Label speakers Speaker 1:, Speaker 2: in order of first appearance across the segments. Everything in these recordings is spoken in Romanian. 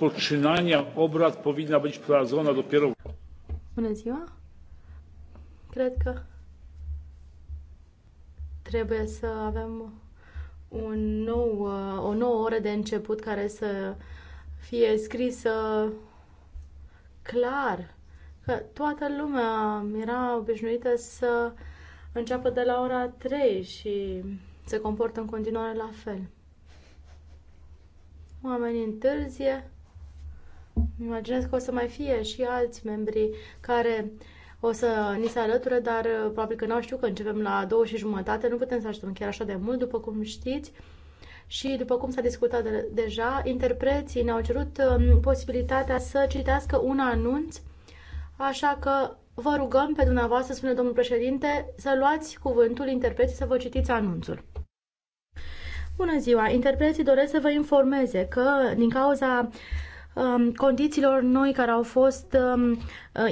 Speaker 1: rozpoczynania obrad powinna być prowadzona dopiero...
Speaker 2: Bună ziua! Cred că trebuie să avem un nou, uh, o nouă oră de început care să fie scrisă clar. Că toată lumea era obișnuită să înceapă de la ora 3 și se comportă în continuare la fel. Oamenii întârzie, Imaginez că o să mai fie și alți membri care o să ni se alăture, dar uh, probabil că nu știu că începem la două și jumătate, nu putem să așteptăm chiar așa de mult, după cum știți. Și după cum s-a discutat de- deja, interpreții ne-au cerut um, posibilitatea să citească un anunț, așa că vă rugăm pe dumneavoastră, spune domnul președinte, să luați cuvântul interpreții să vă citiți anunțul. Bună ziua! Interpreții doresc să vă informeze că din cauza Um, condițiilor noi care au fost um, uh,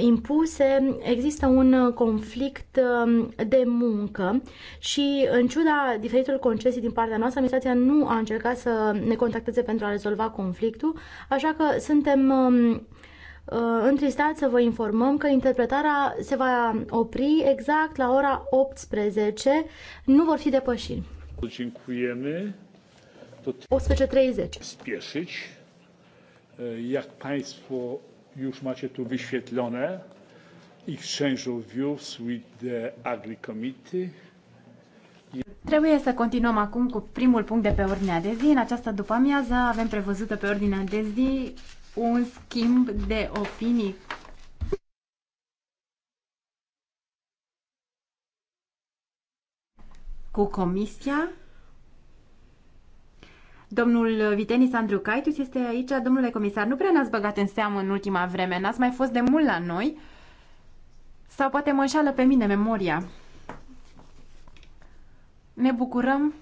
Speaker 2: impuse, există un uh, conflict um, de muncă și în ciuda diferitelor concesii din partea noastră, administrația nu a încercat să ne contacteze pentru a rezolva conflictul, așa că suntem uh, întristați să vă informăm că interpretarea se va opri exact la ora 18, nu vor fi depășiri.
Speaker 1: 18.30. Jak Państwo już macie tu wyświetlone, exchange of views with the Agri Committee.
Speaker 3: Trebuie să continuăm acum cu primul punct de pe ordinea de zi. În această după-amiază avem prevăzută pe ordinea de zi un schimb de opinii cu Comisia Domnul Vitenis Andrew Caitus este aici. Domnule comisar, nu prea ne-ați băgat în seamă în ultima vreme. N-ați mai fost de mult la noi. Sau poate mă înșală pe mine memoria. Ne bucurăm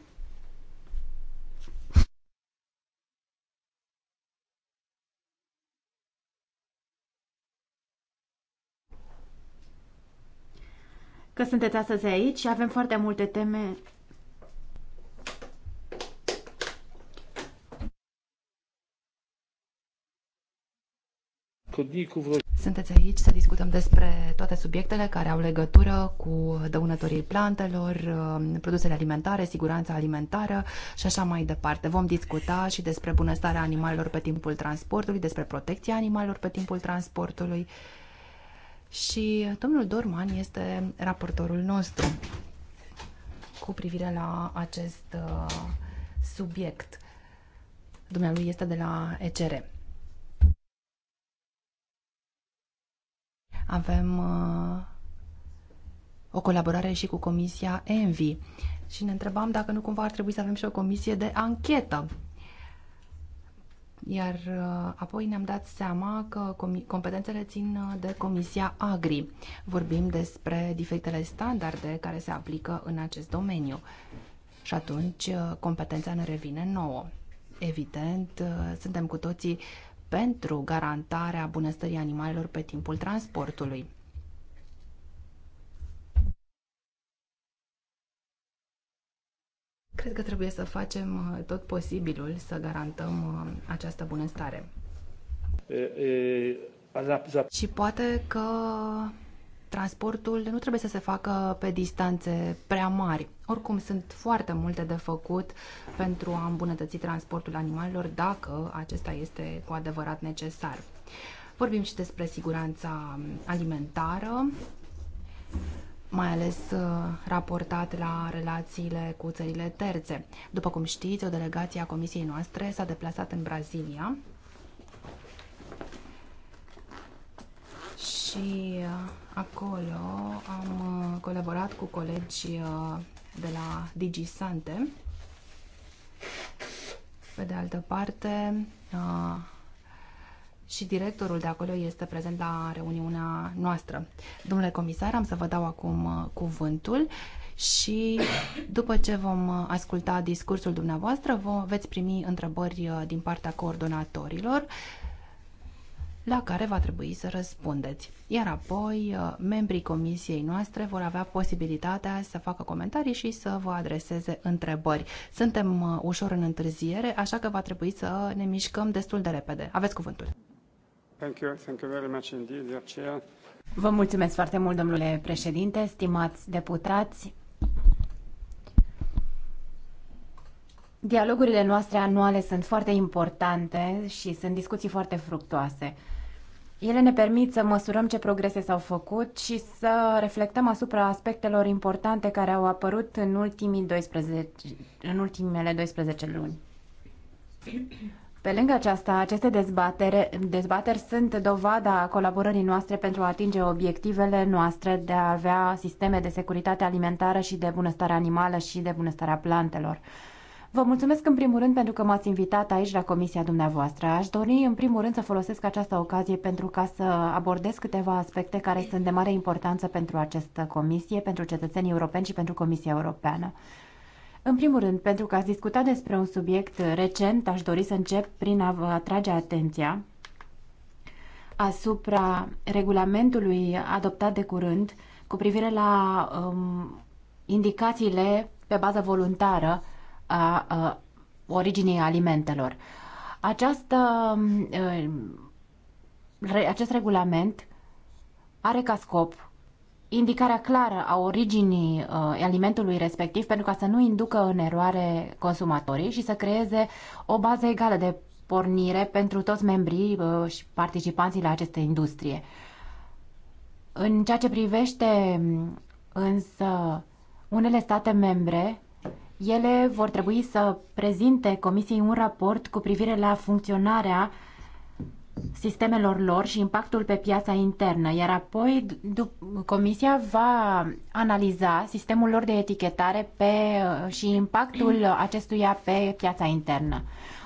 Speaker 3: că sunteți astăzi aici și avem foarte multe teme
Speaker 4: Sunteți aici să discutăm despre toate subiectele care au legătură cu dăunătorii plantelor, uh, produsele alimentare, siguranța alimentară și așa mai departe. Vom discuta și despre bunăstarea animalelor pe timpul transportului, despre protecția animalelor pe timpul transportului. Și domnul Dorman este raportorul nostru cu privire la acest uh, subiect. Dumnealui este de la ECR. Avem uh, o colaborare și cu Comisia ENVI și ne întrebam dacă nu cumva ar trebui să avem și o comisie de anchetă. Iar uh, apoi ne-am dat seama că competențele țin uh, de Comisia Agri. Vorbim despre diferitele standarde care se aplică în acest domeniu. Și atunci uh, competența ne revine nouă. Evident, uh, suntem cu toții pentru garantarea bunăstării animalelor pe timpul transportului. Cred că trebuie să facem uh, tot posibilul să garantăm uh, această bunăstare.
Speaker 1: E, e, și poate că transportul
Speaker 4: nu trebuie să se facă pe distanțe prea mari. Oricum, sunt foarte multe de făcut pentru a îmbunătăți transportul animalelor dacă acesta este cu adevărat necesar. Vorbim și despre siguranța alimentară, mai ales uh, raportat la relațiile cu țările terțe. După cum știți, o delegație a comisiei noastre s-a deplasat în Brazilia și uh, acolo am uh, colaborat cu colegi uh, de la DigiSante. Pe de altă parte, și directorul de acolo este prezent la reuniunea noastră. Domnule comisar, am să vă dau acum cuvântul și după ce vom asculta discursul dumneavoastră, veți primi întrebări din partea coordonatorilor la care va trebui să răspundeți. Iar apoi, uh, membrii comisiei noastre vor avea posibilitatea să facă comentarii și să vă adreseze întrebări. Suntem uh, ușor în întârziere, așa că va trebui să ne mișcăm destul de repede. Aveți cuvântul.
Speaker 1: Thank you. Thank you very much indeed, dear chair.
Speaker 3: Vă mulțumesc foarte mult, domnule președinte, stimați deputați. Dialogurile noastre anuale sunt foarte importante și sunt discuții foarte fructoase. Ele ne permit să măsurăm ce progrese s-au făcut și să reflectăm asupra aspectelor importante care au apărut în, ultimii 12, în ultimele 12 luni. Pe lângă aceasta, aceste dezbatere, dezbateri sunt dovada colaborării noastre pentru a atinge obiectivele noastre de a avea sisteme de securitate alimentară și de bunăstare animală și de bunăstarea plantelor. Vă mulțumesc în primul rând pentru că m-ați invitat aici la comisia dumneavoastră. Aș dori în primul rând să folosesc această ocazie pentru ca să abordez câteva aspecte care sunt de mare importanță pentru această comisie, pentru cetățenii europeni și pentru Comisia Europeană. În primul rând, pentru că ați discutat despre un subiect recent, aș dori să încep prin a vă atrage atenția asupra regulamentului adoptat de curând cu privire la um, indicațiile pe bază voluntară uh, a, a originii alimentelor. Această, mm, acest regulament are ca scop indicarea clară a originii uh, alimentului respectiv pentru ca să nu inducă în eroare consumatorii și să creeze o bază egală de pornire pentru toți membrii uh, și participanții la aceste industrie. În ceea ce privește mm, însă unele state membre ele vor trebui să prezinte Comisiei un raport cu privire la funcționarea sistemelor lor și impactul pe piața internă, iar apoi Comisia va analiza sistemul lor de etichetare pe, și impactul acestuia pe piața internă.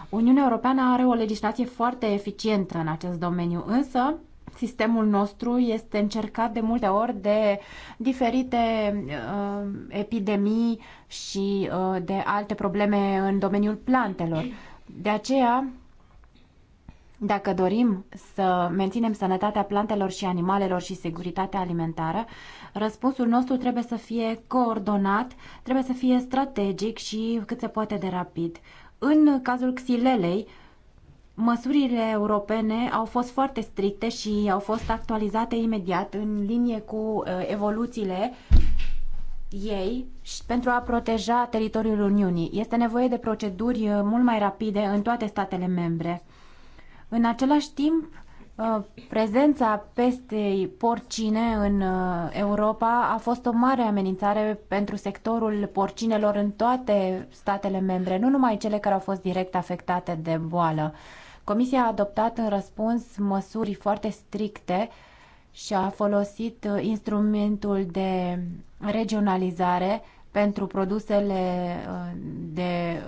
Speaker 3: Uniunea Europeană are o legislație foarte eficientă în acest domeniu, însă sistemul nostru este încercat de multe ori de diferite uh, epidemii și uh, de alte probleme în domeniul plantelor. De aceea, dacă dorim să menținem sănătatea plantelor și animalelor și securitatea alimentară, răspunsul nostru trebuie să fie coordonat, trebuie să fie strategic și cât se poate de rapid. În cazul xilelei, Măsurile europene au fost foarte stricte și au fost actualizate imediat în linie cu uh, evoluțiile ei și pentru a proteja teritoriul Uniunii. Este nevoie de proceduri uh, mult mai rapide în toate statele membre. În același timp, uh, prezența pestei porcine în Europa a fost o mare amenințare pentru sectorul porcinelor în toate statele membre, nu numai cele care au fost direct afectate de boală. Comisia a adoptat în răspuns măsuri foarte stricte și a folosit uh, instrumentul de regionalizare pentru produsele uh, de,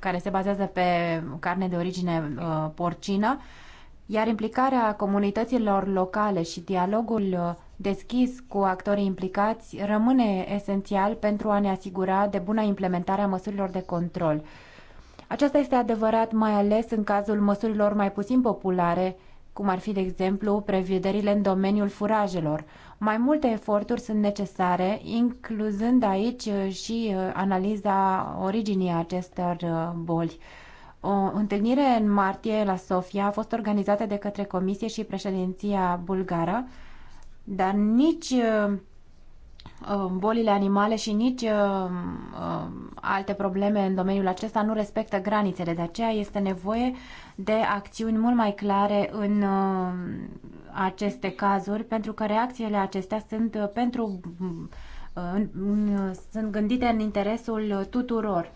Speaker 3: care se bazează pe carne de origine uh, porcină, iar implicarea comunităților locale și dialogul deschis cu actorii implicați rămâne esențial pentru a ne asigura de bună implementare a măsurilor de control. Aceasta este adevărat mai ales în cazul măsurilor mai puțin populare, cum ar fi, de exemplu, prevederile în domeniul furajelor. Mai multe eforturi sunt necesare, incluzând aici uh, și uh, analiza originii acestor uh, boli. O întâlnire în martie la Sofia a fost organizată de către Comisie și președinția bulgară, dar nici Uh, bolile animale și nici uh, uh, alte probleme în domeniul acesta nu respectă granițele. De aceea este nevoie de acțiuni mult mai clare în aceste cazuri, pentru că reacțiile acestea sunt pentru sunt gândite în interesul tuturor.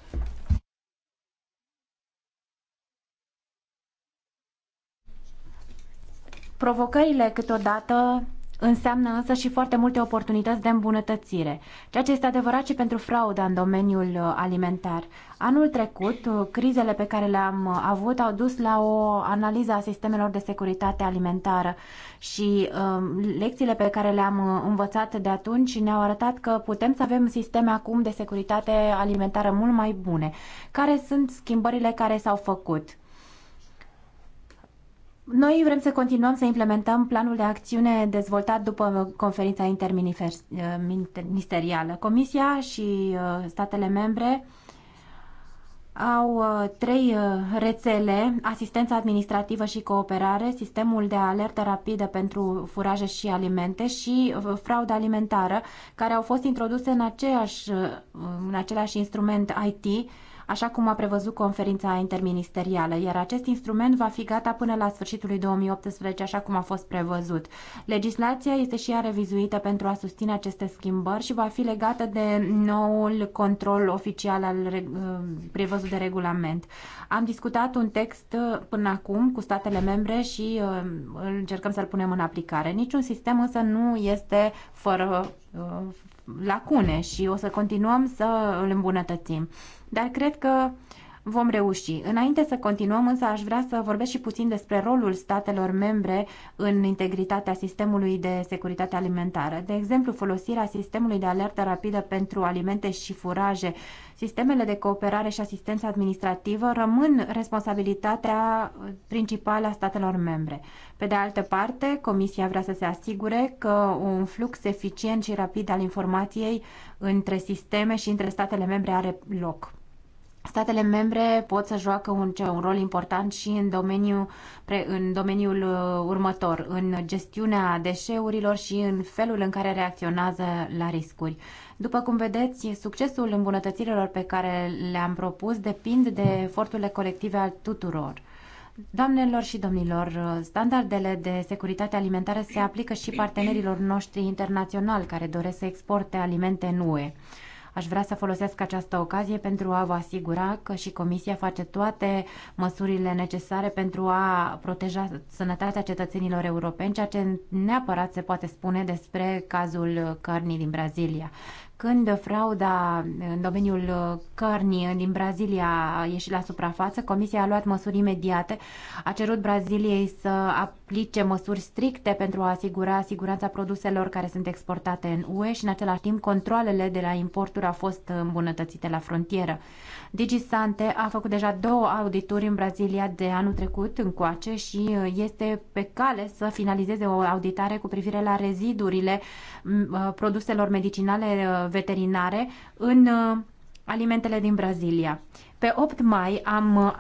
Speaker 3: Provocările câteodată înseamnă însă și foarte multe oportunități de îmbunătățire, ceea ce este adevărat și pentru frauda în domeniul uh, alimentar. Anul trecut, uh, crizele pe care le-am uh, avut au dus la o analiză a sistemelor de securitate alimentară și uh, lecțiile pe care le-am învățat de atunci ne-au arătat că putem să avem sisteme acum de securitate alimentară mult mai bune. Care sunt schimbările care s-au făcut? Noi vrem să continuăm să implementăm planul de acțiune dezvoltat după conferința interministerială. Comisia și uh, statele membre au uh, trei uh, rețele, asistența administrativă și cooperare, sistemul de alertă rapidă pentru furaje și alimente și frauda alimentară, care au fost introduse în, aceeași, în același instrument IT așa cum a prevăzut conferința interministerială, iar acest instrument va fi gata până la sfârșitul lui 2018, așa cum a fost prevăzut. Legislația este și ea revizuită pentru a susține aceste schimbări și va fi legată de noul control oficial al uh, prevăzut de regulament. Am discutat un text uh, până acum cu statele membre și uh, încercăm să-l punem în aplicare. Niciun sistem însă nu este fără lacune și o să continuăm să îl îmbunătățim dar cred că vom reuși. Înainte să continuăm, însă aș vrea să vorbesc și puțin despre rolul statelor membre în integritatea sistemului de securitate alimentară. De exemplu, folosirea sistemului de alertă rapidă pentru alimente și furaje, sistemele de cooperare și asistență administrativă rămân responsabilitatea principală a statelor membre. Pe de altă parte, Comisia vrea să se asigure că un flux eficient și rapid al informației între sisteme și între statele membre are loc. Statele membre pot să joacă un, un rol important și în domeniul, pre, în domeniul uh, următor, în gestiunea deșeurilor și în felul în care reacționează la riscuri. După cum vedeți, succesul îmbunătățirilor pe care le-am propus depind de eforturile colective al tuturor. Doamnelor și domnilor, standardele de securitate alimentară se aplică și partenerilor noștri internaționali care doresc să exporte alimente în UE. Aș vrea să folosesc această ocazie pentru a vă asigura că și Comisia face toate măsurile necesare pentru a proteja sănătatea cetățenilor europeni, ceea ce neapărat se poate spune despre cazul cărnii din Brazilia. Când frauda în domeniul cărnii din Brazilia a ieșit la suprafață, Comisia a luat măsuri imediate, a cerut Braziliei să aplice măsuri stricte pentru a asigura siguranța produselor care sunt exportate în UE și, în același timp, controlele de la importuri au fost îmbunătățite la frontieră. DigiSante a făcut deja două audituri în Brazilia de anul trecut încoace și uh, este pe cale să finalizeze o auditare cu privire la rezidurile mm, uh, produselor medicinale uh, veterinare în alimentele din Brazilia. Pe 8 mai am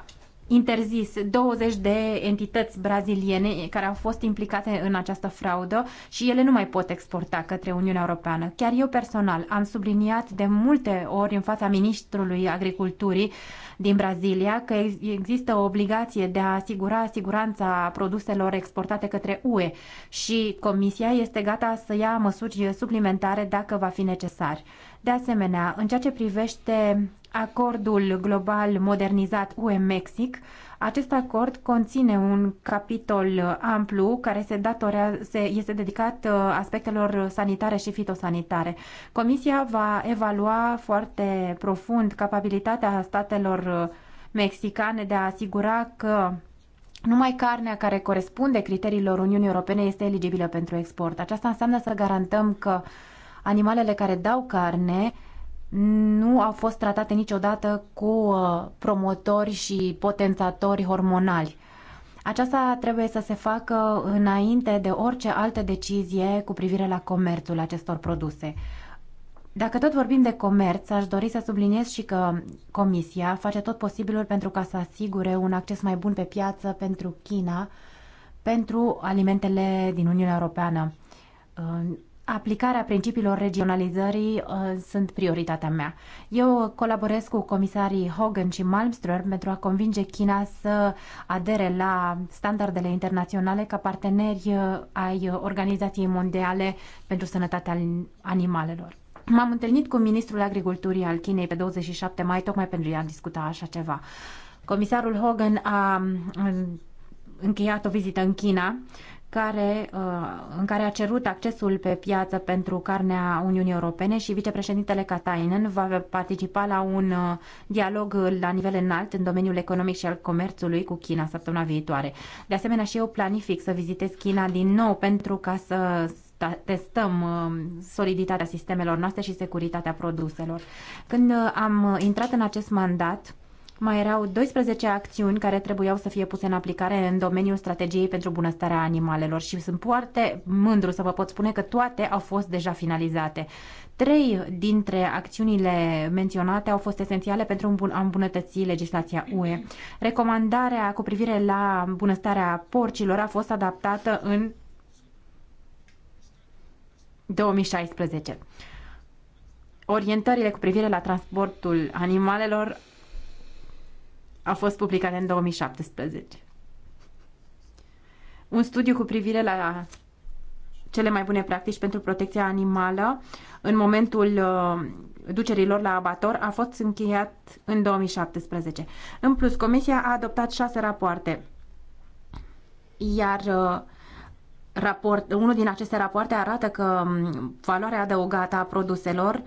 Speaker 3: interzis 20 de entități braziliene care au fost implicate în această fraudă și ele nu mai pot exporta către Uniunea Europeană. Chiar eu personal am subliniat de multe ori în fața ministrului agriculturii din Brazilia că există o obligație de a asigura siguranța produselor exportate către UE și Comisia este gata să ia măsuri suplimentare dacă va fi necesar. De asemenea, în ceea ce privește acordul global modernizat UE-Mexic, acest acord conține un capitol amplu care se datorea, se, este dedicat uh, aspectelor sanitare și fitosanitare. Comisia va evalua foarte profund capabilitatea statelor uh, mexicane de a asigura că numai carnea care corespunde criteriilor Uniunii Europene este eligibilă pentru export. Aceasta înseamnă să garantăm că animalele care dau carne nu au fost tratate niciodată cu uh, promotori și potențatori hormonali. Aceasta trebuie să se facă înainte de orice altă decizie cu privire la comerțul acestor produse. Dacă tot vorbim de comerț, aș dori să subliniez și că Comisia face tot posibilul pentru ca să asigure un acces mai bun pe piață pentru China pentru alimentele din Uniunea Europeană. Aplicarea principiilor regionalizării uh, sunt prioritatea mea. Eu colaborez cu comisarii Hogan și Malmström pentru a convinge China să adere la standardele internaționale ca parteneri uh, ai Organizației Mondiale pentru Sănătatea Animalelor. M-am întâlnit cu ministrul agriculturii al Chinei pe 27 mai tocmai pentru a discuta așa ceva. Comisarul Hogan a um, încheiat o vizită în China care, uh, în care a cerut accesul pe piață pentru carnea Uniunii Europene și vicepreședintele Katainen va participa la un uh, dialog la nivel înalt în domeniul economic și al comerțului cu China săptămâna viitoare. De asemenea, și eu planific să vizitez China din nou pentru ca să testăm uh, soliditatea sistemelor noastre și securitatea produselor. Când am intrat în acest mandat, mai erau 12 acțiuni care trebuiau să fie puse în aplicare în domeniul strategiei pentru bunăstarea animalelor și sunt foarte mândru să vă pot spune că toate au fost deja finalizate. Trei dintre acțiunile menționate au fost esențiale pentru a îmbunătăți legislația UE. Recomandarea cu privire la bunăstarea porcilor a fost adaptată în 2016. Orientările cu privire la transportul animalelor a fost publicat în 2017. Un studiu cu privire la cele mai bune practici pentru protecția animală în momentul uh, ducerilor la abator a fost încheiat în 2017. În plus, Comisia a adoptat șase rapoarte, iar uh, raport, unul din aceste rapoarte arată că um, valoarea adăugată a produselor uh,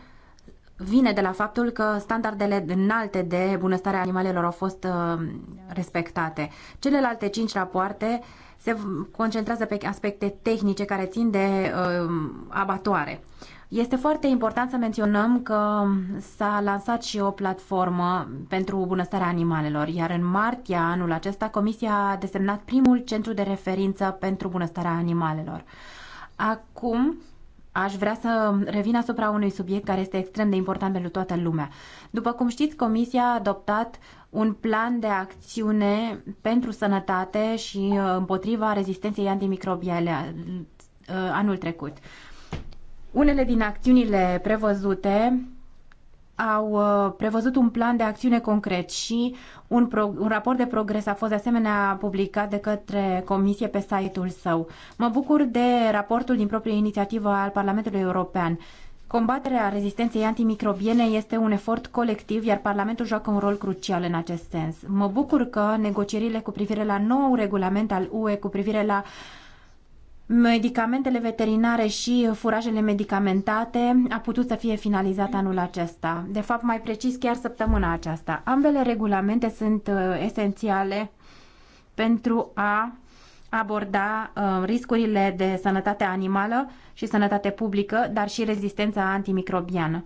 Speaker 3: vine de la faptul că standardele înalte de bunăstare a animalelor au fost uh, respectate. Celelalte cinci rapoarte se concentrează pe aspecte tehnice care țin de uh, abatoare. Este foarte important să menționăm că s-a lansat și o platformă pentru bunăstarea animalelor, iar în martie anul acesta Comisia a desemnat primul centru de referință pentru bunăstarea animalelor. Acum, Aș vrea să revin asupra unui subiect care este extrem de important pentru toată lumea. După cum știți, Comisia a adoptat un plan de acțiune pentru sănătate și uh, împotriva rezistenței antimicrobiale uh, anul trecut. Unele din acțiunile prevăzute au uh, prevăzut un plan de acțiune concret și un, pro- un raport de progres a fost de asemenea publicat de către Comisie pe site-ul său. Mă bucur de raportul din proprie inițiativă al Parlamentului European. Combaterea rezistenței antimicrobiene este un efort colectiv, iar Parlamentul joacă un rol crucial în acest sens. Mă bucur că negocierile cu privire la nou regulament al UE cu privire la uh, medicamentele veterinare și furajele medicamentate a putut să fie finalizat anul acesta. De fapt, mai precis, chiar săptămâna aceasta. Ambele regulamente sunt uh, esențiale pentru a aborda uh, riscurile de sănătate animală și sănătate publică, dar și rezistența antimicrobiană.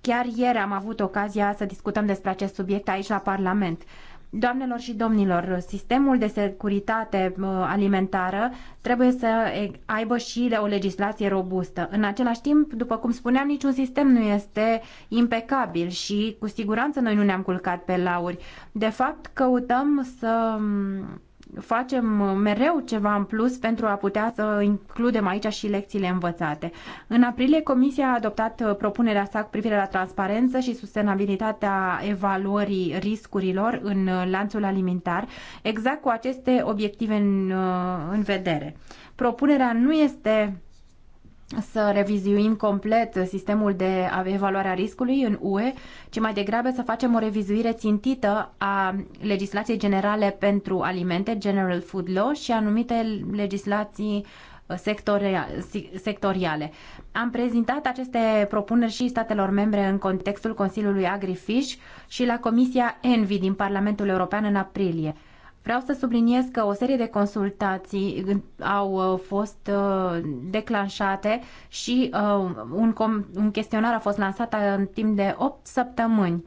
Speaker 3: Chiar ieri am avut ocazia să discutăm despre acest subiect aici la Parlament. Doamnelor și domnilor, sistemul de securitate uh, alimentară trebuie să aibă și o legislație robustă. În același timp, după cum spuneam, niciun sistem nu este impecabil și cu siguranță noi nu ne-am culcat pe lauri. De fapt, căutăm să mm, facem mereu ceva în plus pentru a putea să includem aici și lecțiile învățate. În aprilie, Comisia a adoptat uh, propunerea sa cu privire la transparență și sustenabilitatea evaluării riscurilor în uh, lanțul alimentar, exact cu aceste obiective în, uh, în vedere. Propunerea nu este să revizuim complet sistemul de evaluare a riscului în UE, ci mai degrabă să facem o revizuire țintită a legislației generale pentru alimente, General Food Law, și anumite legislații uh, sectoriale. Am prezentat aceste propuneri și statelor membre în contextul Consiliului Agrifish și la Comisia Envi din Parlamentul European în aprilie. Vreau să subliniez că o serie de consultații au uh, fost uh, declanșate și uh, un, un chestionar a fost lansat în timp de 8 săptămâni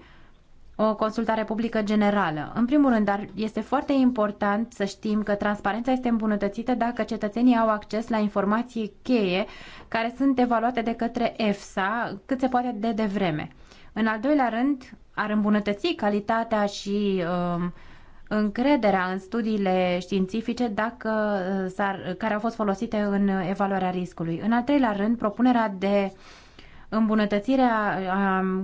Speaker 3: o consultare publică generală. În primul rând, dar este foarte important să știm că transparența este îmbunătățită dacă cetățenii au acces la informații cheie care sunt evaluate de către EFSA cât se poate de devreme. În al doilea rând, ar îmbunătăți calitatea și uh, încrederea în studiile științifice dacă, uh, care au fost folosite în evaluarea riscului. În al treilea rând, propunerea de îmbunătățirea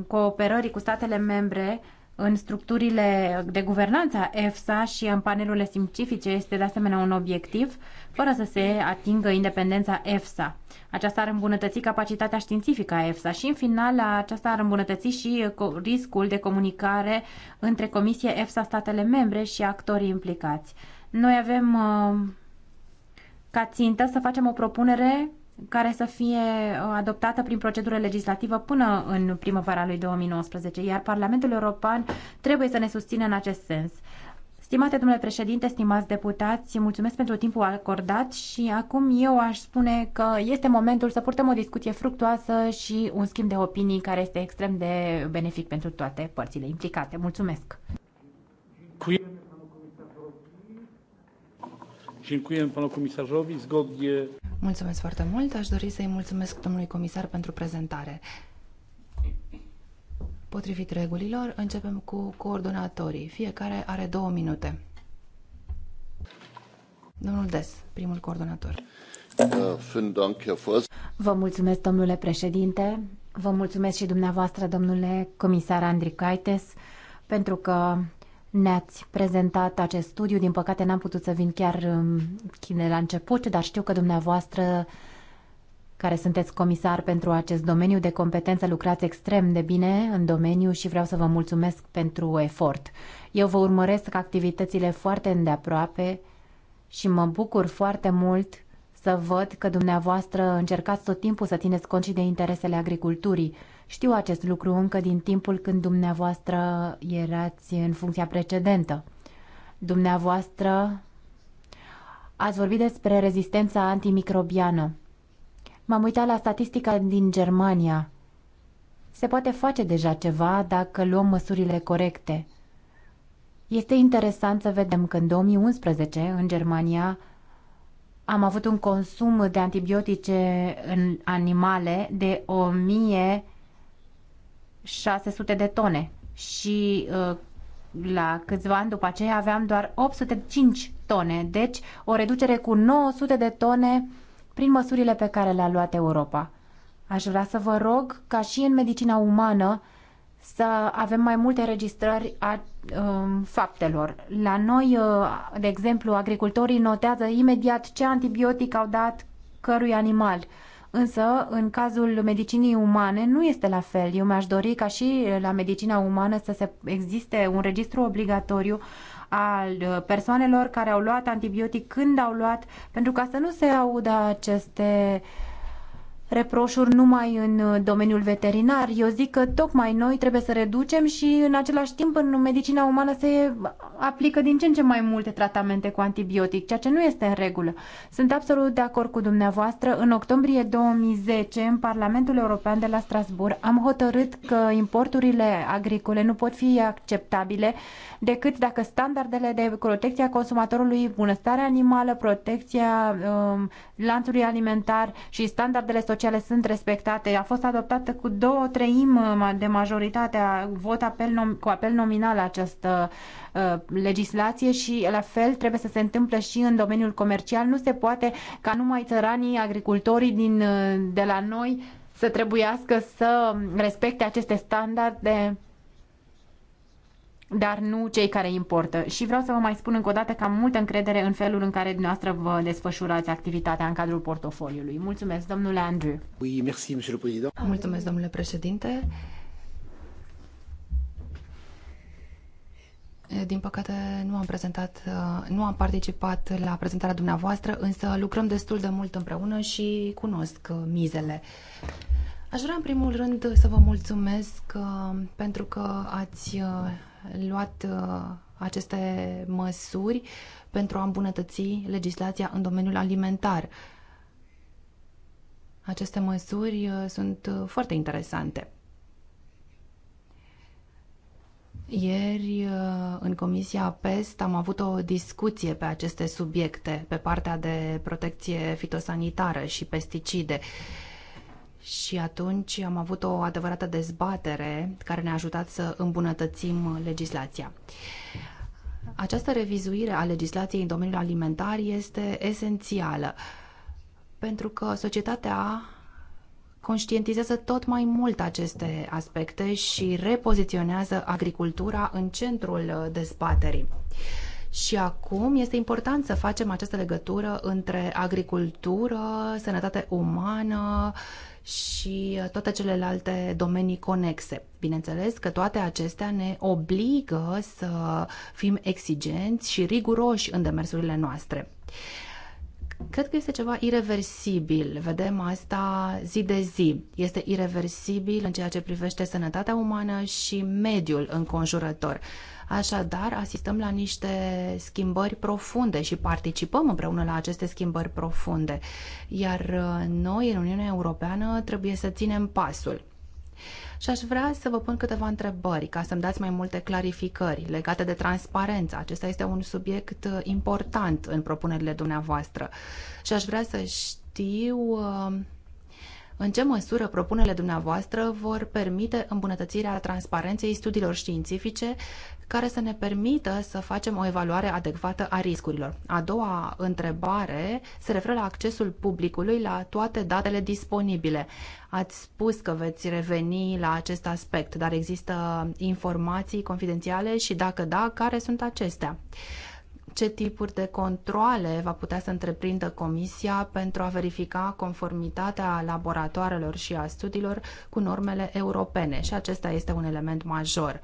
Speaker 3: cooperării cu statele membre în structurile de guvernanță a EFSA și în panelurile științifice este de asemenea un obiectiv fără să se atingă independența EFSA. Aceasta ar îmbunătăți capacitatea științifică a EFSA și, în final, aceasta ar îmbunătăți și eh, riscul de comunicare între Comisie, EFSA, statele membre și actorii implicați. Noi avem eh, ca țintă să facem o propunere care să fie eh, adoptată prin procedură legislativă până în primăvara lui 2019, iar Parlamentul European trebuie să ne susțină în acest sens. Stimate domnule președinte, stimați deputați, mulțumesc pentru timpul acordat și acum eu aș spune că este momentul să purtăm o discuție fructuoasă și un schimb de opinii care este extrem de benefic pentru toate părțile implicate. Mulțumesc!
Speaker 4: Mulțumesc foarte mult. Aș dori să-i mulțumesc domnului comisar pentru prezentare. Potrivit regulilor, începem cu coordonatorii. Fiecare are două minute. Domnul
Speaker 3: Des, primul coordonator. Vă mulțumesc, domnule președinte. Vă mulțumesc și dumneavoastră, domnule comisar Andricaites, pentru că ne-ați prezentat acest studiu. Din păcate, n-am putut să vin chiar de um, la început, dar știu că dumneavoastră uh, care sunteți comisar pentru acest domeniu de competență, lucrați extrem de bine în domeniu și vreau să vă mulțumesc pentru efort. Eu vă urmăresc activitățile foarte îndeaproape și mă bucur foarte mult să văd că dumneavoastră încercați tot timpul să țineți cont și de interesele agriculturii. Știu acest lucru încă din timpul când dumneavoastră erați în funcția precedentă. Dumneavoastră ați vorbit despre rezistența antimicrobiană M-am uitat la statistica din Germania. Se poate face deja ceva dacă luăm măsurile corecte. Este interesant să vedem că în 2011, în Germania, am avut un consum de antibiotice în animale de 1600 de tone și uh, la câțiva ani după aceea aveam doar 805 tone, deci o reducere cu 900 de tone prin măsurile pe care le-a luat Europa. Aș vrea să vă rog ca și în medicina umană să avem mai multe registrări a um, faptelor. La noi, uh, de exemplu, agricultorii notează imediat ce antibiotic au dat cărui animal. Însă, în cazul medicinii umane, nu este la fel. Eu mi-aș dori ca și la medicina umană să se existe un registru obligatoriu uh, al uh, persoanelor care au luat antibiotic, când au luat, pentru ca să nu se audă aceste uh, reproșuri numai în uh, domeniul veterinar. Eu zic că tocmai noi trebuie să reducem și în același timp în medicina umană se aplică din ce în ce mai multe tratamente cu antibiotic, ceea ce nu este în regulă. Sunt absolut de acord cu dumneavoastră. În octombrie 2010, în Parlamentul European de la Strasbourg, am hotărât că importurile agricole nu pot fi acceptabile decât dacă standardele de protecție a consumatorului, bunăstarea animală, protecția um, lanțului alimentar și standardele sociale sociale sunt respectate. A fost adoptată cu două treimi uh, de majoritate a vot apel cu apel nominal această uh, legislație și la fel trebuie să se întâmple și în domeniul comercial. Nu se poate ca numai țăranii, agricultorii din, uh, de la noi să trebuiască să respecte aceste standarde dar nu cei care importă. Și vreau să vă mai spun încă o dată că am multă încredere în felul în care dumneavoastră vă desfășurați activitatea în cadrul portofoliului. Mulțumesc, domnule Andrew.
Speaker 1: Oui, merci, monsieur le président. Mulțumesc,
Speaker 3: domnule președinte.
Speaker 4: Din păcate nu am prezentat, nu am participat la prezentarea dumneavoastră, însă lucrăm destul de mult împreună și cunosc mizele. Aș vrea în primul rând să vă mulțumesc uh, pentru că ați uh, luat uh, aceste măsuri pentru a îmbunătăți legislația în domeniul alimentar. Aceste măsuri uh, sunt uh, foarte interesante. Ieri, în Comisia PEST, am avut o discuție pe aceste subiecte, pe partea de protecție fitosanitară și pesticide. Uh, și atunci am avut o adevărată dezbatere care ne-a ajutat să îmbunătățim legislația. Această revizuire a legislației în domeniul alimentar este esențială pentru că societatea conștientizează tot mai mult aceste aspecte și repoziționează agricultura în centrul dezbaterii. Și acum este important să facem această legătură între agricultură, sănătate umană și uh, toate celelalte domenii conexe. Bineînțeles că toate acestea ne obligă să fim exigenți și riguroși în demersurile noastre. Cred că este ceva irreversibil. Vedem asta zi de zi. Este irreversibil în ceea ce privește sănătatea umană și mediul înconjurător. Așadar, asistăm la niște schimbări profunde și participăm împreună la aceste schimbări profunde. Iar uh, noi, în Uniunea Europeană, trebuie să ținem pasul. Și aș vrea să vă pun câteva întrebări ca să-mi dați mai multe clarificări legate de transparență. Acesta este un subiect uh, important în propunerile dumneavoastră. Și aș vrea să știu uh, în ce măsură propunerile dumneavoastră vor permite îmbunătățirea transparenței studiilor științifice care să ne permită să facem o evaluare adecvată a riscurilor. A doua întrebare se referă la accesul publicului la toate datele disponibile. Ați spus că veți reveni la acest aspect, dar există informații confidențiale și dacă da, care sunt acestea? ce tipuri de controle va putea să întreprindă Comisia pentru a verifica conformitatea laboratoarelor și a studiilor cu normele europene. Și acesta este un element major.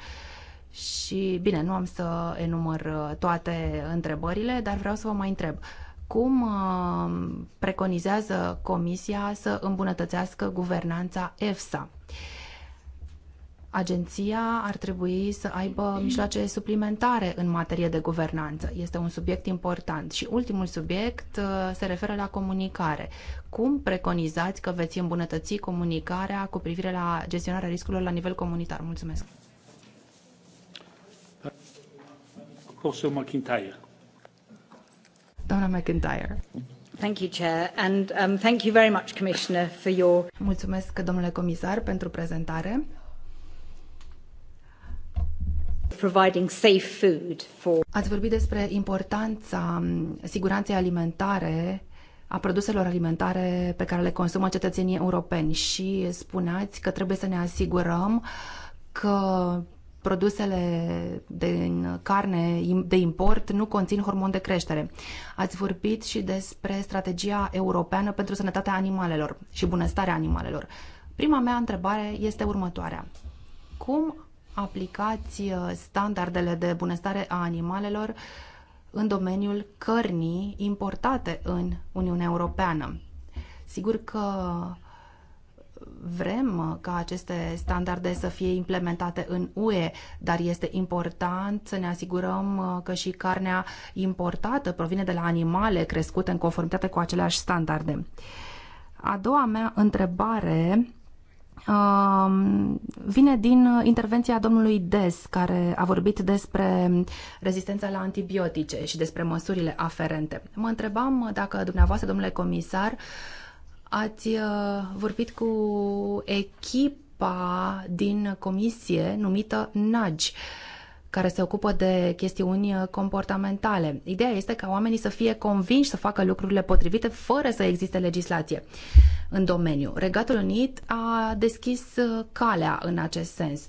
Speaker 4: Și, bine, nu am să enumăr uh, toate întrebările, dar vreau să vă mai întreb. Cum uh, preconizează Comisia să îmbunătățească guvernanța EFSA? Agenția ar trebui să aibă mijloace suplimentare în materie de guvernanță. Este un subiect important. Și ultimul subiect uh, se referă la comunicare. Cum preconizați că veți îmbunătăți comunicarea cu privire la gestionarea riscurilor la nivel comunitar? Mulțumesc!
Speaker 1: Poseł McIntyre.
Speaker 4: Doamna McIntyre. Thank you, Chair, and um, thank you very much, Commissioner, for your... Mulțumesc, domnule comisar, pentru prezentare. Providing safe food for... Ați vorbit despre importanța um, siguranței alimentare a produselor alimentare pe care le consumă cetățenii europeni și spuneați că trebuie să ne asigurăm că produsele din carne de import nu conțin hormon de creștere. Ați vorbit și despre strategia europeană pentru sănătatea animalelor și bunăstarea animalelor. Prima mea întrebare este următoarea. Cum aplicați uh, standardele de bunăstare a animalelor în domeniul cărnii importate în Uniunea Europeană? Sigur că vrem uh, ca aceste standarde să fie implementate în UE, dar este important să ne asigurăm uh, că și carnea importată provine de la animale crescute în conformitate cu aceleași standarde. A doua mea întrebare um, vine din uh, intervenția domnului Des, care a vorbit despre rezistența la antibiotice și despre măsurile aferente. Mă întrebam dacă dumneavoastră, domnule comisar, Ați uh, vorbit cu echipa din comisie numită NAGI care se ocupă de chestiuni uh, comportamentale. Ideea este ca oamenii să fie convinși să facă lucrurile potrivite fără să existe legislație în domeniu. Regatul Unit a deschis uh, calea în acest sens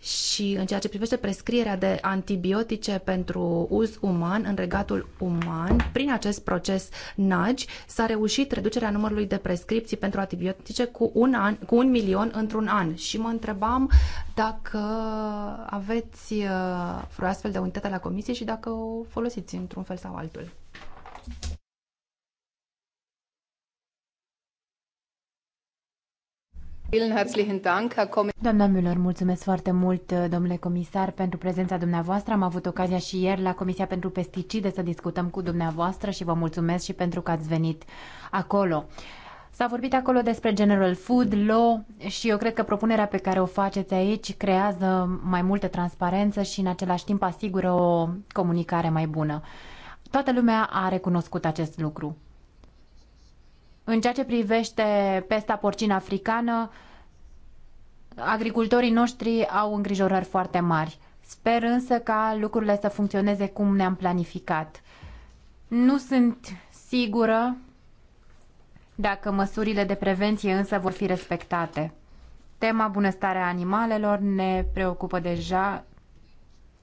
Speaker 4: și în ceea ce privește prescrierea de antibiotice pentru uz uman în regatul uman, prin acest proces NAGI s-a reușit reducerea numărului de prescripții pentru antibiotice cu un, an, cu un milion într-un an. Și mă întrebam dacă aveți uh, vreo astfel de unitate la comisie și dacă o folosiți într-un fel sau altul.
Speaker 3: Doamna Müller, mulțumesc foarte mult, domnule comisar, pentru prezența dumneavoastră. Am avut ocazia și ieri la Comisia pentru Pesticide să discutăm cu dumneavoastră și vă mulțumesc și pentru că ați venit acolo. S-a vorbit acolo despre General Food Law și eu cred că propunerea pe care o faceți aici creează mai multă transparență și în același timp asigură o comunicare mai bună. Toată lumea a recunoscut acest lucru. În ceea ce privește pesta porcină africană, agricultorii noștri au îngrijorări foarte mari. Sper însă ca lucrurile să funcționeze cum ne-am planificat. Nu sunt sigură dacă măsurile de prevenție însă vor fi respectate. Tema bunăstarea animalelor ne preocupă deja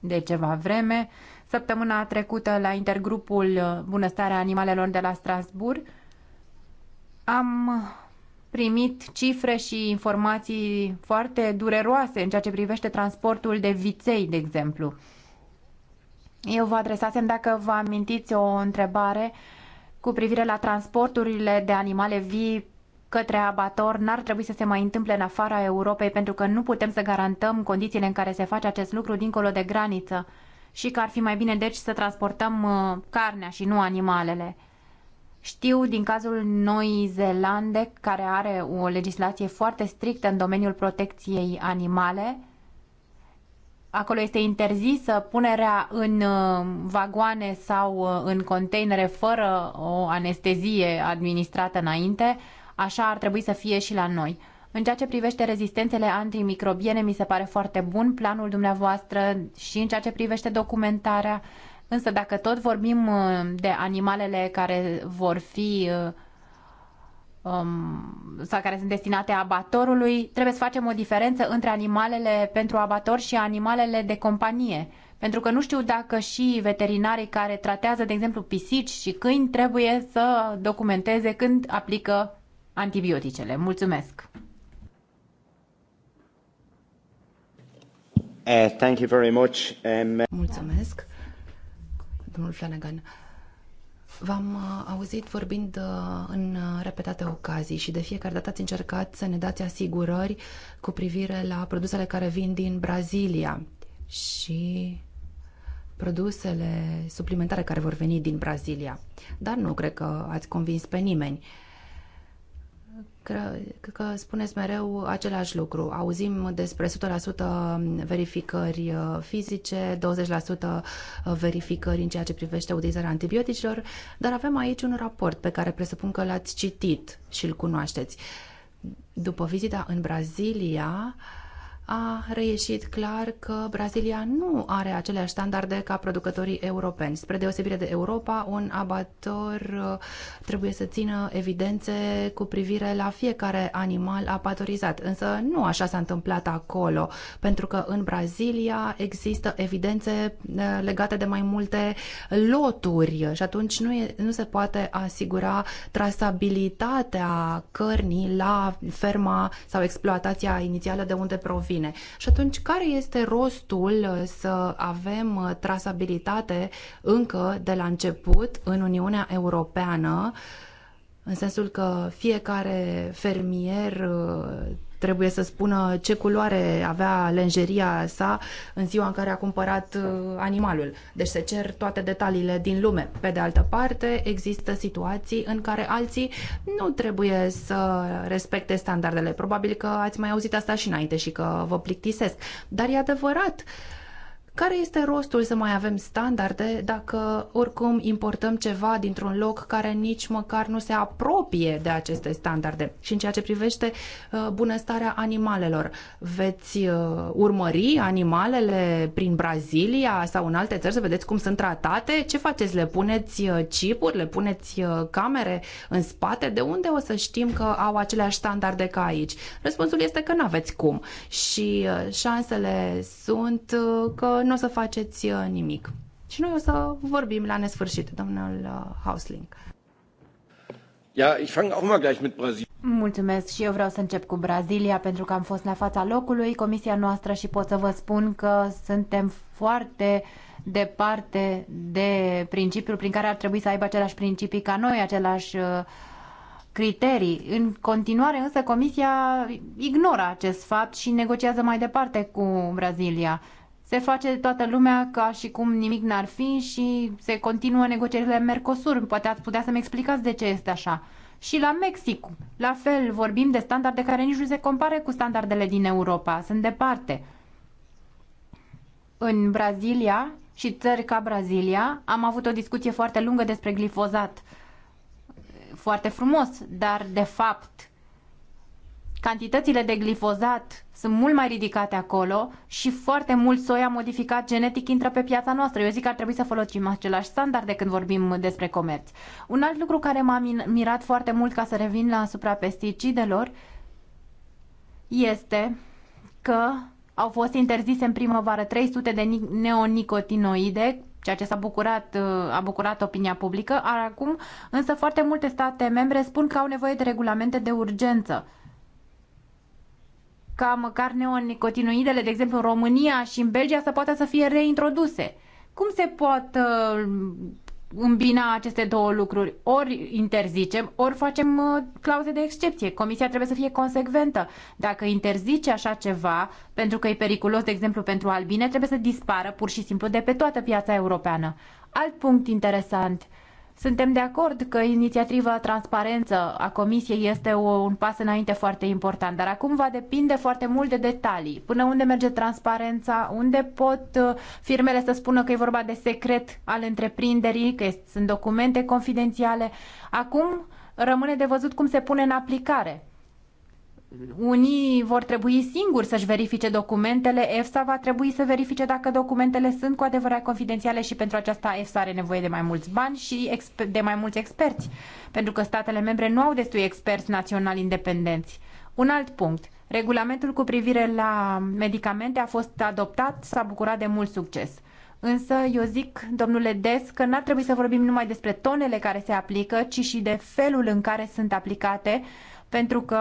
Speaker 3: de ceva vreme. Săptămâna trecută la intergrupul Bunăstarea Animalelor de la Strasburg, am primit cifre și informații foarte dureroase în ceea ce privește transportul de viței, de exemplu. Eu vă adresasem dacă vă amintiți o întrebare cu privire la transporturile de animale vii către abator n-ar trebui să se mai întâmple în afara Europei pentru că nu putem să garantăm condițiile în care se face acest lucru dincolo de graniță și că ar fi mai bine deci să transportăm uh, carnea și nu animalele. Știu din cazul Noii Zeelande, care are o legislație foarte strictă în domeniul protecției animale, acolo este interzisă punerea în uh, vagoane sau uh, în containere fără o anestezie administrată înainte, așa ar trebui să fie și la noi. În ceea ce privește rezistențele antimicrobiene, mi se pare foarte bun planul dumneavoastră și în ceea ce privește documentarea Însă dacă tot vorbim uh, de animalele care vor fi uh, um, sau care sunt destinate abatorului, trebuie să facem o diferență între animalele pentru abator și animalele de companie. Pentru că nu știu dacă și veterinarii care tratează, de exemplu, pisici și câini trebuie să documenteze când aplică antibioticele. Mulțumesc!
Speaker 5: Uh, thank you very much. Um... Mulțumesc!
Speaker 4: domnul Flanagan. V-am uh, auzit vorbind uh, în uh, repetate ocazii și de fiecare dată ați încercat să ne dați asigurări cu privire la produsele care vin din Brazilia și produsele suplimentare care vor veni din Brazilia. Dar nu cred că ați convins pe nimeni. Cred că spuneți mereu același lucru. Auzim despre 100% verificări uh, fizice, 20% uh, verificări în ceea ce privește utilizarea antibioticilor, dar avem aici un raport pe care presupun că l-ați citit și îl cunoașteți. După vizita în Brazilia, uh, a reieșit clar că Brazilia nu are aceleași standarde ca producătorii europeni. Spre deosebire de Europa, un abator uh, trebuie să țină evidențe cu privire la fiecare animal apatorizat, însă nu așa s-a întâmplat acolo, pentru că în Brazilia există evidențe uh, legate de mai multe loturi și atunci nu, e, nu se poate asigura trasabilitatea cărnii la ferma sau exploatația inițială de unde provine fine. Și atunci, care este rostul uh, să avem uh, trasabilitate încă de la început în Uniunea Europeană? în sensul că fiecare fermier uh, trebuie să spună ce culoare avea lenjeria sa în ziua în care a cumpărat uh, animalul. Deci se cer toate detaliile din lume. Pe de altă parte, există situații în care alții nu trebuie să respecte standardele. Probabil că ați mai auzit asta și înainte și că vă plictisesc. Dar e adevărat. Care este rostul să mai avem standarde dacă oricum importăm ceva dintr-un loc care nici măcar nu se apropie de aceste standarde? Și în ceea ce privește uh, bunăstarea animalelor, veți uh, urmări animalele prin Brazilia sau în alte țări să vedeți cum sunt tratate? Ce faceți? Le puneți uh, chipuri? Le puneți camere în spate? De unde o să știm că au aceleași standarde ca aici? Răspunsul este că nu aveți cum. Și șansele sunt că nu o să faceți uh, nimic. Și noi o să vorbim la nesfârșit, domnul uh, Hausling.
Speaker 1: Ja, ich fange auch mal gleich mit Brasilien.
Speaker 3: Mulțumesc și eu vreau să încep cu Brazilia pentru că am fost la fața locului, comisia noastră și pot să vă spun că suntem foarte departe de principiul prin care ar trebui să aibă aceleași principii ca noi, același uh, criterii. În continuare însă comisia ignoră acest fapt și negociază mai departe cu Brazilia se face de toată lumea ca și cum nimic n-ar fi și se continuă negocierile Mercosur. Poate ați putea să-mi explicați de ce este așa. Și la Mexic, la fel, vorbim de standarde care nici nu se compare cu standardele din Europa, sunt departe. În Brazilia și țări ca Brazilia am avut o discuție foarte lungă despre glifozat. Foarte frumos, dar de fapt Cantitățile de glifozat sunt mult mai ridicate acolo și foarte mult soia modificat genetic intră pe piața noastră. Eu zic că ar trebui să folosim același standarde când vorbim despre comerț. Un alt lucru care m-a mirat foarte mult ca să revin la asupra pesticidelor este că au fost interzise în primăvară 300 de neonicotinoide, ceea ce s-a bucurat, a bucurat opinia publică. Acum, însă, foarte multe state membre spun că au nevoie de regulamente de urgență ca măcar neonicotinoidele, de exemplu în România și în Belgia, să poată să fie reintroduse. Cum se pot uh, îmbina aceste două lucruri. Ori interzicem, ori facem uh, clauze de excepție. Comisia trebuie să fie consecventă. Dacă interzice așa ceva, pentru că e periculos, de exemplu, pentru albine, trebuie să dispară pur și simplu de pe toată piața europeană. Alt punct interesant suntem de acord că inițiativa transparență a Comisiei este un pas înainte foarte important, dar acum va depinde foarte mult de detalii. Până unde merge transparența, unde pot uh, firmele să spună că e vorba de secret al întreprinderii, că sunt documente confidențiale. Acum rămâne de văzut cum se pune în aplicare unii vor trebui singuri să-și verifice documentele, EFSA va trebui să verifice dacă documentele sunt cu adevărat confidențiale și pentru aceasta EFSA are nevoie de mai mulți bani și de mai mulți experți, pentru că statele membre nu au destui experți naționali independenți. Un alt punct. Regulamentul cu privire la medicamente a fost adoptat, s-a bucurat de mult succes. Însă eu zic, domnule Des, că n-ar trebui să vorbim numai despre tonele care se aplică, ci și de felul în care sunt aplicate, pentru că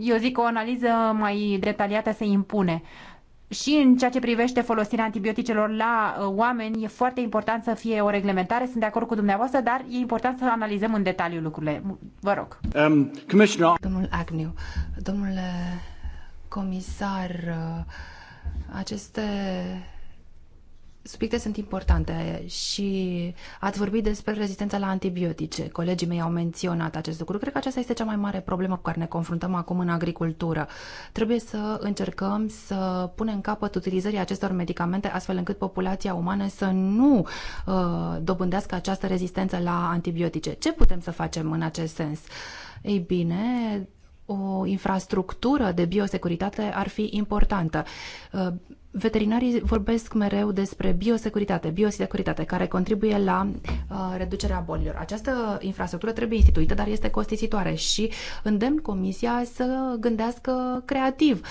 Speaker 3: eu zic o analiză mai detaliată se impune. Și în ceea ce privește folosirea antibioticelor la uh, oameni, e foarte important să fie o reglementare, sunt de acord cu dumneavoastră, dar e important să analizăm în detaliu lucrurile.
Speaker 4: Vă rog. Um, commissioner... Domnul Agniu, domnule comisar, uh, aceste subiecte sunt importante și ați vorbit despre rezistența la antibiotice. Colegii mei au menționat acest lucru. Cred că aceasta este cea mai mare problemă cu care ne confruntăm acum în agricultură. Trebuie să încercăm să punem capăt utilizării acestor medicamente astfel încât populația umană să nu uh, dobândească această rezistență la antibiotice. Ce putem să facem în acest sens? Ei bine, o infrastructură de biosecuritate ar fi importantă. Uh, Veterinarii vorbesc mereu despre biosecuritate, biosecuritate, care contribuie la uh, reducerea bolilor. Această infrastructură trebuie instituită, dar este costisitoare și îndemn Comisia să gândească creativ.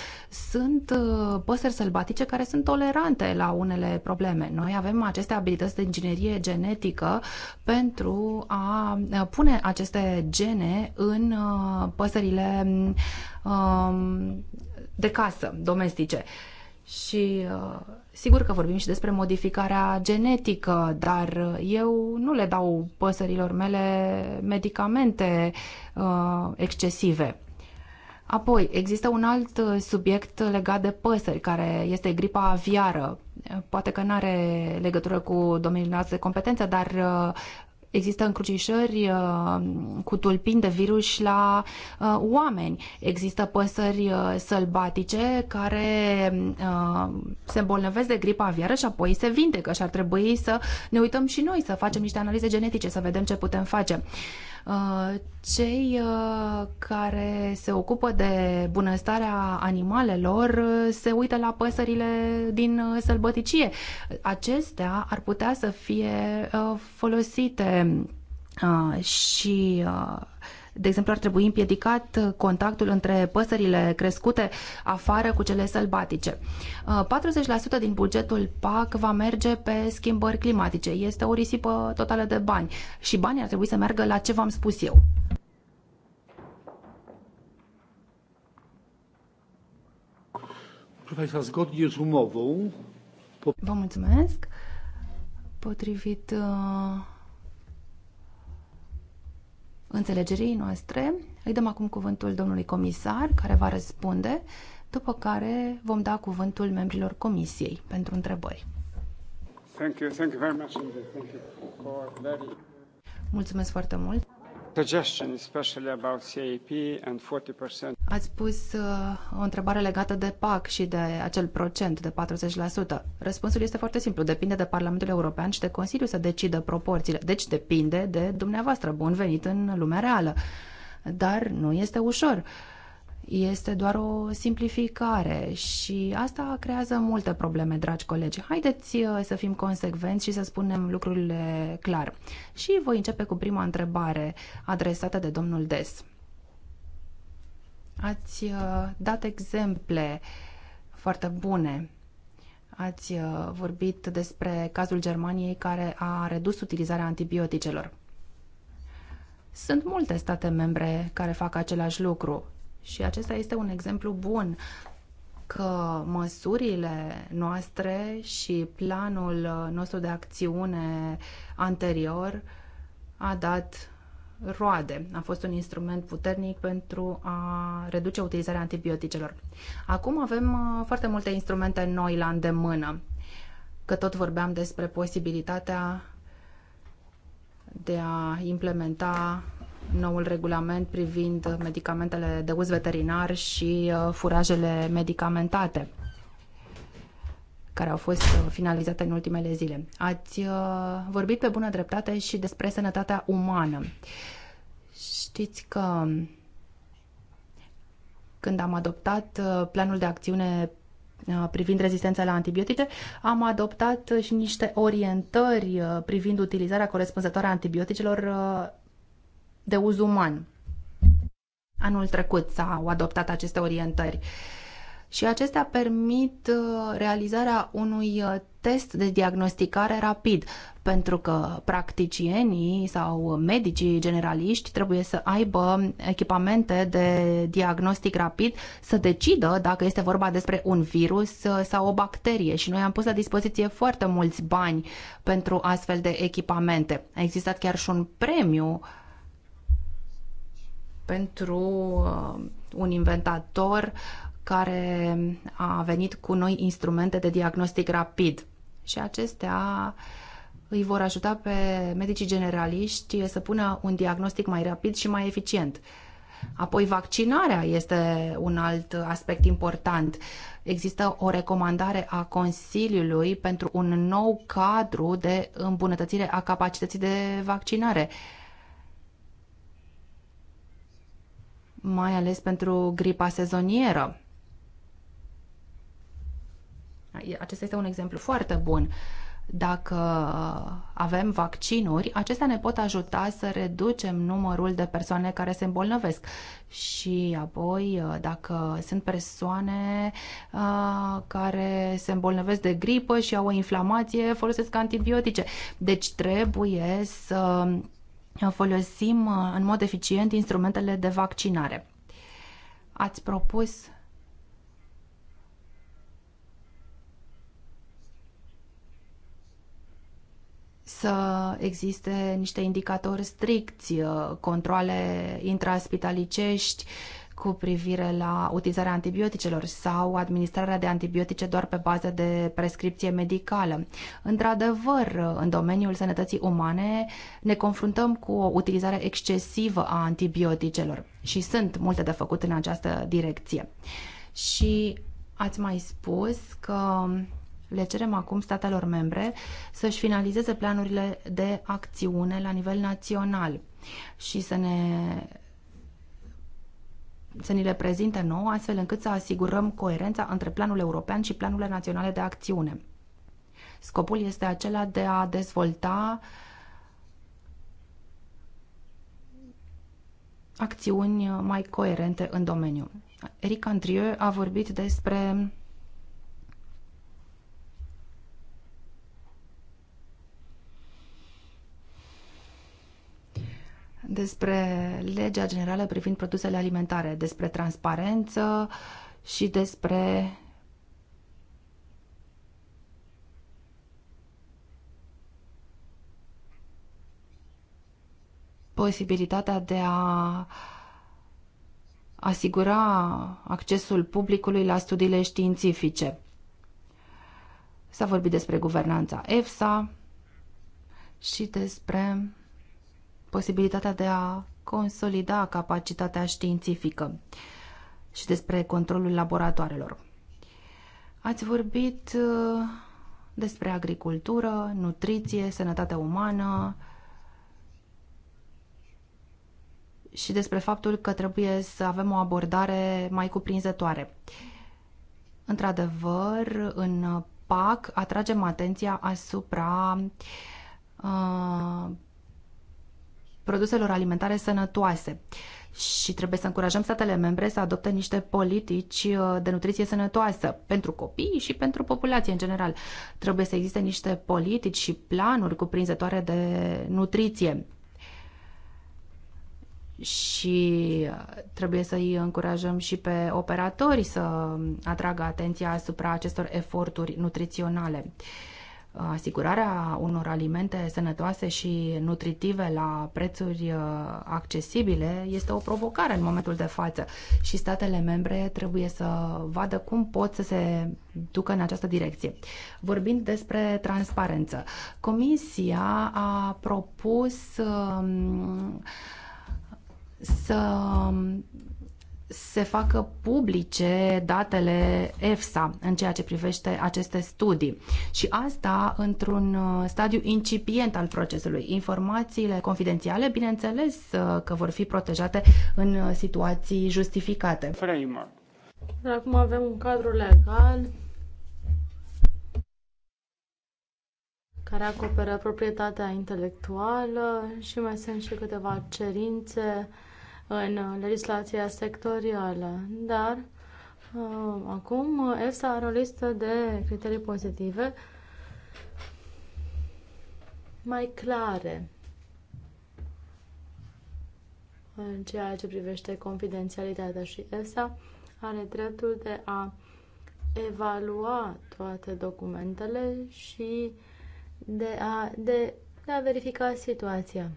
Speaker 4: Sunt uh, păsări sălbatice care sunt tolerante la unele probleme. Noi avem aceste abilități de inginerie genetică pentru a uh, pune aceste gene în uh, păsările um, de casă, domestice. Și uh, sigur că vorbim și despre modificarea genetică, dar uh, eu nu le dau păsărilor mele medicamente uh, excesive. Apoi, există un alt uh, subiect legat de păsări, care este gripa aviară. Poate că nu are legătură cu domeniul de competență, dar Există încrucișări uh, cu tulpini de virus la uh, oameni. Există păsări uh, sălbatice care se îmbolnăvesc de gripa aviară și apoi se vindecă și ar trebui să ne uităm și noi, să facem niște analize genetice, să vedem ce putem face. Uh, cei uh, care se ocupă de bunăstarea animalelor uh, se uită la păsările din sălbăticie. Acestea ar putea să fie folosite și de exemplu, ar trebui împiedicat uh, contactul între păsările crescute afară cu cele sălbatice. 40% uh, din bugetul PAC va merge pe schimbări climatice. Este o risipă totală de bani și banii ar trebui să meargă la ce v-am spus eu.
Speaker 1: Vă mulțumesc.
Speaker 4: Potrivit uh, înțelegerii noastre. Îi dăm acum cuvântul domnului comisar, care va răspunde, după care vom da cuvântul membrilor comisiei pentru întrebări.
Speaker 1: Thank you, thank you very much. Thank you for very...
Speaker 4: Mulțumesc foarte mult. Ați pus uh, o întrebare legată de PAC și de acel procent de 40%. Răspunsul este foarte simplu. Depinde de Parlamentul European și de Consiliu să decidă proporțiile. Deci depinde de dumneavoastră. Bun venit în lumea reală. Dar nu este ușor. Uh, este doar o simplificare și asta creează multe probleme, dragi colegi. Haideți uh, să fim consecvenți și să spunem lucrurile clar. Și voi începe cu prima întrebare adresată de domnul Des. Ați uh, dat exemple foarte bune ați uh, vorbit despre cazul Germaniei care a redus utilizarea antibioticelor. Sunt multe state membre care fac același lucru și acesta este un exemplu bun că măsurile noastre și planul nostru de acțiune anterior a dat roade. A fost un instrument puternic pentru a reduce utilizarea antibioticelor. Acum avem uh, foarte multe instrumente noi la îndemână, că tot vorbeam despre posibilitatea de a implementa noul regulament privind medicamentele de uz veterinar și uh, furajele medicamentate care au fost uh, finalizate în ultimele zile. Ați uh, vorbit pe bună dreptate și despre sănătatea umană. Știți că um, când am adoptat planul de acțiune privind rezistența la antibiotice, am adoptat și niște orientări privind utilizarea corespunzătoare a antibioticelor de uz uman. Anul trecut s-au adoptat aceste orientări și acestea permit uh, realizarea unui uh, test de diagnosticare rapid, pentru că practicienii sau medicii generaliști trebuie să aibă echipamente de diagnostic rapid să decidă dacă este vorba despre un virus uh, sau o bacterie și noi am pus la dispoziție foarte mulți bani pentru astfel de echipamente. A existat chiar și un premiu uh, pentru uh, un inventator care a venit cu noi instrumente de diagnostic rapid. Și acestea îi vor ajuta pe medicii generaliști să pună un diagnostic mai rapid și mai eficient. Apoi, vaccinarea este un alt aspect important. Există o recomandare a Consiliului pentru un nou cadru de îmbunătățire a capacității de vaccinare mai ales pentru gripa sezonieră. Acesta este un exemplu foarte bun. Dacă avem vaccinuri, acestea ne pot ajuta să reducem numărul de persoane care se îmbolnăvesc. Și apoi, dacă sunt persoane care se îmbolnăvesc de gripă și au o inflamație, folosesc antibiotice. Deci trebuie să Uh, folosim uh, în mod eficient instrumentele de vaccinare. Ați propus să existe niște indicatori stricți, uh, controle intraspitalicești cu privire la utilizarea antibioticelor sau administrarea de antibiotice doar pe bază de prescripție medicală. Într-adevăr, în domeniul sănătății umane ne confruntăm cu o utilizare excesivă a antibioticelor și sunt multe de făcut în această direcție. Și ați mai spus că le cerem acum statelor membre să-și finalizeze planurile de acțiune la nivel național și să ne să ni le prezinte nouă, astfel încât să asigurăm coerența între planul european și planurile naționale de acțiune. Scopul este acela de a dezvolta acțiuni mai coerente în domeniu. Eric Andrieu a vorbit despre despre legea generală privind produsele alimentare, despre transparență și despre posibilitatea de a asigura accesul publicului la studiile științifice. S-a vorbit despre guvernanța EFSA și despre posibilitatea de a consolida capacitatea științifică și despre controlul laboratoarelor. Ați vorbit uh, despre agricultură, nutriție, sănătatea umană și despre faptul că trebuie să avem o abordare mai cuprinzătoare. Într-adevăr, în PAC atragem atenția asupra uh, produselor alimentare sănătoase și trebuie să încurajăm statele membre să adopte niște politici uh, de nutriție sănătoasă pentru copii și pentru populație în general. Trebuie să existe niște politici și planuri cuprinzătoare de nutriție și uh, trebuie să îi încurajăm și pe operatori să atragă atenția asupra acestor eforturi nutriționale. Uh, asigurarea unor alimente sănătoase și nutritive la prețuri uh, accesibile este o provocare în momentul de față și statele membre trebuie să vadă cum pot să se ducă în această direcție. Vorbind despre transparență, Comisia a propus um, să se facă publice datele EFSA în ceea ce privește aceste studii. Și asta într-un uh, stadiu incipient al procesului. Informațiile confidențiale, bineînțeles uh, că vor fi protejate în uh, situații justificate. Framework.
Speaker 2: Acum avem un cadru legal care acoperă proprietatea intelectuală și mai sunt și câteva cerințe în legislația sectorială, dar uh, acum EFSA are o listă de criterii pozitive mai clare în ceea ce privește confidențialitatea și EFSA are dreptul de a evalua toate documentele și de a, de, de a verifica situația.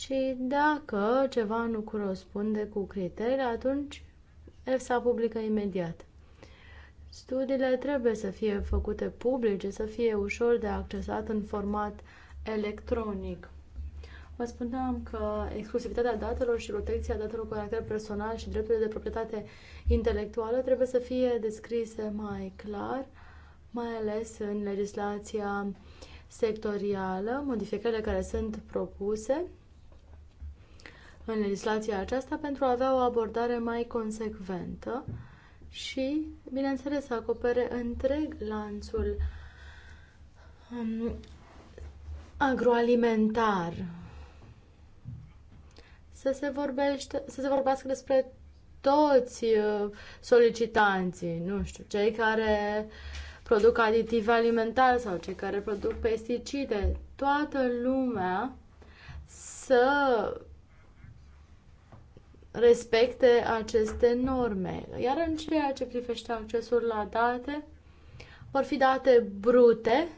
Speaker 2: Și dacă ceva nu corespunde cu criteriile, atunci EFSA publică imediat. Studiile trebuie să fie făcute publice, să fie ușor de accesat în format electronic. Vă spuneam că exclusivitatea datelor și protecția datelor cu caracter personal și drepturile de proprietate intelectuală trebuie să fie descrise mai clar, mai ales în legislația sectorială, modificările care sunt propuse în legislația aceasta pentru a avea o abordare mai consecventă și, bineînțeles, să acopere întreg lanțul um, agroalimentar. Să se, vorbește, să se vorbească despre toți uh, solicitanții, nu știu, cei care produc aditive alimentare sau cei care produc pesticide, toată lumea să respecte aceste norme. Iar în ceea ce privește accesul la date, vor fi date brute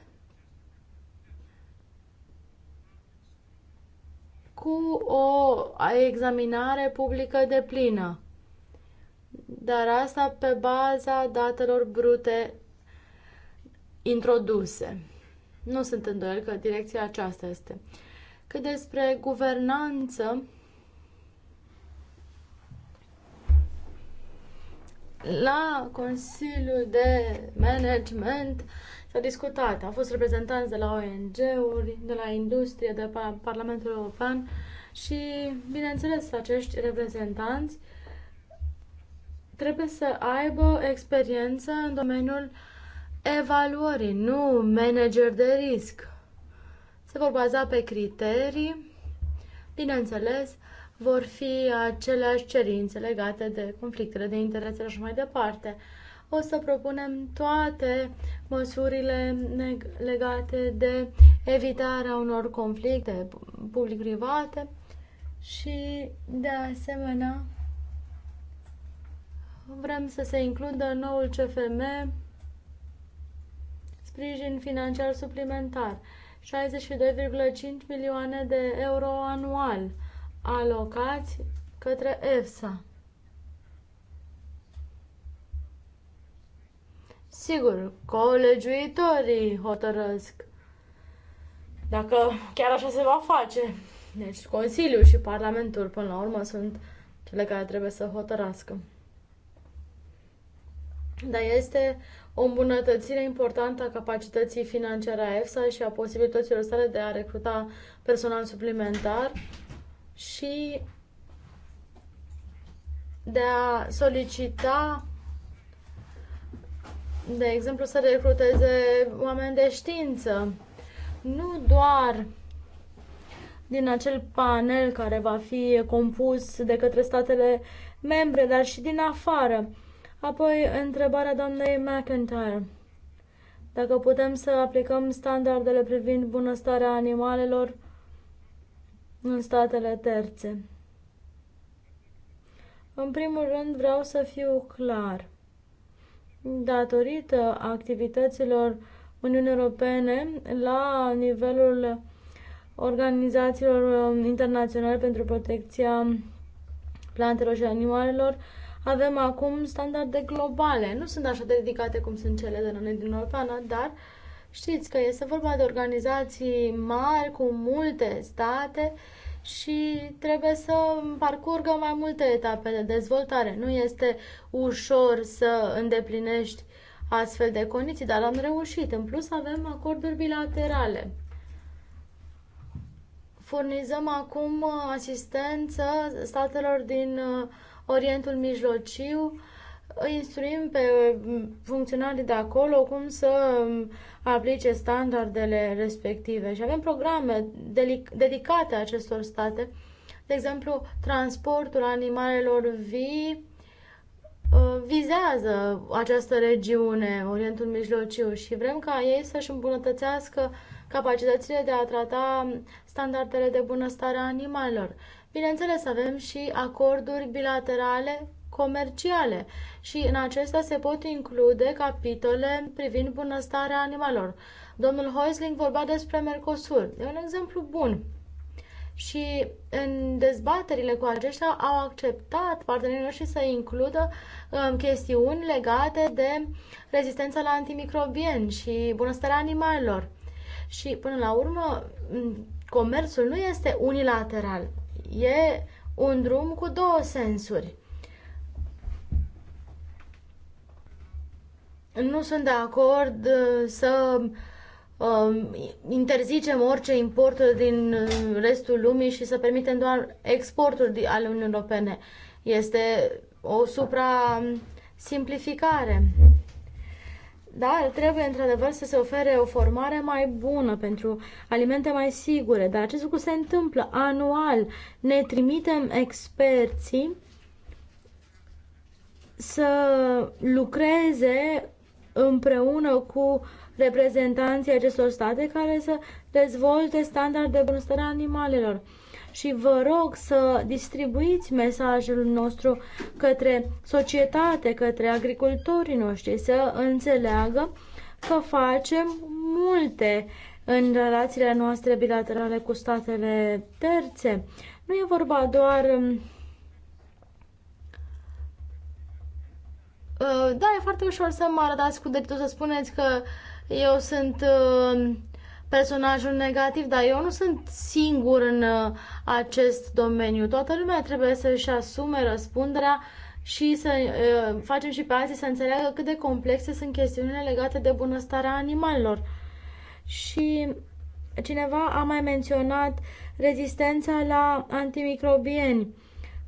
Speaker 2: cu o examinare publică de plină. Dar asta pe baza datelor brute introduse. Nu sunt îndoiel că direcția aceasta este. Cât despre guvernanță, La Consiliul de Management s-a discutat, au fost reprezentanți de la ONG-uri, de la industrie, de la Parlamentul European și, bineînțeles, acești reprezentanți trebuie să aibă experiență în domeniul evaluării, nu manager de risc. Se vor baza pe criterii, bineînțeles, vor fi aceleași cerințe legate de conflictele de interese și mai departe. O să propunem toate măsurile legate de evitarea unor conflicte public-private și, de asemenea, vrem să se includă în noul CFM sprijin financiar suplimentar, 62,5 milioane de euro anual alocați către EFSA. Sigur, colegiuitorii hotărăsc dacă chiar așa se va face. Deci Consiliul și Parlamentul, până la urmă, sunt cele care trebuie să hotărască. Dar este o îmbunătățire importantă a capacității financiare a EFSA și a posibilităților sale de a recruta personal suplimentar și de a solicita, de exemplu, să recruteze oameni de știință, nu doar din acel panel care va fi compus de către statele membre, dar și din afară. Apoi, întrebarea doamnei McIntyre. Dacă putem să aplicăm standardele privind bunăstarea animalelor în statele terțe. În primul rând vreau să fiu clar. Datorită activităților Uniunii Europene la nivelul organizațiilor um, internaționale pentru protecția plantelor și animalelor, avem acum standarde globale. Nu sunt așa de ridicate cum sunt cele de la din Europeană, dar uh, Știți că este vorba de organizații mari cu multe state și trebuie să parcurgă mai multe etape de dezvoltare. Nu este ușor să îndeplinești astfel de condiții, dar am reușit. În plus avem acorduri bilaterale. Furnizăm acum asistență statelor din uh, Orientul Mijlociu, îi instruim pe mm, funcționarii de acolo cum să mm, aplice standardele respective și avem programe dedicate acestor state, de exemplu, transportul animalelor vii uh, vizează această regiune, Orientul Mijlociu, și vrem ca ei să-și îmbunătățească capacitățile de a trata mm, standardele de bunăstare a animalelor. Bineînțeles, avem și acorduri bilaterale comerciale și în acestea se pot include capitole privind bunăstarea animalelor. Domnul Heusling vorbea despre Mercosur. E un exemplu bun. Și în dezbaterile cu aceștia au acceptat partenerii noștri să includă um, chestiuni legate de rezistența la antimicrobieni și bunăstarea animalelor. Și până la urmă, comerțul nu este unilateral. E un drum cu două sensuri. nu sunt de acord uh, să um, interzicem orice import din uh, restul lumii și să permitem doar exporturi ale Uniunii Europene. Este o supra-simplificare. Dar trebuie într-adevăr să se ofere o formare mai bună pentru alimente mai sigure. Dar acest lucru se întâmplă anual. Ne trimitem experții să lucreze împreună cu reprezentanții acestor state care să dezvolte standarde de bunăstare animalelor. Și vă rog să distribuiți mesajul nostru către societate, către agricultorii noștri, să înțeleagă că facem multe în relațiile noastre bilaterale cu statele terțe. Nu e vorba doar um, Uh, da, e foarte ușor să mă arătați cu dreptul să spuneți că eu sunt uh, personajul negativ, dar eu nu sunt singur în uh, acest domeniu. Toată lumea trebuie să-și asume răspunderea și să facem și pe alții să înțeleagă cât de complexe sunt chestiunile legate de bunăstarea animalelor. Și cineva a mai menționat rezistența la antimicrobieni.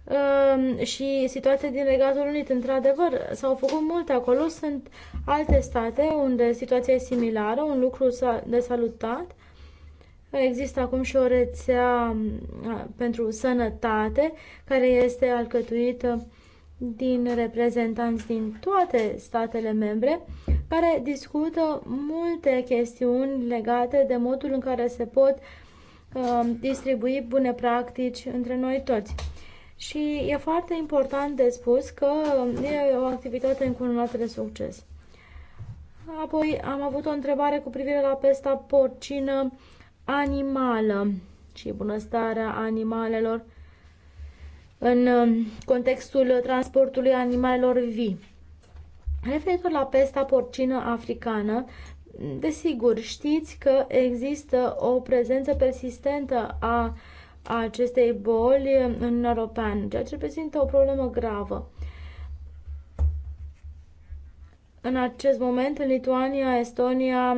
Speaker 2: Ehm, și situația din Regatul Unit, într-adevăr, s-au făcut multe acolo, sunt alte state unde situația e similară, un lucru de salutat. Există acum și o rețea pentru sănătate care este alcătuită din reprezentanți din toate statele membre care discută multe chestiuni legate de modul în care se pot uh, distribui bune practici între noi toți. Și e foarte important de spus că e o activitate încununată de succes. Apoi am avut o întrebare cu privire la pesta porcină animală și bunăstarea animalelor în um, contextul transportului animalelor vii. Referitor la pesta porcină africană, desigur știți că există o prezență persistentă a uh, acestei boli în european, ceea ce reprezintă o problemă gravă. În acest moment, în Lituania, Estonia,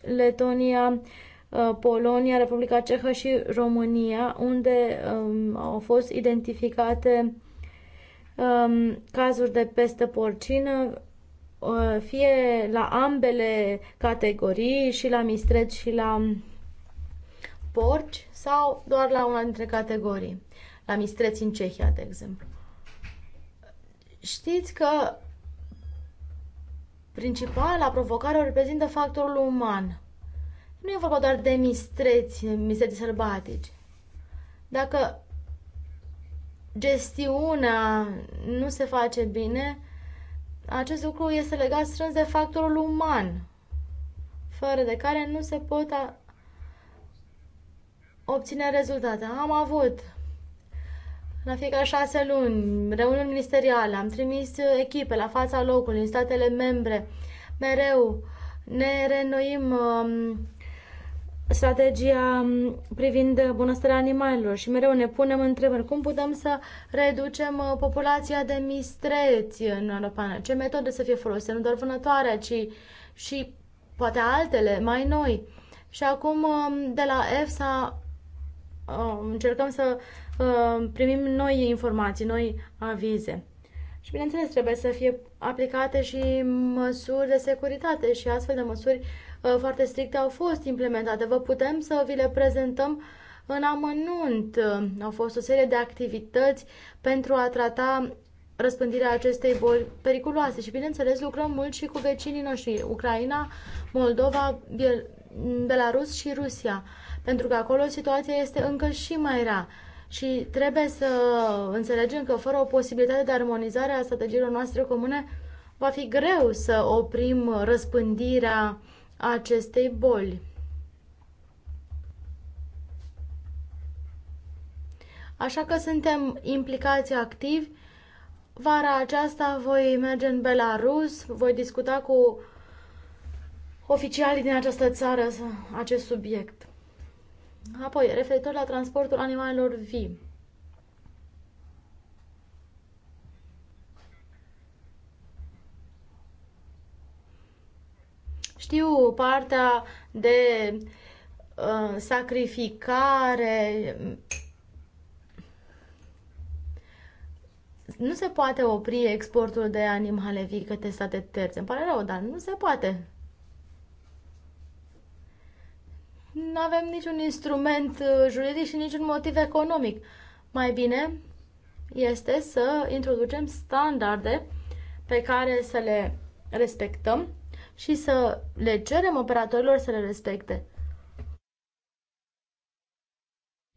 Speaker 2: Letonia, uh, Polonia, Republica Cehă și România, unde um, au fost identificate um, cazuri de peste porcină, uh, fie la ambele categorii, și la mistreți și la porci sau doar la una dintre categorii, la mistreți în Cehia, de exemplu. Știți că principala provocare o reprezintă factorul uman. Nu e vorba doar de mistreți, mistreți sălbatici. Dacă gestiunea nu se face bine, acest lucru este legat strâns de factorul uman, fără de care nu se pot obține rezultate. Am avut la fiecare șase luni reuniuni ministeriale, am trimis echipe la fața locului, în statele membre, mereu ne renoim um, strategia um, privind bunăstarea animalelor și mereu ne punem întrebări cum putem să reducem uh, populația de mistreți în Europa, ce metode să fie folosite, nu doar vânătoarea, ci și poate altele mai noi. Și acum um, de la EFSA Um, încercăm să um, primim noi informații, noi avize. Și bineînțeles, trebuie să fie aplicate și măsuri de securitate și astfel de măsuri uh, foarte stricte au fost implementate. Vă putem să vi le prezentăm în amănunt. Uh, au fost o serie de activități pentru a trata răspândirea acestei boli periculoase și, bineînțeles, lucrăm mult și cu vecinii noștri, Ucraina, Moldova, Belarus și Rusia pentru că acolo situația este încă și mai rea. Și trebuie să înțelegem că fără o posibilitate de armonizare a strategiilor noastre comune, va fi greu să oprim răspândirea acestei boli. Așa că suntem implicați activi. Vara aceasta voi merge în Belarus, voi discuta cu oficialii din această țară acest subiect. Apoi, referitor la transportul animalelor vii. Știu partea de uh, sacrificare. Nu se poate opri exportul de animale vii către state terțe. Îmi pare rău, dar nu se poate. nu avem niciun instrument uh, juridic și niciun motiv economic. Mai bine este să introducem standarde pe care să le respectăm și să le cerem operatorilor să le respecte.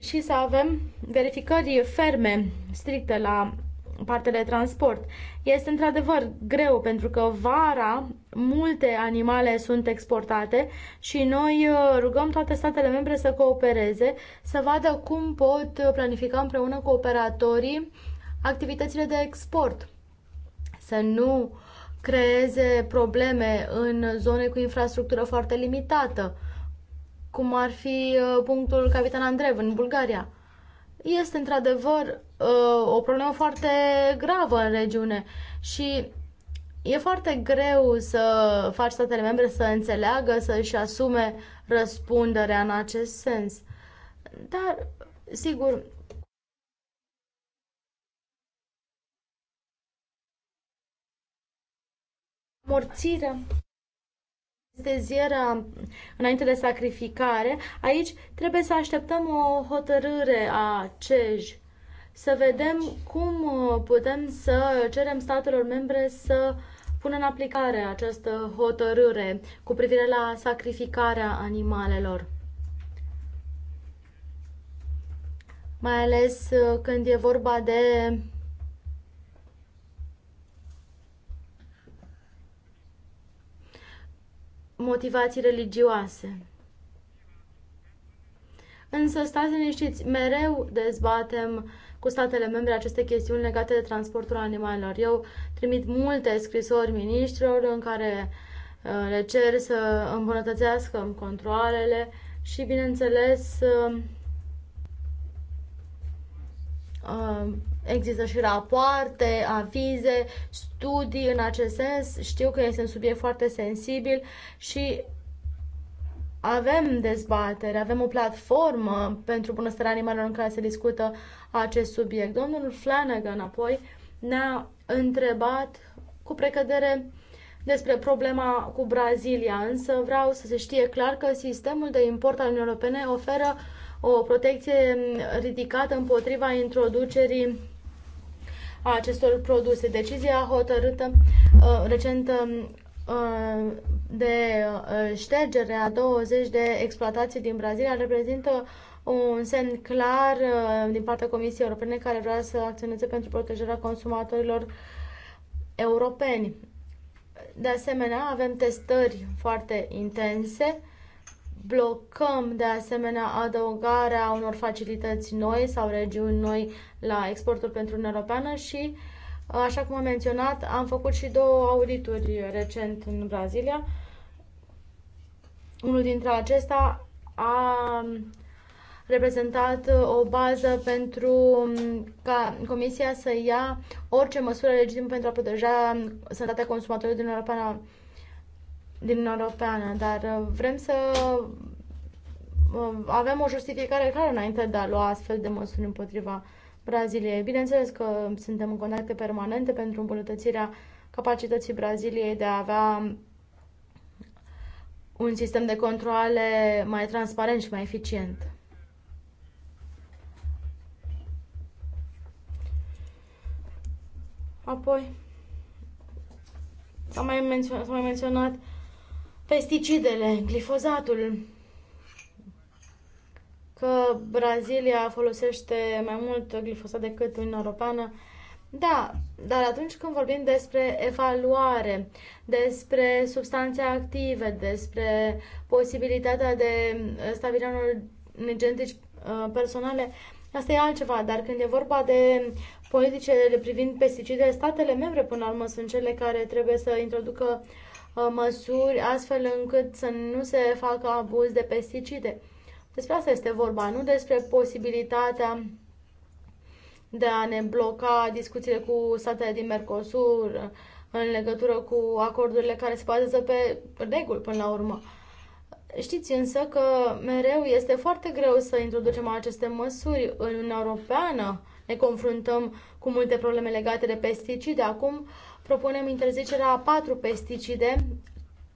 Speaker 2: Și să avem verificări ferme, stricte la partea de transport. Este într-adevăr greu pentru că vara multe animale sunt exportate și noi uh, rugăm toate statele membre să coopereze, să vadă cum pot planifica împreună cu operatorii activitățile de export. Să nu creeze probleme în zone cu infrastructură foarte limitată, cum ar fi uh, punctul Capitan Andrev în Bulgaria. Este într-adevăr Uh, o problemă foarte gravă în regiune și e foarte greu să faci statele membre să înțeleagă, să-și asume răspunderea în acest sens. Dar, sigur, morțirea anesteziera înainte de sacrificare, aici trebuie să așteptăm o hotărâre a CEJ să vedem cum uh, putem să cerem statelor membre să pună în aplicare această hotărâre cu privire la sacrificarea animalelor. Mai ales uh, când e vorba de motivații religioase. Însă stați liniștiți, mereu dezbatem cu statele membre aceste chestiuni legate de transportul animalelor. Eu trimit multe scrisori ministrilor în care uh, le cer să îmbunătățească controlele și, bineînțeles, um, um, există și rapoarte, avize, studii în acest sens. Știu că este un subiect foarte sensibil și avem dezbatere, avem o platformă pentru bunăstarea animalelor în care se discută acest subiect. Domnul Flanagan apoi ne-a întrebat cu precădere despre problema cu Brazilia, însă vreau să se știe clar că sistemul de import al Uniunii Europene oferă o protecție ridicată împotriva introducerii a acestor produse. Decizia hotărâtă uh, recentă uh, de uh, ștergere a 20 de exploatații din Brazilia reprezintă un semn clar uh, din partea Comisiei Europene care vrea să acționeze pentru protejarea consumatorilor europeni. De asemenea, avem testări foarte intense, blocăm de asemenea adăugarea unor facilități noi sau regiuni noi la exportul pentru Uniunea Europeană și, uh, așa cum am menționat, am făcut și două audituri recent în Brazilia. Unul dintre acestea a reprezentat uh, o bază pentru um, ca Comisia să ia orice măsură legitimă pentru a proteja um, sănătatea consumatorilor din Europeană, din Europeană. Dar uh, vrem să uh, avem o justificare clară înainte de a lua astfel de măsuri împotriva Braziliei. Bineînțeles că suntem în contacte permanente pentru îmbunătățirea capacității Braziliei de a avea um, un sistem de controle mai transparent și mai eficient. Apoi, s-a mai, menționat, s-a mai menționat pesticidele, glifozatul, că Brazilia folosește mai mult glifosat decât Uniunea Europeană. Da, dar atunci când vorbim despre evaluare, despre substanțe active, despre posibilitatea de uh, stabilirea unor genetici uh, personale, asta e altceva, dar când e vorba de politicele privind pesticidele, statele membre până la urmă sunt cele care trebuie să introducă uh, măsuri astfel încât să nu se facă abuz de pesticide. Despre asta este vorba, nu despre posibilitatea de a ne bloca discuțiile cu statele din Mercosur uh, în legătură cu acordurile care se bazează pe reguli până la urmă. Știți însă că mereu este foarte greu să introducem aceste măsuri în Uniunea Europeană ne confruntăm cu multe probleme legate de pesticide. Acum propunem interzicerea a patru pesticide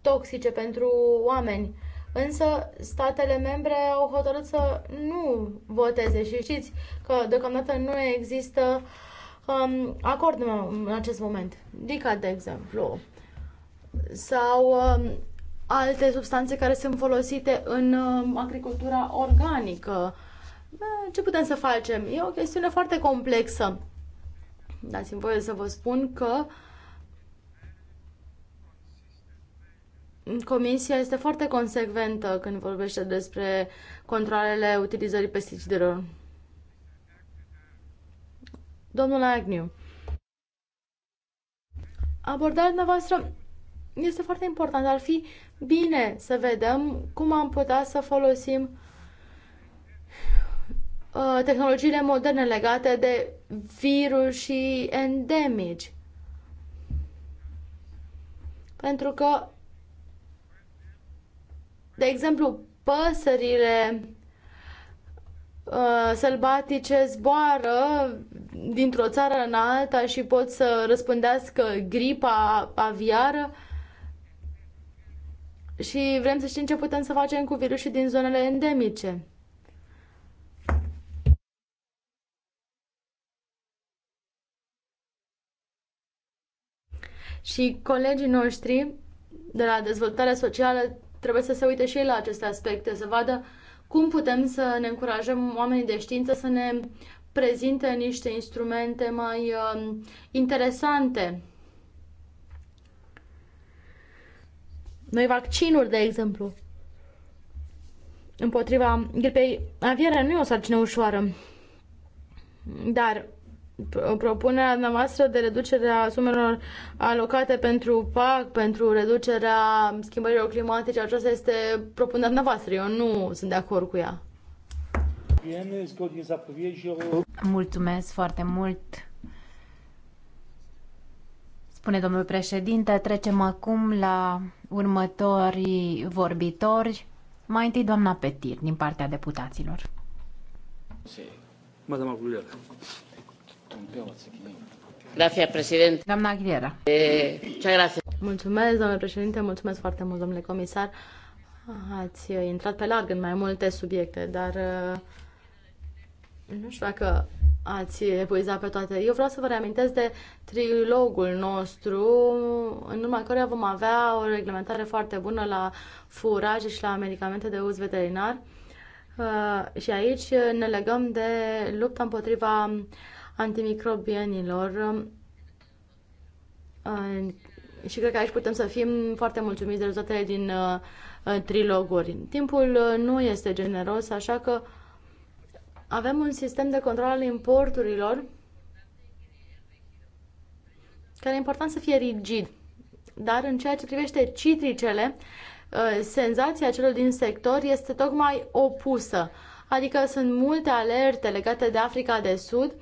Speaker 2: toxice pentru oameni. Însă statele membre au hotărât să nu voteze și știți că deocamdată nu există um, acord în, acest moment. Dica, de exemplu, sau um, alte substanțe care sunt folosite în um, agricultura organică. Uh, Eh, ce putem să facem? E o chestiune foarte complexă. Dați-mi voie să vă spun că Comisia este foarte consecventă când vorbește despre controlele utilizării pesticidelor. Domnul Agnew, abordarea dumneavoastră este foarte importantă. Ar fi bine să vedem cum am putea să folosim uh, Uh, tehnologiile moderne legate de virus și endemici. Pentru că, de exemplu, păsările uh, sălbatice zboară dintr-o țară în alta și pot să răspândească gripa aviară și vrem să știm ce putem să facem cu virusii din zonele endemice. Și colegii noștri de la dezvoltarea socială trebuie să se uite și ei la aceste aspecte, să vadă cum putem să ne încurajăm oamenii de știință să ne prezinte niște instrumente mai uh, interesante. Noi vaccinuri, de exemplu, împotriva gripei aviare nu e o sarcină ușoară, dar propunerea noastră de reducerea sumelor alocate pentru PAC, pentru reducerea schimbărilor climatice, aceasta este propunerea noastră. Eu nu sunt de acord cu ea.
Speaker 3: Mulțumesc foarte mult. Spune domnul președinte, trecem acum la următorii vorbitori. Mai întâi doamna Petir, din partea deputaților.
Speaker 1: Sí. Madame Aguilera.
Speaker 2: Gracias, președinte. Doamna Aguilera. Eh, mulțumesc, domnule președinte, mulțumesc foarte mult, domnule comisar. Ați intrat pe larg în mai multe subiecte, dar eh, nu știu dacă ați epuizat pe toate. Eu vreau să vă reamintesc de trilogul nostru, în urma căruia vom avea o reglementare foarte bună la furaje și la medicamente de uz veterinar. Eh, și aici ne legăm de lupta împotriva antimicrobienilor și cred că aici putem să fim foarte mulțumiți de rezultatele din uh, triloguri. Timpul uh, nu este generos, așa că avem un sistem de control al importurilor care e important să fie rigid. Dar în ceea ce privește citricele, uh, senzația celor din sector este tocmai opusă. Adică sunt multe alerte legate de Africa de Sud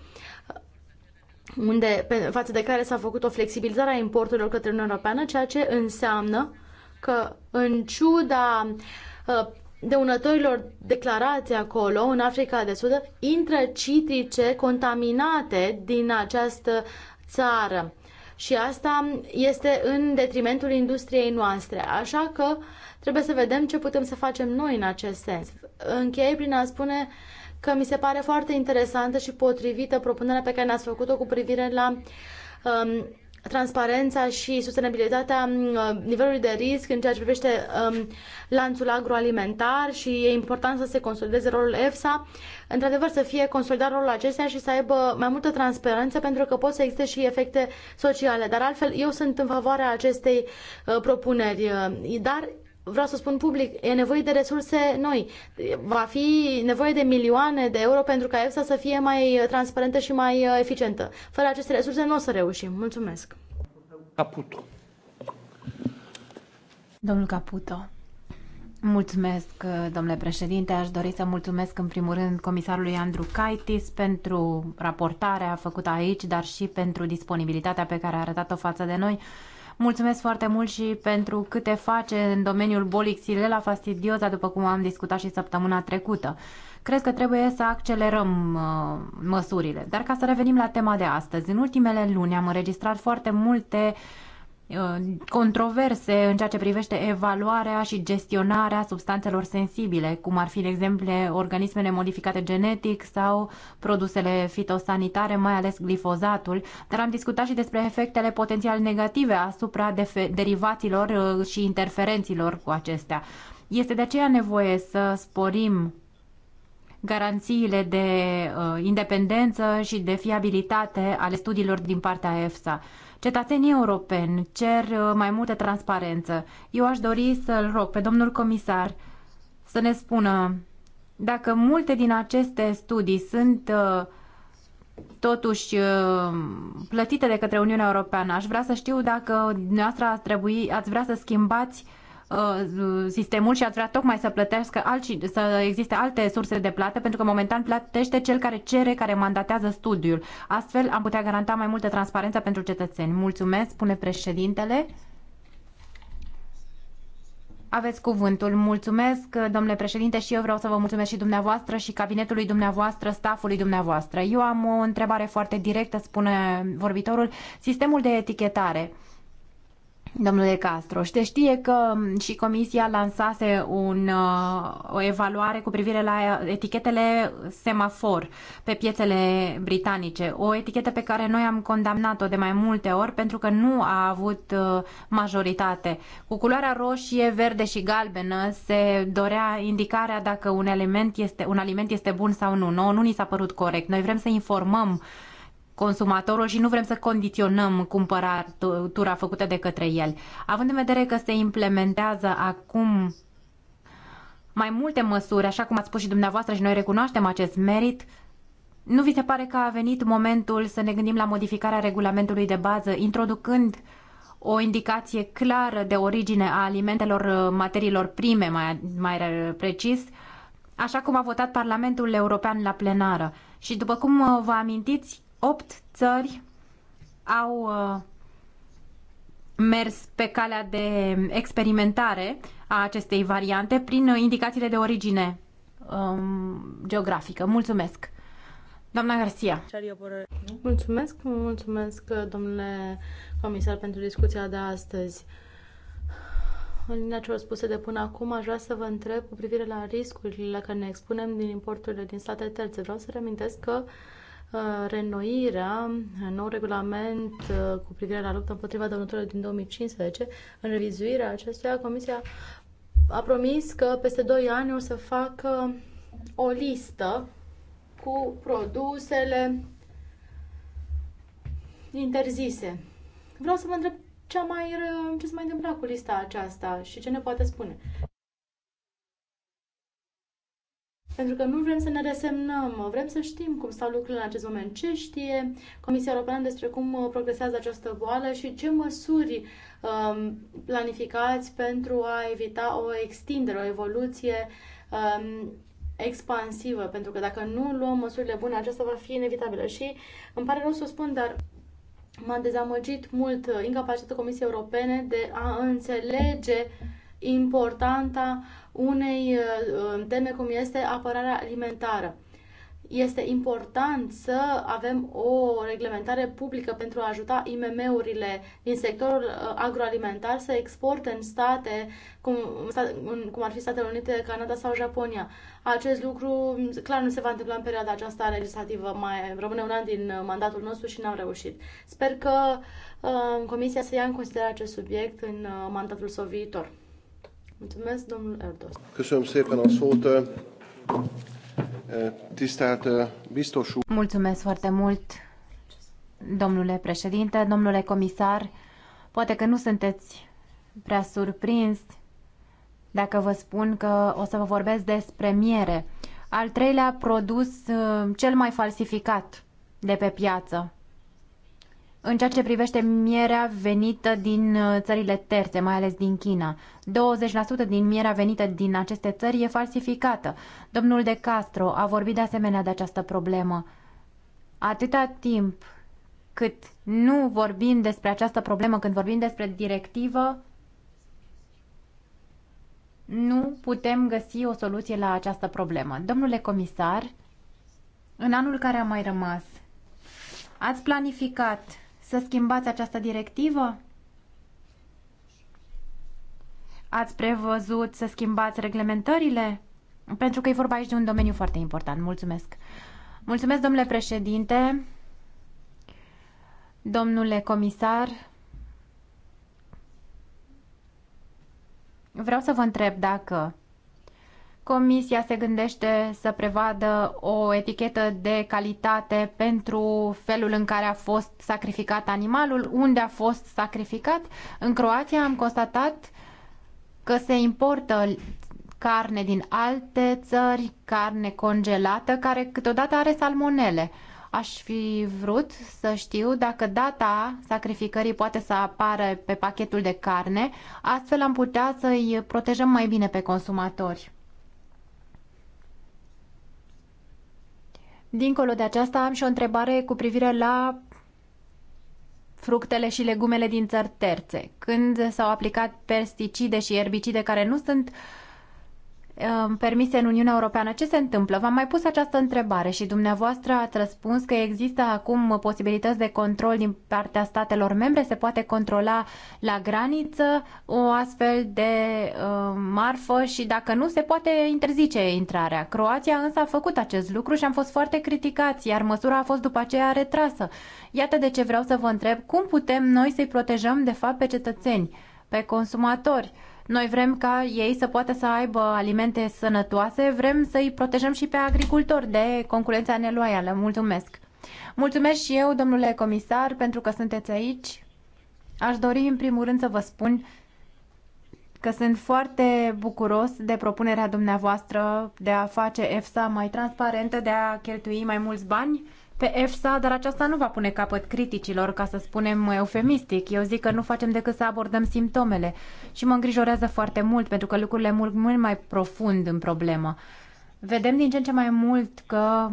Speaker 2: unde, pe, față de care s-a făcut o flexibilizare a importurilor către Uniunea Europeană, ceea ce înseamnă că, în ciuda uh, dăunătorilor declarați acolo, în Africa de Sud, intră citrice contaminate din această țară. Și asta este în detrimentul industriei noastre. Așa că trebuie să vedem ce putem să facem noi în acest sens. Închei prin a spune uh, că mi se pare foarte interesantă și potrivită propunerea pe care ne-ați făcut-o cu privire la um, transparența și sustenabilitatea um, nivelului de risc în ceea ce privește um, lanțul agroalimentar și e important să se consolideze rolul EFSA. Într-adevăr, să fie consolidat rolul acesta și să aibă mai multă transparență pentru că pot să existe și efecte sociale. Dar altfel, eu sunt în favoarea acestei uh, propuneri. Uh, dar vreau să spun public, e nevoie de resurse noi. Va fi nevoie de milioane de euro pentru ca EFSA să fie mai transparentă și mai uh, eficientă. Fără aceste
Speaker 3: resurse nu o să reușim. Mulțumesc. Caputo. Domnul Caputo. Mulțumesc, uh, domnule președinte. Aș dori să mulțumesc în primul rând comisarului Andru Kaitis pentru raportarea făcută aici, dar și pentru disponibilitatea pe care a arătat-o față de noi Mulțumesc foarte mult și pentru câte face în domeniul bolii xilela fastidioza, după cum am discutat și săptămâna trecută. Cred că trebuie să accelerăm uh, măsurile. Dar ca să revenim la tema de astăzi, în ultimele luni am înregistrat foarte multe uh, controverse în ceea ce privește evaluarea și gestionarea substanțelor sensibile, cum ar fi, de exemplu, organismele modificate genetic sau produsele fitosanitare, mai ales glifozatul, dar am discutat și despre efectele potențial negative asupra derivaților uh, și interferenților cu acestea. Este de aceea nevoie să sporim garanțiile de uh, independență și de fiabilitate ale studiilor din partea EFSA. Cetățenii europeni cer uh, mai multă transparență. Eu aș dori să-l rog pe domnul comisar să ne spună dacă multe din aceste studii sunt uh, totuși uh, plătite de către Uniunea Europeană. Aș vrea să știu dacă dumneavoastră ați, trebui, ați vrea să schimbați uh, Uh, sistemul și ați vrea tocmai să plătească alți, să existe alte surse de plată, pentru că momentan plătește cel care cere, care mandatează studiul. Astfel am putea garanta mai multă transparență pentru cetățeni. Mulțumesc, spune președintele. Aveți cuvântul. Mulțumesc, domnule președinte, și eu vreau să vă mulțumesc și dumneavoastră și cabinetului dumneavoastră, staffului dumneavoastră. Eu am o întrebare foarte directă, spune vorbitorul, sistemul de etichetare domnule Castro. se știe că mm, și Comisia lansase un, uh, o evaluare cu privire la etichetele semafor pe piețele britanice. O etichetă pe care noi am condamnat-o de mai multe ori pentru că nu a avut uh, majoritate. Cu culoarea roșie, verde și galbenă se dorea indicarea dacă un aliment este, un aliment este bun sau nu. Nouă nu ni s-a părut corect. Noi vrem să informăm uh, consumatorul și nu vrem să condiționăm cumpărătura făcută de către el. Având în vedere că se implementează acum mai multe măsuri, așa cum ați spus și dumneavoastră și noi recunoaștem acest merit, nu vi se pare că a venit momentul să ne gândim la modificarea regulamentului de bază, introducând o indicație clară de origine a alimentelor, materiilor prime, mai, mai precis, așa cum a votat Parlamentul European la plenară. Și după cum vă amintiți, Opt țări au uh, mers pe calea de experimentare a acestei variante prin indicațiile de origine um, geografică. Mulțumesc! Doamna Garcia.
Speaker 2: Mulțumesc, mulțumesc, domnule comisar, pentru discuția de astăzi. În linia celor spuse de până acum, aș vrea să vă întreb cu privire la riscurile la care ne expunem din importurile din state terțe. Vreau să reamintesc că uh, Uh, reînnoirea în nou regulament uh, cu privire la lupta împotriva dăunătorilor din 2015. În revizuirea acestuia, Comisia a promis că peste 2 ani o să facă o listă cu produsele interzise. Vreau să vă întreb ce, mai, ce se mai întâmplat cu lista aceasta și ce ne poate spune. Pentru că nu vrem să ne resemnăm, vrem să știm cum stau lucrurile în acest moment, ce știe Comisia Europeană despre cum uh, progresează această boală și ce măsuri um, planificați pentru a evita o extindere, o evoluție um, expansivă, pentru că dacă nu luăm măsurile bune, aceasta va fi inevitabilă. Și îmi pare rău să o spun, dar m-a dezamăgit mult uh, incapacitatea Comisiei Europene de a înțelege uh, importanta unei uh, uh, teme cum este apărarea alimentară. Este important să avem o reglementare publică pentru a ajuta IMM-urile din sectorul uh, agroalimentar să exporte în state cum, cum ar fi Statele Unite, Canada sau Japonia. Acest lucru mm, clar nu se va întâmpla în perioada aceasta legislativă. Mai rămâne un an din mandatul nostru și n-am reușit. Sper că uh, Comisia să ia în considerare acest subiect în uh, mandatul său viitor. Mulțumesc, domnul Erdos.
Speaker 5: Köszönöm szépen a szót.
Speaker 4: Tisztelt biztos úr.
Speaker 3: Mulțumesc foarte mult, domnule președinte, domnule comisar. Poate că nu sunteți prea surprins dacă vă spun că o să vă vorbesc despre miere, al treilea produs cel mai falsificat de pe piață în ceea ce privește mierea venită din uh, țările terțe, mai ales din China. 20% din mierea venită din aceste țări e falsificată. Domnul De Castro a vorbit de asemenea de această problemă. Atâta timp cât nu vorbim despre această problemă, când vorbim despre directivă, nu putem găsi o soluție la această problemă. Domnule comisar, în anul care a mai rămas, ați planificat să schimbați această directivă? Ați prevăzut să schimbați reglementările? Pentru că e vorba aici de un domeniu foarte important. Mulțumesc. Mulțumesc, domnule președinte, domnule comisar. Vreau să vă întreb dacă Comisia se gândește să prevadă o etichetă de calitate pentru felul în care a fost sacrificat animalul, unde a fost sacrificat. În Croația am constatat că se importă carne din alte țări, carne congelată, care câteodată are salmonele. Aș fi vrut să știu dacă data sacrificării poate să apară pe pachetul de carne, astfel am putea să-i protejăm mai bine pe consumatori. Dincolo de aceasta, am și o întrebare cu privire la fructele și legumele din țări terțe. Când s-au aplicat pesticide și erbicide care nu sunt uh, Um, permise în Uniunea Europeană. Ce se întâmplă? V-am mai pus această întrebare și dumneavoastră ați răspuns că există acum posibilități de control din partea statelor membre. Se poate controla la graniță o astfel de uh, marfă și dacă nu, se poate interzice intrarea. Croația însă a făcut acest lucru și am fost foarte criticați, iar măsura a fost după aceea retrasă. Iată de ce vreau să vă întreb cum putem noi să-i protejăm de fapt pe cetățeni, pe consumatori. Uh, noi vrem ca ei să poată să aibă alimente sănătoase, vrem să-i protejăm și pe agricultori de concurența neloială. Mulțumesc! Mulțumesc și eu, domnule comisar, pentru că sunteți aici. Aș dori, în primul rând, să vă spun că sunt foarte bucuros de propunerea dumneavoastră de a face EFSA mai transparentă, de a cheltui mai mulți bani pe EFSA, dar aceasta nu va pune capăt criticilor, ca să spunem eufemistic. Eu zic că nu facem decât să abordăm simptomele și mă îngrijorează foarte mult pentru că lucrurile merg mult mai profund în problemă. Vedem din ce în ce mai mult că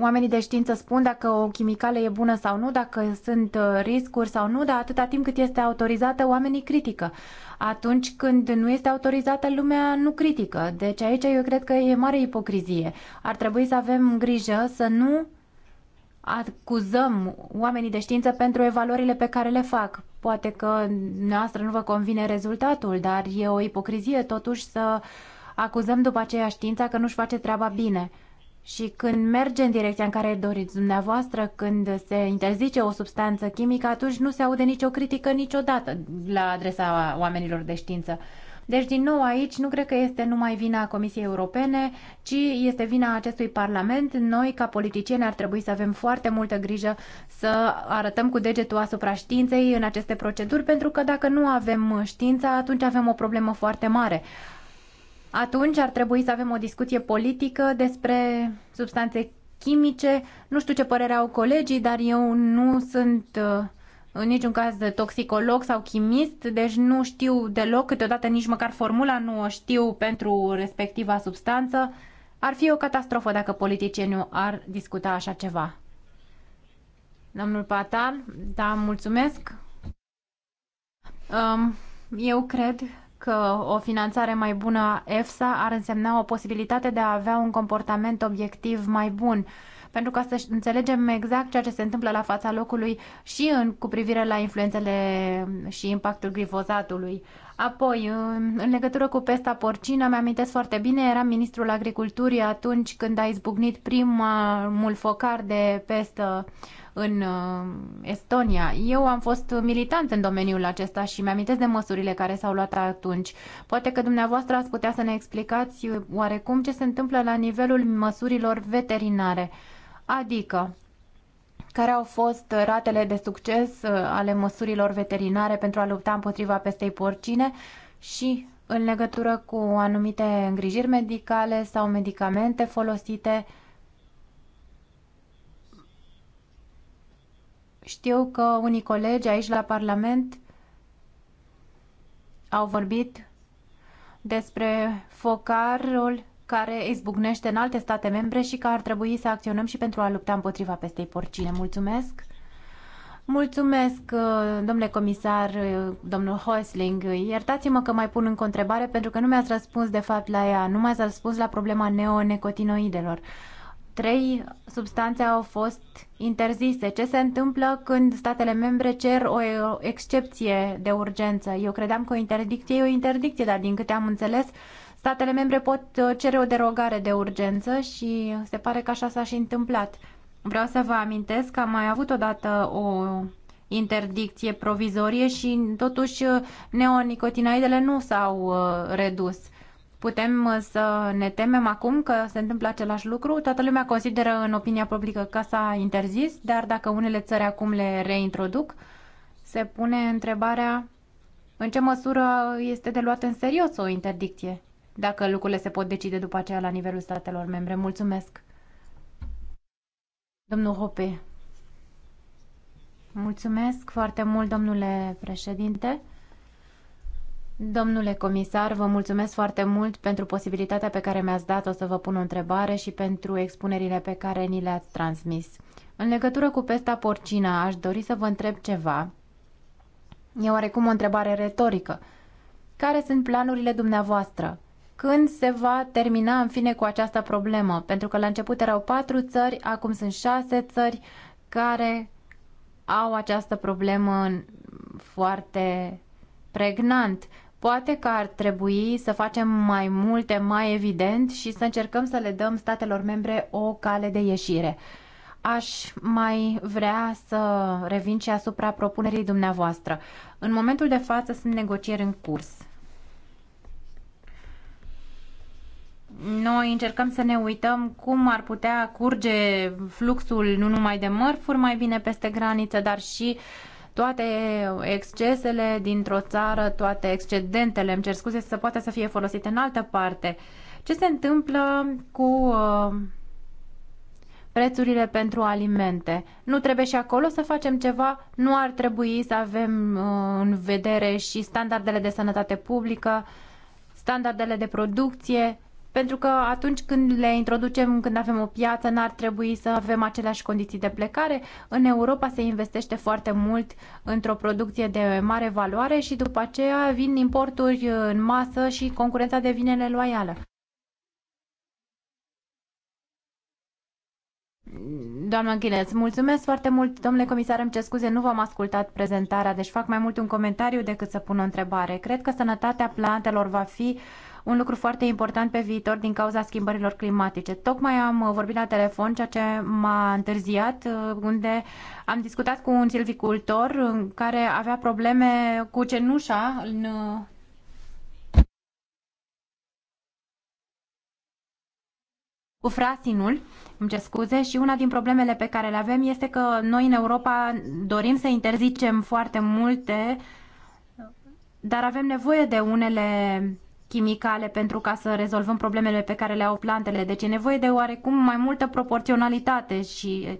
Speaker 3: oamenii de știință spun dacă o chimicală e bună sau nu, dacă sunt uh, riscuri sau nu, dar atâta timp cât este autorizată, oamenii critică. Atunci când nu este autorizată, lumea nu critică. Deci aici eu cred că e mare ipocrizie. Ar trebui să avem grijă să nu acuzăm oamenii de știință pentru evaluările pe care le fac. Poate că noastră nu vă convine rezultatul, dar e o ipocrizie totuși să acuzăm după aceea știința că nu-și face treaba bine. Și când merge în direcția în care doriți dumneavoastră, când se interzice o substanță chimică, atunci nu se aude nicio critică niciodată la adresa oamenilor de știință. Deci, din nou, aici nu cred că este numai vina Comisiei Europene, ci este vina acestui Parlament. Noi, ca politicieni, ar trebui să avem foarte multă grijă să arătăm cu degetul asupra științei în aceste proceduri, pentru că dacă nu avem știința, atunci avem o problemă foarte mare atunci ar trebui să avem o discuție politică despre substanțe chimice. Nu știu ce părere au colegii, dar eu nu sunt uh, în niciun caz toxicolog sau chimist, deci nu știu deloc, câteodată nici măcar formula nu o știu pentru respectiva substanță. Ar fi o catastrofă dacă politicienii ar discuta așa ceva. Domnul Patar, da, mulțumesc. Um, eu cred că o finanțare mai bună a EFSA ar însemna o posibilitate de a avea un comportament obiectiv mai bun pentru ca să înțelegem exact ceea ce se întâmplă la fața locului și în, cu privire la influențele și impactul glifozatului. Apoi, în legătură cu pesta porcină, mi-amintesc foarte bine, era ministrul agriculturii atunci când a izbucnit primul focar de pestă în uh, Estonia. Eu am fost militant în domeniul acesta și mi-amintesc de măsurile care s-au luat atunci. Poate că dumneavoastră ați putea să ne explicați uh, oarecum ce se întâmplă la nivelul măsurilor veterinare. Adică, care au fost ratele de succes uh, ale măsurilor veterinare pentru a lupta împotriva pestei porcine și în legătură cu anumite îngrijiri medicale sau medicamente folosite uh, Știu că unii colegi aici la Parlament au vorbit despre focarul care izbucnește în alte state membre și că ar trebui să acționăm și pentru a lupta împotriva pestei porcine. Mulțumesc! Mulțumesc, uh, domnule comisar, uh, domnul Hoisling. Iertați-mă că mai pun încă o întrebare pentru că nu mi-ați răspuns de fapt la ea. Nu mi-ați răspuns la problema neonecotinoidelor. Trei substanțe au fost interzise. Ce se întâmplă când statele membre cer o excepție de urgență? Eu credeam că o interdicție e o interdicție, dar din câte am înțeles, statele membre pot uh, cere o derogare de urgență și se pare că așa s-a și întâmplat. Vreau să vă amintesc că am mai avut odată o interdicție provizorie și totuși uh, neonicotinoidele nu s-au uh, redus. Putem uh, să ne temem acum că se întâmplă același lucru? Toată lumea consideră în opinia publică că s-a interzis, dar dacă unele țări acum le reintroduc, se pune întrebarea în ce măsură este de luat în serios o interdicție, dacă lucrurile se pot decide după aceea la nivelul statelor membre. Mulțumesc! Domnul Hope. Mulțumesc foarte mult, domnule președinte. Domnule comisar, vă mulțumesc foarte mult pentru posibilitatea pe care mi-ați dat-o să vă pun o întrebare și pentru expunerile pe care ni le-ați transmis. În legătură cu pesta porcina, aș dori să vă întreb ceva. E oarecum o întrebare retorică. Care sunt planurile dumneavoastră? Când se va termina în fine cu această problemă? Pentru că la început erau patru țări, acum sunt șase țări care au această problemă foarte pregnant. Poate că ar trebui să facem mai multe, mai evident și să încercăm să le dăm statelor membre o cale de ieșire. Aș mai vrea să revin și asupra propunerii dumneavoastră. În momentul de față sunt negocieri în curs. Noi încercăm să ne uităm cum ar putea curge fluxul nu numai de mărfuri mai bine peste graniță, dar și uh, toate excesele dintr-o țară, toate excedentele, îmi cer scuze, să poată să fie folosite în altă parte. Ce se întâmplă cu uh, prețurile pentru alimente? Nu trebuie și acolo să facem ceva? Nu ar trebui să avem uh, în vedere și standardele de sănătate publică, standardele de producție? pentru că atunci când le introducem, când avem o piață, n-ar trebui să avem aceleași condiții de plecare. În Europa se investește foarte mult într-o producție de mare valoare și după aceea vin importuri în masă și concurența devine neloială. Doamna Ghileț, mulțumesc foarte mult. Domnule comisar, îmi cer scuze, nu v-am ascultat prezentarea, deci fac mai mult un comentariu decât să pun o întrebare. Cred că sănătatea plantelor va fi uh, un lucru foarte important pe viitor din cauza schimbărilor climatice. Tocmai am uh, vorbit la telefon, ceea ce m-a întârziat, uh, unde am discutat cu un silvicultor uh, care avea probleme cu cenușa în cu frasinul, îmi ce scuze, și una din problemele pe care le avem este că noi în Europa dorim să interzicem foarte multe, dar avem nevoie de unele chimicale pentru ca să rezolvăm problemele pe care le au plantele. Deci e nevoie de oarecum mai multă proporționalitate și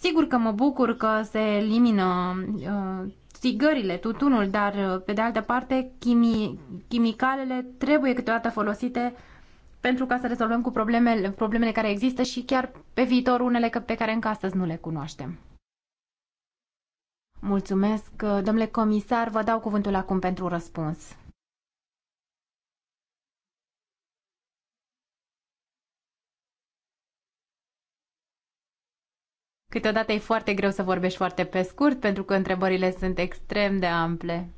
Speaker 3: sigur că mă bucur că se elimină uh, țigările, tutunul, dar pe de altă parte chimi, chimicalele trebuie câteodată folosite pentru ca să rezolvăm cu problemele, problemele care există și chiar pe viitor unele pe care încă astăzi nu le cunoaștem. Mulțumesc, domnule comisar, vă dau cuvântul acum pentru răspuns. Câteodată e foarte greu să vorbești foarte pe scurt pentru că întrebările sunt extrem de ample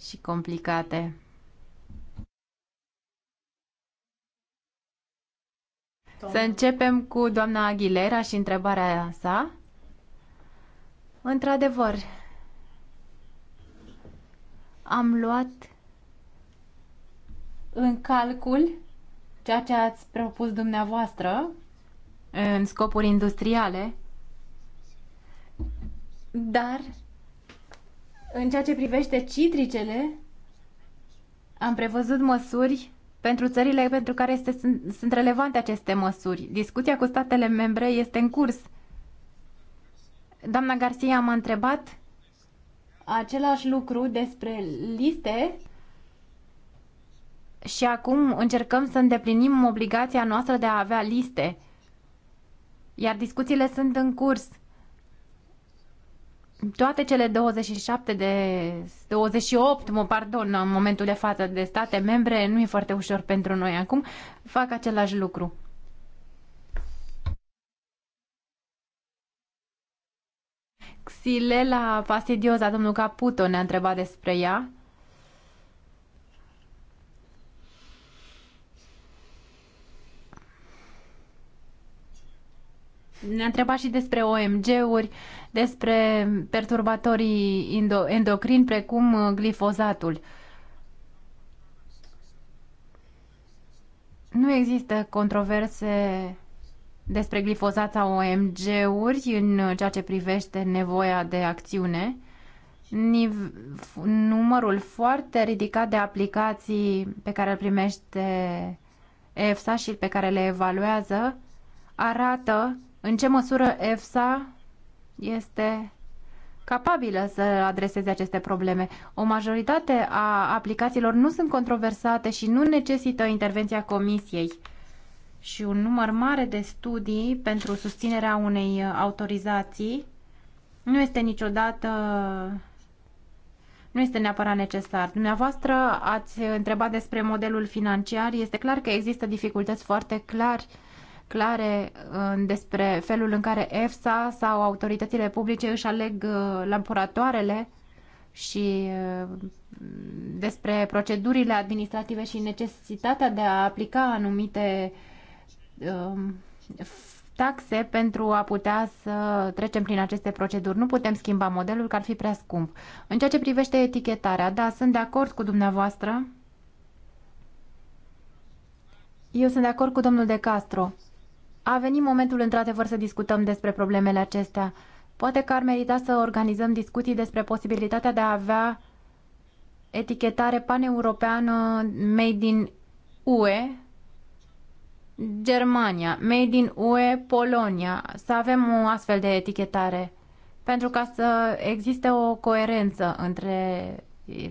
Speaker 3: și complicate.
Speaker 1: Să începem
Speaker 3: cu doamna Aguilera și întrebarea sa. Într-adevăr, am luat în calcul ceea ce ați propus dumneavoastră în scopuri industriale, dar în ceea ce privește citricele, am prevăzut măsuri pentru țările pentru care este, sunt, sunt relevante aceste măsuri. Discuția cu statele membre este în curs. Doamna Garcia m-a întrebat același lucru despre liste și acum încercăm să îndeplinim obligația noastră de a avea liste iar discuțiile sunt în curs. Toate cele 27 de 28, mă pardon, în momentul de față de state membre, nu e foarte ușor pentru noi acum, fac același lucru. Xilela fastidioza, domnul Caputo ne-a întrebat despre ea. Ne-a întrebat și despre OMG-uri, despre perturbatorii endocrini precum uh, glifozatul. Nu există controverse despre glifozat sau OMG-uri în uh, ceea ce privește nevoia de acțiune. Niv numărul foarte ridicat de aplicații pe care îl primește EFSA și pe care le evaluează arată în ce măsură EFSA este capabilă să adreseze aceste probleme. O majoritate a aplicațiilor nu sunt controversate și nu necesită intervenția comisiei și un număr mare de studii pentru susținerea unei autorizații nu este niciodată nu este neapărat necesar. Dumneavoastră ați întrebat despre modelul financiar. Este clar că există dificultăți foarte clari clare despre felul în care EFSA sau autoritățile publice își aleg uh, laboratoarele și uh, despre procedurile administrative și necesitatea de a aplica anumite um, taxe pentru a putea să trecem prin aceste proceduri. Nu putem schimba modelul, că ar fi prea scump. În ceea ce privește etichetarea, da, sunt de acord cu dumneavoastră. Eu sunt de acord cu domnul De Castro. A venit momentul într-adevăr să discutăm despre problemele acestea. Poate că ar merita să organizăm discuții despre posibilitatea de a avea etichetare paneuropeană made in UE, Germania, made in UE, Polonia, să avem o astfel de etichetare pentru ca să existe o coerență între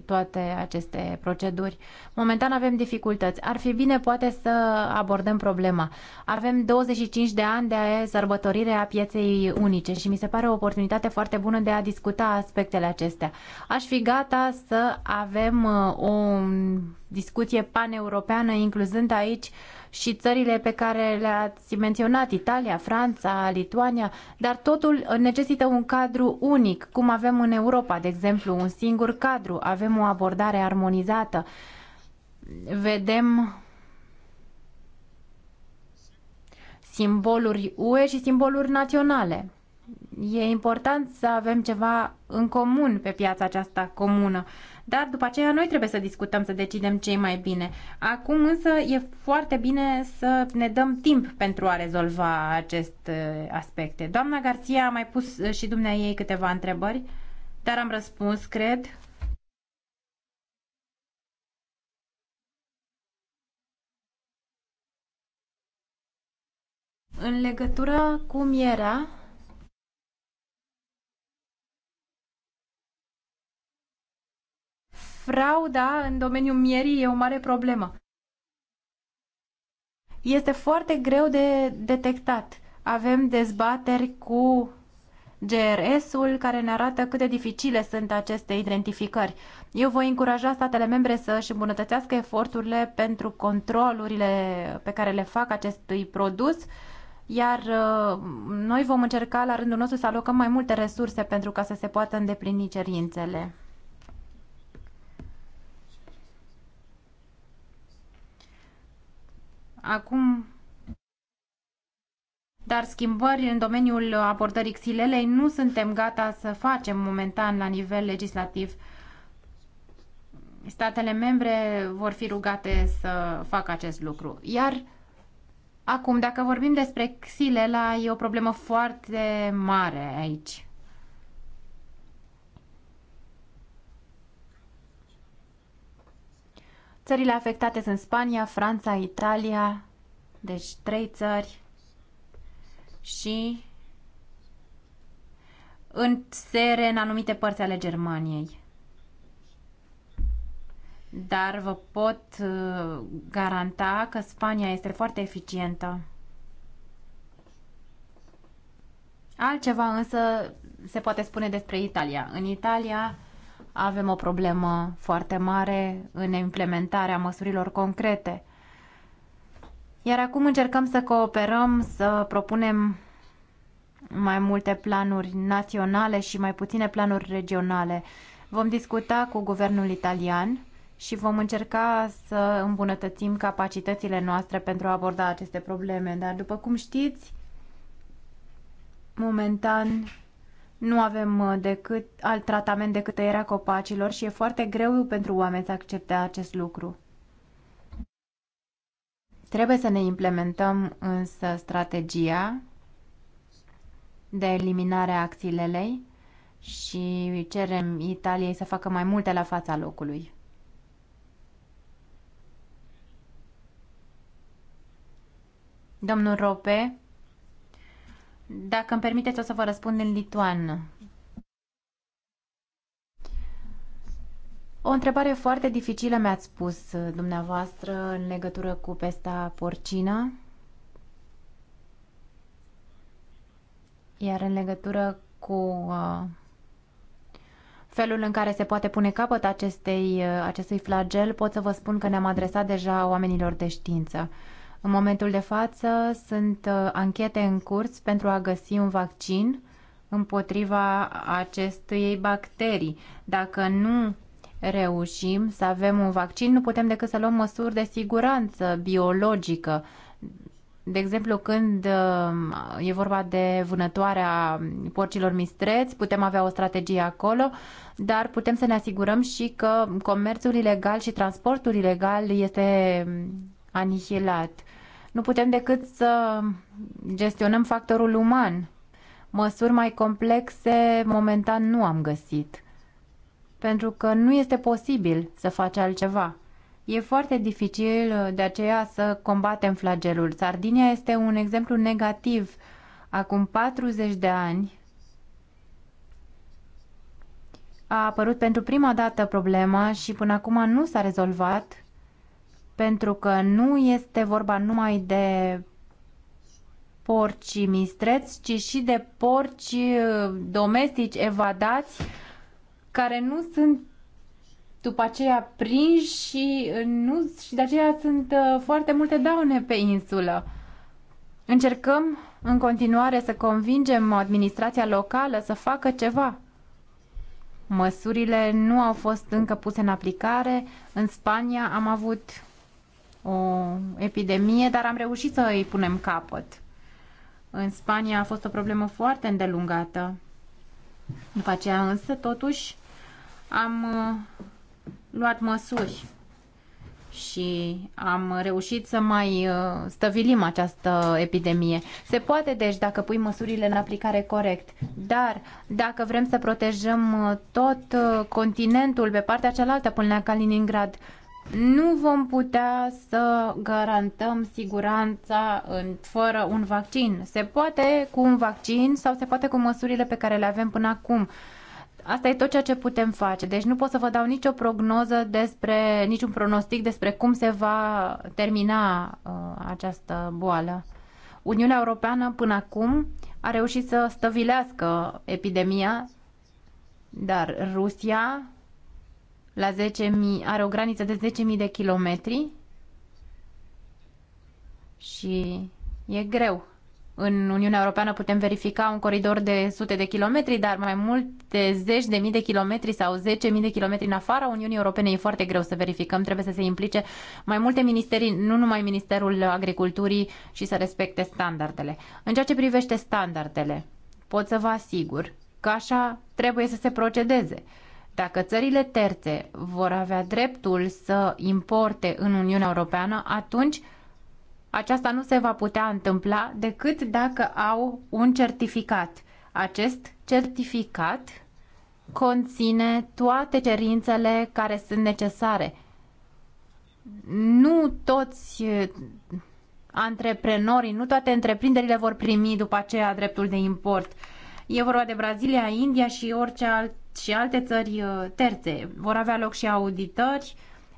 Speaker 3: toate aceste proceduri. Momentan avem dificultăți. Ar fi bine poate să abordăm problema. Avem 25 de ani de sărbătorire a pieței unice și mi se pare o oportunitate foarte bună de a discuta aspectele acestea. Aș fi gata să avem uh, o discuție paneuropeană incluzând aici uh, și țările pe care le-ați menționat, Italia, Franța, Lituania, dar totul necesită un cadru unic, cum avem în Europa, de exemplu, un singur cadru, avem o abordare armonizată. Vedem simboluri UE și simboluri naționale. E important să avem ceva în comun pe piața aceasta comună dar după aceea noi trebuie să discutăm, să decidem ce e mai bine. Acum însă e foarte bine să ne dăm timp pentru a rezolva aceste aspecte. Doamna Garcia a mai pus și dumnea ei câteva întrebări, dar am răspuns, cred. În legătură cu mierea, frauda în domeniul mierii e o mare problemă. Este foarte greu de detectat. Avem dezbateri cu GRS-ul care ne arată cât de dificile sunt aceste identificări. Eu voi încuraja statele membre să își îmbunătățească eforturile pentru controlurile pe care le fac acestui produs, iar uh, noi vom încerca la rândul nostru să alocăm mai multe resurse pentru ca să se poată îndeplini cerințele. Acum, dar schimbări în domeniul abordării xilelei nu suntem gata să facem momentan la nivel legislativ. Statele membre vor fi rugate să facă acest lucru. Iar acum, dacă vorbim despre xilela, e o problemă foarte mare aici. Țările afectate sunt Spania, Franța, Italia, deci trei țări și în sere în anumite părți ale Germaniei. Dar vă pot uh, garanta că Spania este foarte eficientă. Altceva însă se poate spune despre Italia. În Italia avem o problemă foarte mare în implementarea măsurilor concrete. Iar acum încercăm să cooperăm, să propunem mai multe planuri naționale și mai puține planuri regionale. Vom discuta cu guvernul italian și vom încerca să îmbunătățim capacitățile noastre pentru a aborda aceste probleme. Dar, după cum știți, momentan nu avem uh, decât alt tratament decât tăierea copacilor și e foarte greu pentru oameni să accepte acest lucru. Trebuie să ne implementăm însă strategia de eliminare a axilelei și cerem Italiei să facă mai multe la fața locului. Domnul Rope dacă îmi permiteți, o să vă răspund în lituană. O întrebare foarte dificilă mi-ați spus dumneavoastră în legătură cu pesta porcina. Iar în legătură cu uh, felul în care se poate pune capăt acestei, uh, acestui flagel, pot să vă spun că ne-am adresat deja oamenilor de știință. Uh, în momentul de față sunt uh, anchete în curs pentru a găsi un vaccin împotriva acestei bacterii. Dacă nu reușim să avem un vaccin, nu putem decât să luăm măsuri de siguranță biologică. De exemplu, când uh, e vorba de vânătoarea porcilor mistreți, putem avea o strategie acolo, dar putem să ne asigurăm și că comerțul ilegal și transportul ilegal este mm, anihilat nu putem decât să gestionăm factorul uman. Măsuri mai complexe momentan nu am găsit, pentru că nu este posibil să faci altceva. E foarte dificil uh, de aceea să combatem flagelul. Sardinia este un exemplu negativ. Acum 40 de ani a apărut pentru prima dată problema și până acum nu s-a rezolvat pentru că nu este vorba numai de porci mistreți, ci și de porci uh, domestici evadați care nu sunt după aceea prinși și, uh, nu, și de aceea sunt uh, foarte multe daune pe insulă. Încercăm în continuare să convingem administrația locală să facă ceva. Măsurile nu au fost încă puse în aplicare. În Spania am avut o epidemie, dar am reușit să îi punem capăt. În Spania a fost o problemă foarte îndelungată. După aceea însă, totuși, am uh, luat măsuri și am reușit să mai uh, stăvilim această epidemie. Se poate, deci, dacă pui măsurile în aplicare corect, dar dacă vrem să protejăm uh, tot continentul pe partea cealaltă până la Kaliningrad, nu vom putea să garantăm siguranța în, fără un vaccin. Se poate cu un vaccin sau se poate cu măsurile pe care le avem până acum. Asta e tot ceea ce putem face. Deci nu pot să vă dau nicio prognoză despre, niciun pronostic despre cum se va termina uh, această boală. Uniunea Europeană până acum a reușit să stăvilească epidemia, dar Rusia la 10.000, are o graniță de 10.000 de kilometri și e greu. În Uniunea Europeană putem verifica un coridor de sute de kilometri, dar mai mult de zeci de mii de kilometri sau zece mii de kilometri în afara Uniunii Europene e foarte greu să verificăm. Trebuie să se implice mai multe ministerii, nu numai Ministerul Agriculturii și să respecte standardele. În ceea ce privește standardele, pot să vă asigur că așa trebuie să se procedeze dacă țările terțe vor avea dreptul să importe în Uniunea Europeană, atunci aceasta nu se va putea întâmpla decât dacă au un certificat. Acest certificat conține toate cerințele care sunt necesare. Nu toți eh, antreprenorii, nu toate întreprinderile vor primi după aceea dreptul de import. E vorba de Brazilia, India și orice alt și alte țări uh, terțe. Vor avea loc și auditori,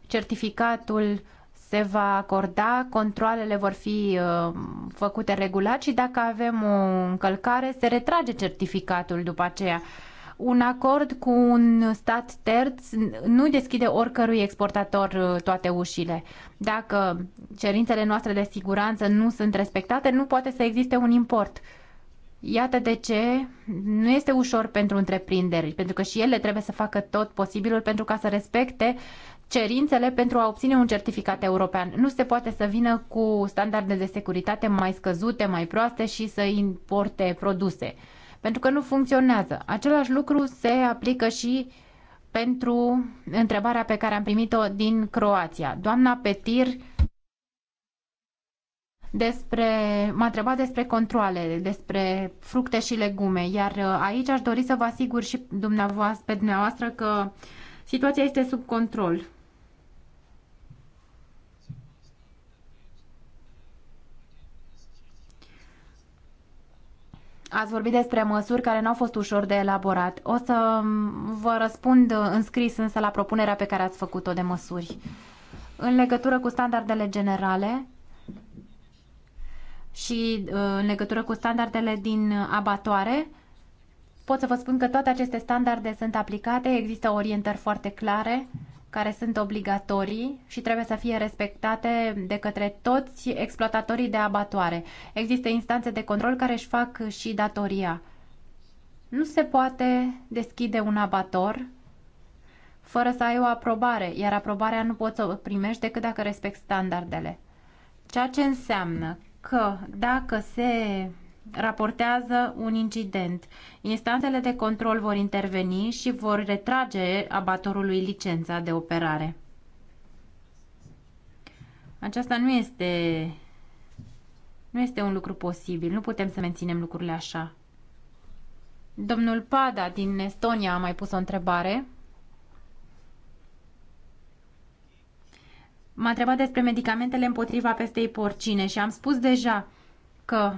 Speaker 3: certificatul se va acorda, controlele vor fi uh, făcute regulat și dacă avem o încălcare, se retrage certificatul după aceea un acord cu un stat terț nu deschide oricărui exportator uh, toate ușile. Dacă cerințele noastre de siguranță nu sunt respectate, nu poate să existe un import. Iată de ce nu este ușor pentru întreprinderi, pentru că și ele trebuie să facă tot posibilul pentru ca să respecte cerințele pentru a obține un certificat european. Nu se poate să vină cu standarde de securitate mai scăzute, mai proaste și să importe produse, pentru că nu funcționează. Același lucru se aplică și pentru întrebarea pe care am primit-o din Croația. Doamna Petir despre, m-a întrebat despre controle, despre fructe și legume, iar uh, aici aș dori să vă asigur și dumneavoastră, pe dumneavoastră că situația este sub control. Ați vorbit despre măsuri care nu au fost ușor de elaborat. O să vă răspund uh, în scris însă la propunerea pe care ați făcut-o de măsuri. În legătură cu standardele generale, și uh, în legătură cu standardele din abatoare, pot să vă spun că toate aceste standarde sunt aplicate, există orientări foarte clare care sunt obligatorii și trebuie să fie respectate de către toți exploatatorii de abatoare. Există instanțe de control care își fac și datoria. Nu se poate deschide un abator fără să ai o aprobare, iar aprobarea nu poți să o primești decât dacă respecti standardele. Ceea ce înseamnă că dacă se raportează un incident, instanțele de control vor interveni și vor retrage abatorului licența de operare. Aceasta nu este, nu este un lucru posibil. Nu putem să menținem lucrurile așa. Domnul Pada din Estonia a mai pus o întrebare. M-a întrebat despre medicamentele împotriva pestei porcine și am spus deja că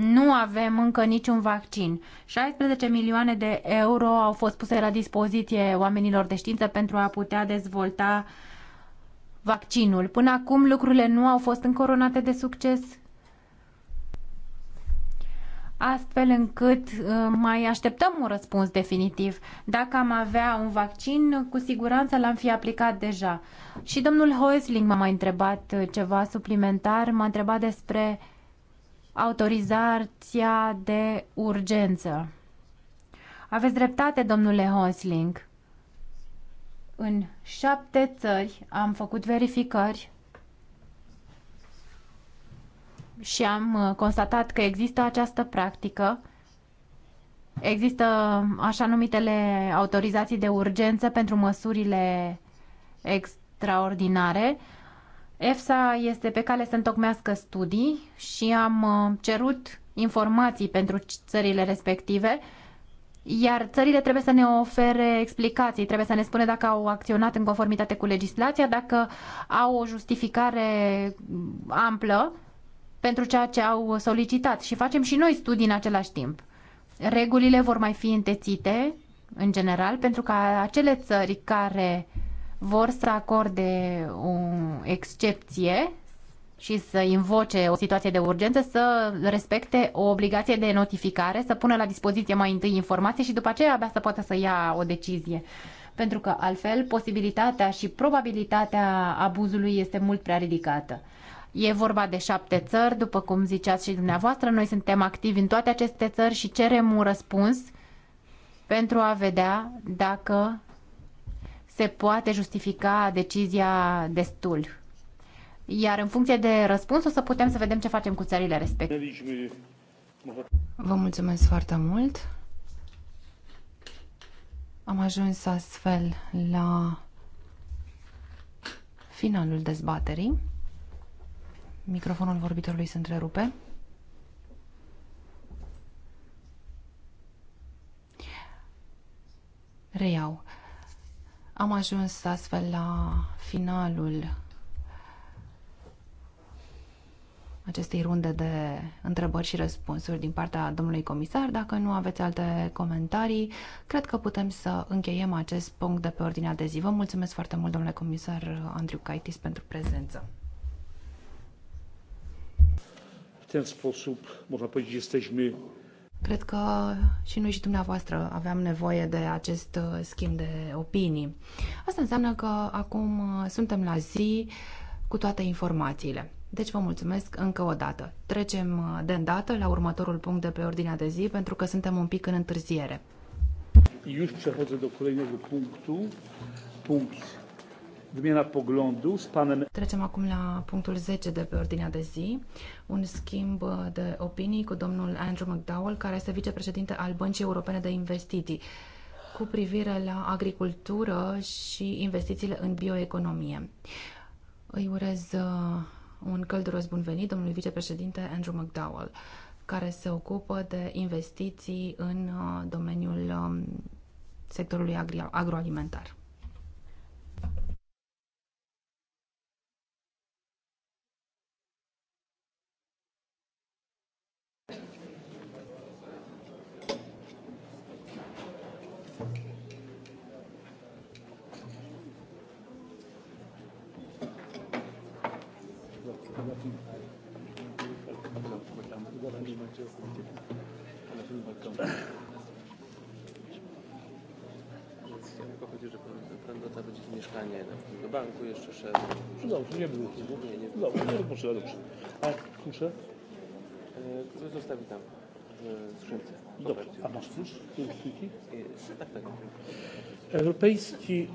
Speaker 3: nu avem încă niciun vaccin. 16 milioane de euro au fost puse la dispoziție oamenilor de știință pentru a putea dezvolta vaccinul. Până acum lucrurile nu au fost încoronate de succes, astfel încât uh, mai așteptăm un răspuns definitiv. Dacă am avea un vaccin, cu siguranță l-am fi aplicat deja. Și domnul Hoesling m-a mai întrebat uh, ceva suplimentar, m-a întrebat despre autorizația de urgență. Aveți dreptate, domnule Hoesling. În șapte țări am făcut verificări și am uh, constatat că există această practică. Există um, așa numitele autorizații de urgență pentru măsurile ex extraordinare. EFSA este pe cale să întocmească studii și am uh, cerut informații pentru țările respective, iar țările trebuie să ne ofere explicații, trebuie să ne spune dacă au acționat în conformitate cu legislația, dacă au o justificare amplă pentru ceea ce au solicitat și facem și noi studii în același timp. Regulile vor mai fi întețite, în general, pentru ca acele țări care vor să acorde o excepție și să invoce o situație de urgență, să respecte o obligație de notificare, să pună la dispoziție mai întâi informații și după aceea abia să poată să ia o decizie. Pentru că altfel posibilitatea și probabilitatea abuzului este mult prea ridicată. E vorba de șapte țări, după cum ziceați și dumneavoastră, noi suntem activi în toate aceste țări și cerem un răspuns pentru a vedea dacă se poate justifica decizia destul. Iar în funcție de răspuns o să putem să vedem ce facem cu țările
Speaker 1: respective.
Speaker 4: Vă mulțumesc foarte mult. Am ajuns astfel la finalul dezbaterii. Microfonul vorbitorului se întrerupe. Reiau. Am ajuns astfel la finalul acestei runde de întrebări și răspunsuri din partea domnului comisar. Dacă nu aveți alte comentarii, cred că putem să încheiem acest punct de pe ordinea de zi. Vă mulțumesc foarte mult, domnule comisar Andriu Caitis, pentru prezență.
Speaker 1: W ten sposób, można powiedzieć, jesteśmy
Speaker 4: Cred că și noi și dumneavoastră aveam nevoie de acest uh, schimb de opinii. Asta înseamnă că acum uh, suntem la zi cu toate informațiile. Deci vă mulțumesc încă o dată. Trecem uh, de îndată la următorul punct de pe ordinea de zi pentru că suntem un pic în întârziere.
Speaker 1: Iuși przechodzę do Punct wymiana poglądu z panem...
Speaker 4: Trecem acum la punctul 10 de pe ordinea de zi, un schimb uh, de opinii cu domnul Andrew McDowell, care este vicepreședinte al Băncii Europene de Investiții, cu privire la agricultură și investițiile în bioeconomie. Îi urez uh, un călduros bun venit domnului vicepreședinte Andrew McDowell, care se ocupă de investiții în uh, domeniul um, sectorului agroalimentar.
Speaker 1: jeszcze szedł. dobrze, nie było. Nie, nie było. Dobrze, nie dobrze. A klucze? E, zostawi tam w skrzynce. Dobrze. A masz klucz?
Speaker 5: E, tak, tak.
Speaker 1: Europejski...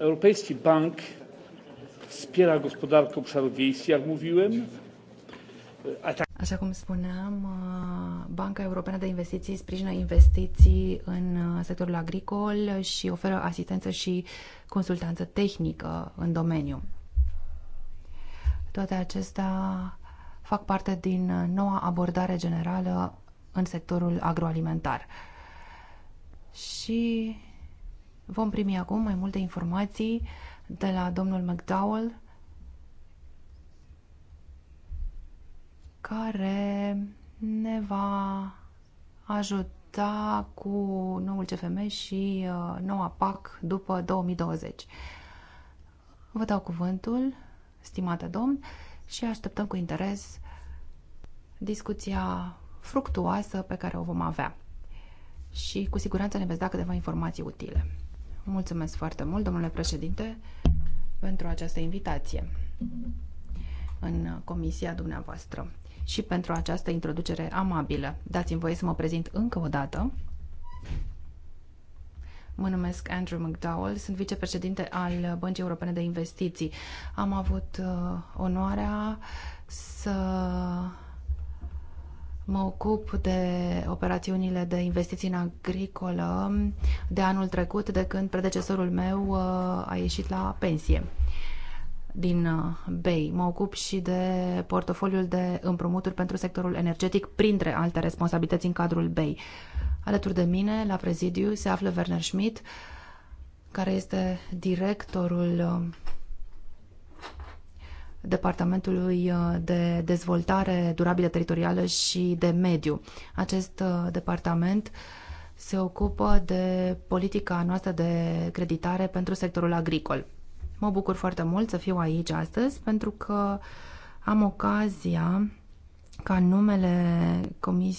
Speaker 1: Europejski Bank wspiera gospodarkę obszarów wiejskich, jak mówiłem.
Speaker 4: Așa cum spuneam, uh, Banca Europeană de Investiții sprijină investiții în uh, sectorul agricol și oferă asistență și consultanță tehnică în domeniu. Toate acestea fac parte din uh, noua abordare generală în sectorul agroalimentar. Și vom primi acum mai multe informații de la domnul McDowell care ne va ajuta cu noul CFM și uh, noua PAC după 2020. Vă dau cuvântul, stimată domn, și așteptăm cu interes discuția fructuoasă pe care o vom avea. Și cu siguranță ne veți da câteva informații utile. Mulțumesc foarte mult, domnule președinte, pentru această invitație în comisia dumneavoastră și pentru această introducere amabilă. Dați-mi voie să mă prezint încă o dată. Mă numesc Andrew McDowell, sunt vicepreședinte al Băncii Europene de Investiții. Am avut uh, onoarea să Mă ocup de operațiunile de investiții în agricolă de anul trecut, de când predecesorul meu uh, a ieșit la pensie din uh, BEI. Mă ocup și de portofoliul de împrumuturi pentru sectorul energetic, printre alte responsabilități în cadrul BEI. Alături de mine, la prezidiu, se află Werner Schmidt, care este directorul uh, Departamentului uh, de Dezvoltare Durabilă Teritorială și de Mediu. Acest uh, departament se ocupă de politica noastră de creditare pentru sectorul agricol. Mă bucur foarte mult să fiu aici astăzi pentru că am ocazia ca în numele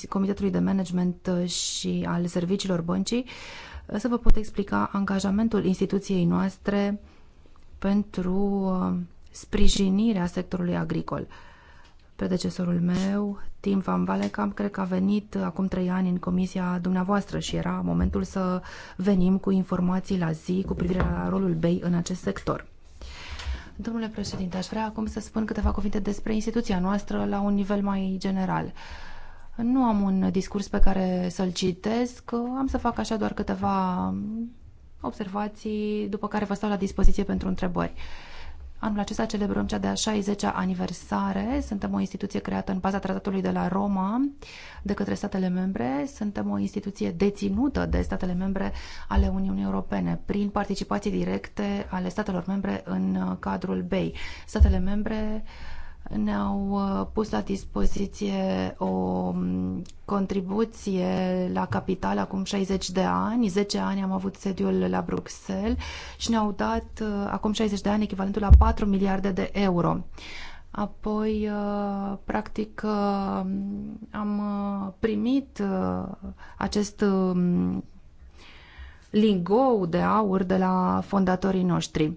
Speaker 4: Comitetului de Management uh, și al Serviciilor Băncii să vă pot explica angajamentul instituției noastre pentru sprijinirea sectorului agricol. Predecesorul meu, Tim Van Valecamp, cred că a venit acum trei ani în comisia dumneavoastră și era momentul să venim cu informații la zi cu privire la rolul BEI în acest sector. Domnule președinte, aș vrea acum să spun câteva cuvinte despre instituția noastră la un nivel mai general. Nu am un discurs pe care să-l citesc, am să fac așa doar câteva observații, după care vă stau la dispoziție pentru întrebări. Uh, Anul acesta celebrăm cea de-a 60-a aniversare. Suntem o instituție creată în baza tratatului de la Roma de către statele membre. Suntem o instituție deținută de statele membre ale Uniunii Europene prin participații directe ale statelor membre în uh, cadrul BEI. Statele membre uh, ne-au uh, pus la dispoziție o um, contribuție la capital acum 60 de ani. 10 ani am avut sediul la Bruxelles și ne-au dat uh, acum 60 de ani echivalentul la 4 miliarde de euro. Apoi, uh, practic, am primit acest um, lingou de aur de la fondatorii noștri.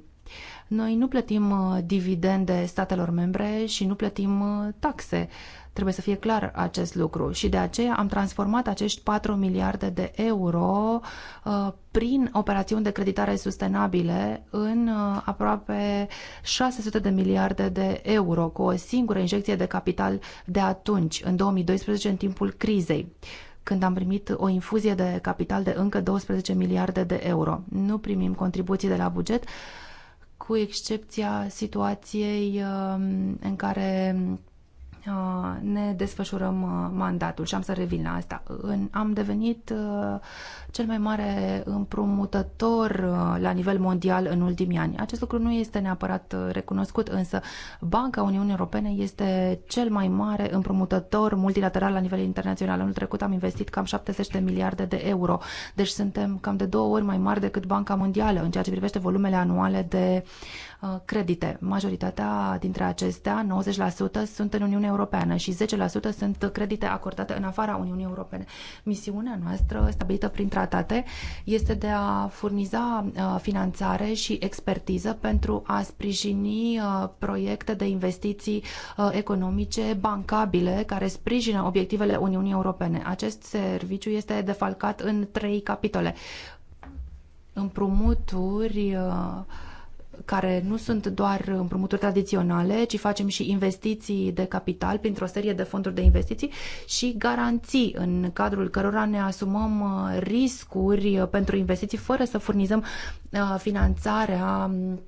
Speaker 4: Noi nu plătim uh, dividende statelor membre și nu plătim uh, taxe. Trebuie să fie clar acest lucru și de aceea am transformat acești 4 miliarde de euro uh, prin operațiuni de creditare sustenabile în aproape 600 de miliarde de euro cu o singură injecție de capital de atunci, în 2012, în timpul crizei când am primit o infuzie de capital de încă 12 miliarde de euro. Nu primim contribuții de la buget, cu excepția situației um, în care Uh, ne desfășurăm uh, mandatul și am să revin la asta. Am devenit uh, cel mai mare împrumutător la nivel mondial în ultimii ani. Acest lucru nu este neapărat recunoscut, însă Banca Uniunii Europene este cel mai mare împrumutător multilateral la nivel internațional. Anul trecut am investit cam 70 de miliarde de euro, deci suntem cam de două ori mai mari decât Banca Mondială în ceea ce privește volumele anuale de uh, Uh, credite. Majoritatea dintre acestea, 90%, sunt în Uniunea Europeană și 10% sunt credite acordate în afara Uniunii Europene. Misiunea noastră, stabilită prin tratate, este de a furniza uh, finanțare și expertiză pentru a sprijini uh, proiecte de investiții economice bancabile care sprijină obiectivele Uniunii Europene. Acest serviciu este defalcat în trei capitole. Împrumuturi, uh, care nu sunt doar împrumuturi tradiționale, ci facem și investiții de capital printr-o serie de fonduri de investiții și garanții în cadrul cărora ne asumăm uh, riscuri uh, pentru investiții fără să furnizăm uh, finanțarea um,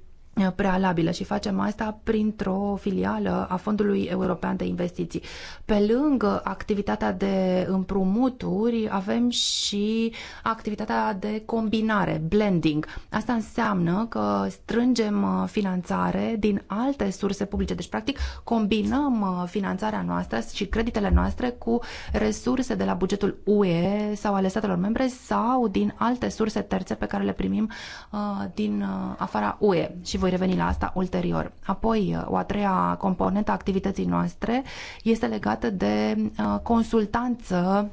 Speaker 4: prealabilă și facem asta printr-o filială a Fondului European de Investiții. Pe lângă activitatea de împrumuturi, avem și activitatea de combinare, blending. Asta înseamnă că strângem uh, finanțare din alte surse publice, deci practic combinăm uh, finanțarea noastră și creditele noastre cu resurse de la bugetul UE sau ale statelor membre sau din alte surse terțe pe care le primim uh, din afara UE. Și voi reveni la asta ulterior. Apoi, uh, o a treia componentă a activității noastre este legată de uh, consultanță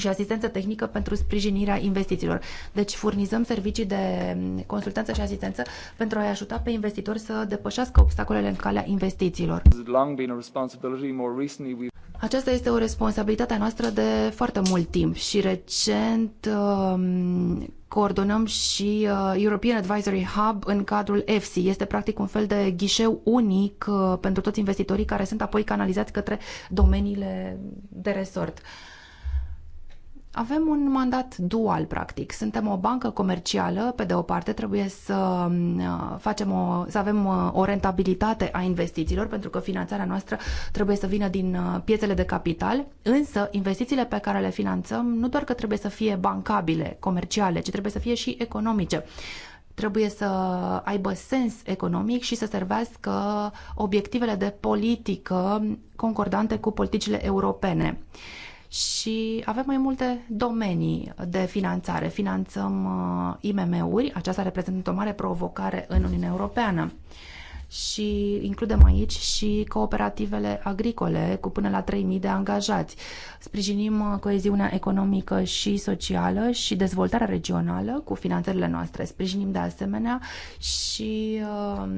Speaker 4: și asistență tehnică pentru sprijinirea investițiilor. Deci furnizăm servicii de consultanță și asistență pentru a-i ajuta pe investitori să depășească obstacolele în calea investițiilor. Aceasta este o responsabilitate a noastră de foarte mult timp și recent um, coordonăm și uh, European Advisory Hub în cadrul EFSI. Este practic un fel de ghișeu unic uh, pentru toți investitorii care sunt apoi canalizați către domeniile de resort. Avem un mandat dual, practic. Suntem o bancă comercială, pe de o parte trebuie să, mm, uh, facem o, să avem uh, o rentabilitate a investițiilor, pentru că finanțarea noastră trebuie să vină din uh, piețele de capital, însă investițiile pe care le finanțăm nu doar că trebuie să fie bancabile, comerciale, ci trebuie să fie și economice trebuie să aibă sens economic și să servească obiectivele de politică concordante cu politicile europene și avem mai multe domenii de finanțare. Finanțăm uh, IMM-uri, aceasta reprezintă o mare provocare în Uniunea Europeană și includem aici și cooperativele agricole cu până la 3.000 de angajați. Sprijinim uh, coeziunea economică și socială și dezvoltarea regională cu finanțările noastre. Sprijinim de asemenea și uh,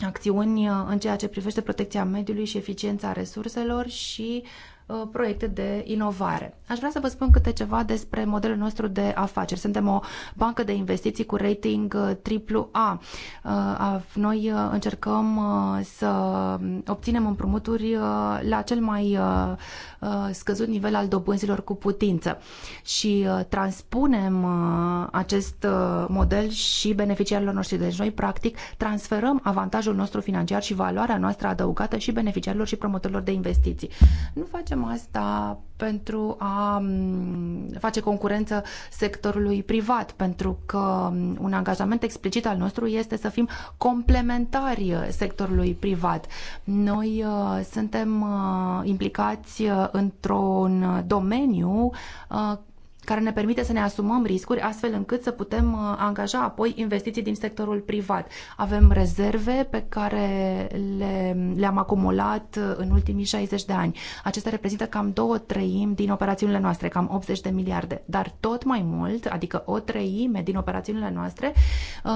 Speaker 4: acțiuni uh, în ceea ce privește protecția mediului și eficiența resurselor și uh, Uh, proiecte de inovare. Aș vrea să vă spun câte ceva despre modelul nostru de afaceri. Suntem o bancă de investiții cu rating AAA. Uh, uh, noi încercăm să obținem împrumuturi la cel mai Uh, scăzut nivel al dobânzilor cu putință și uh, transpunem uh, acest model și beneficiarilor noștri. Deci noi, practic, transferăm avantajul nostru financiar și valoarea noastră adăugată și beneficiarilor și promotorilor de investiții. Nu facem asta pentru a face concurență sectorului privat, pentru că un angajament explicit al nostru este să fim complementari sectorului privat. Noi uh, suntem uh, implicați uh, într-un domeniu care ne permite să ne asumăm riscuri astfel încât să putem uh, angaja apoi investiții din sectorul privat. Avem rezerve pe care le, le-am acumulat uh, în ultimii 60 de ani. Acestea reprezintă cam două treimi din operațiunile noastre, cam 80 de miliarde, dar tot mai mult, adică o treime din operațiunile noastre, uh,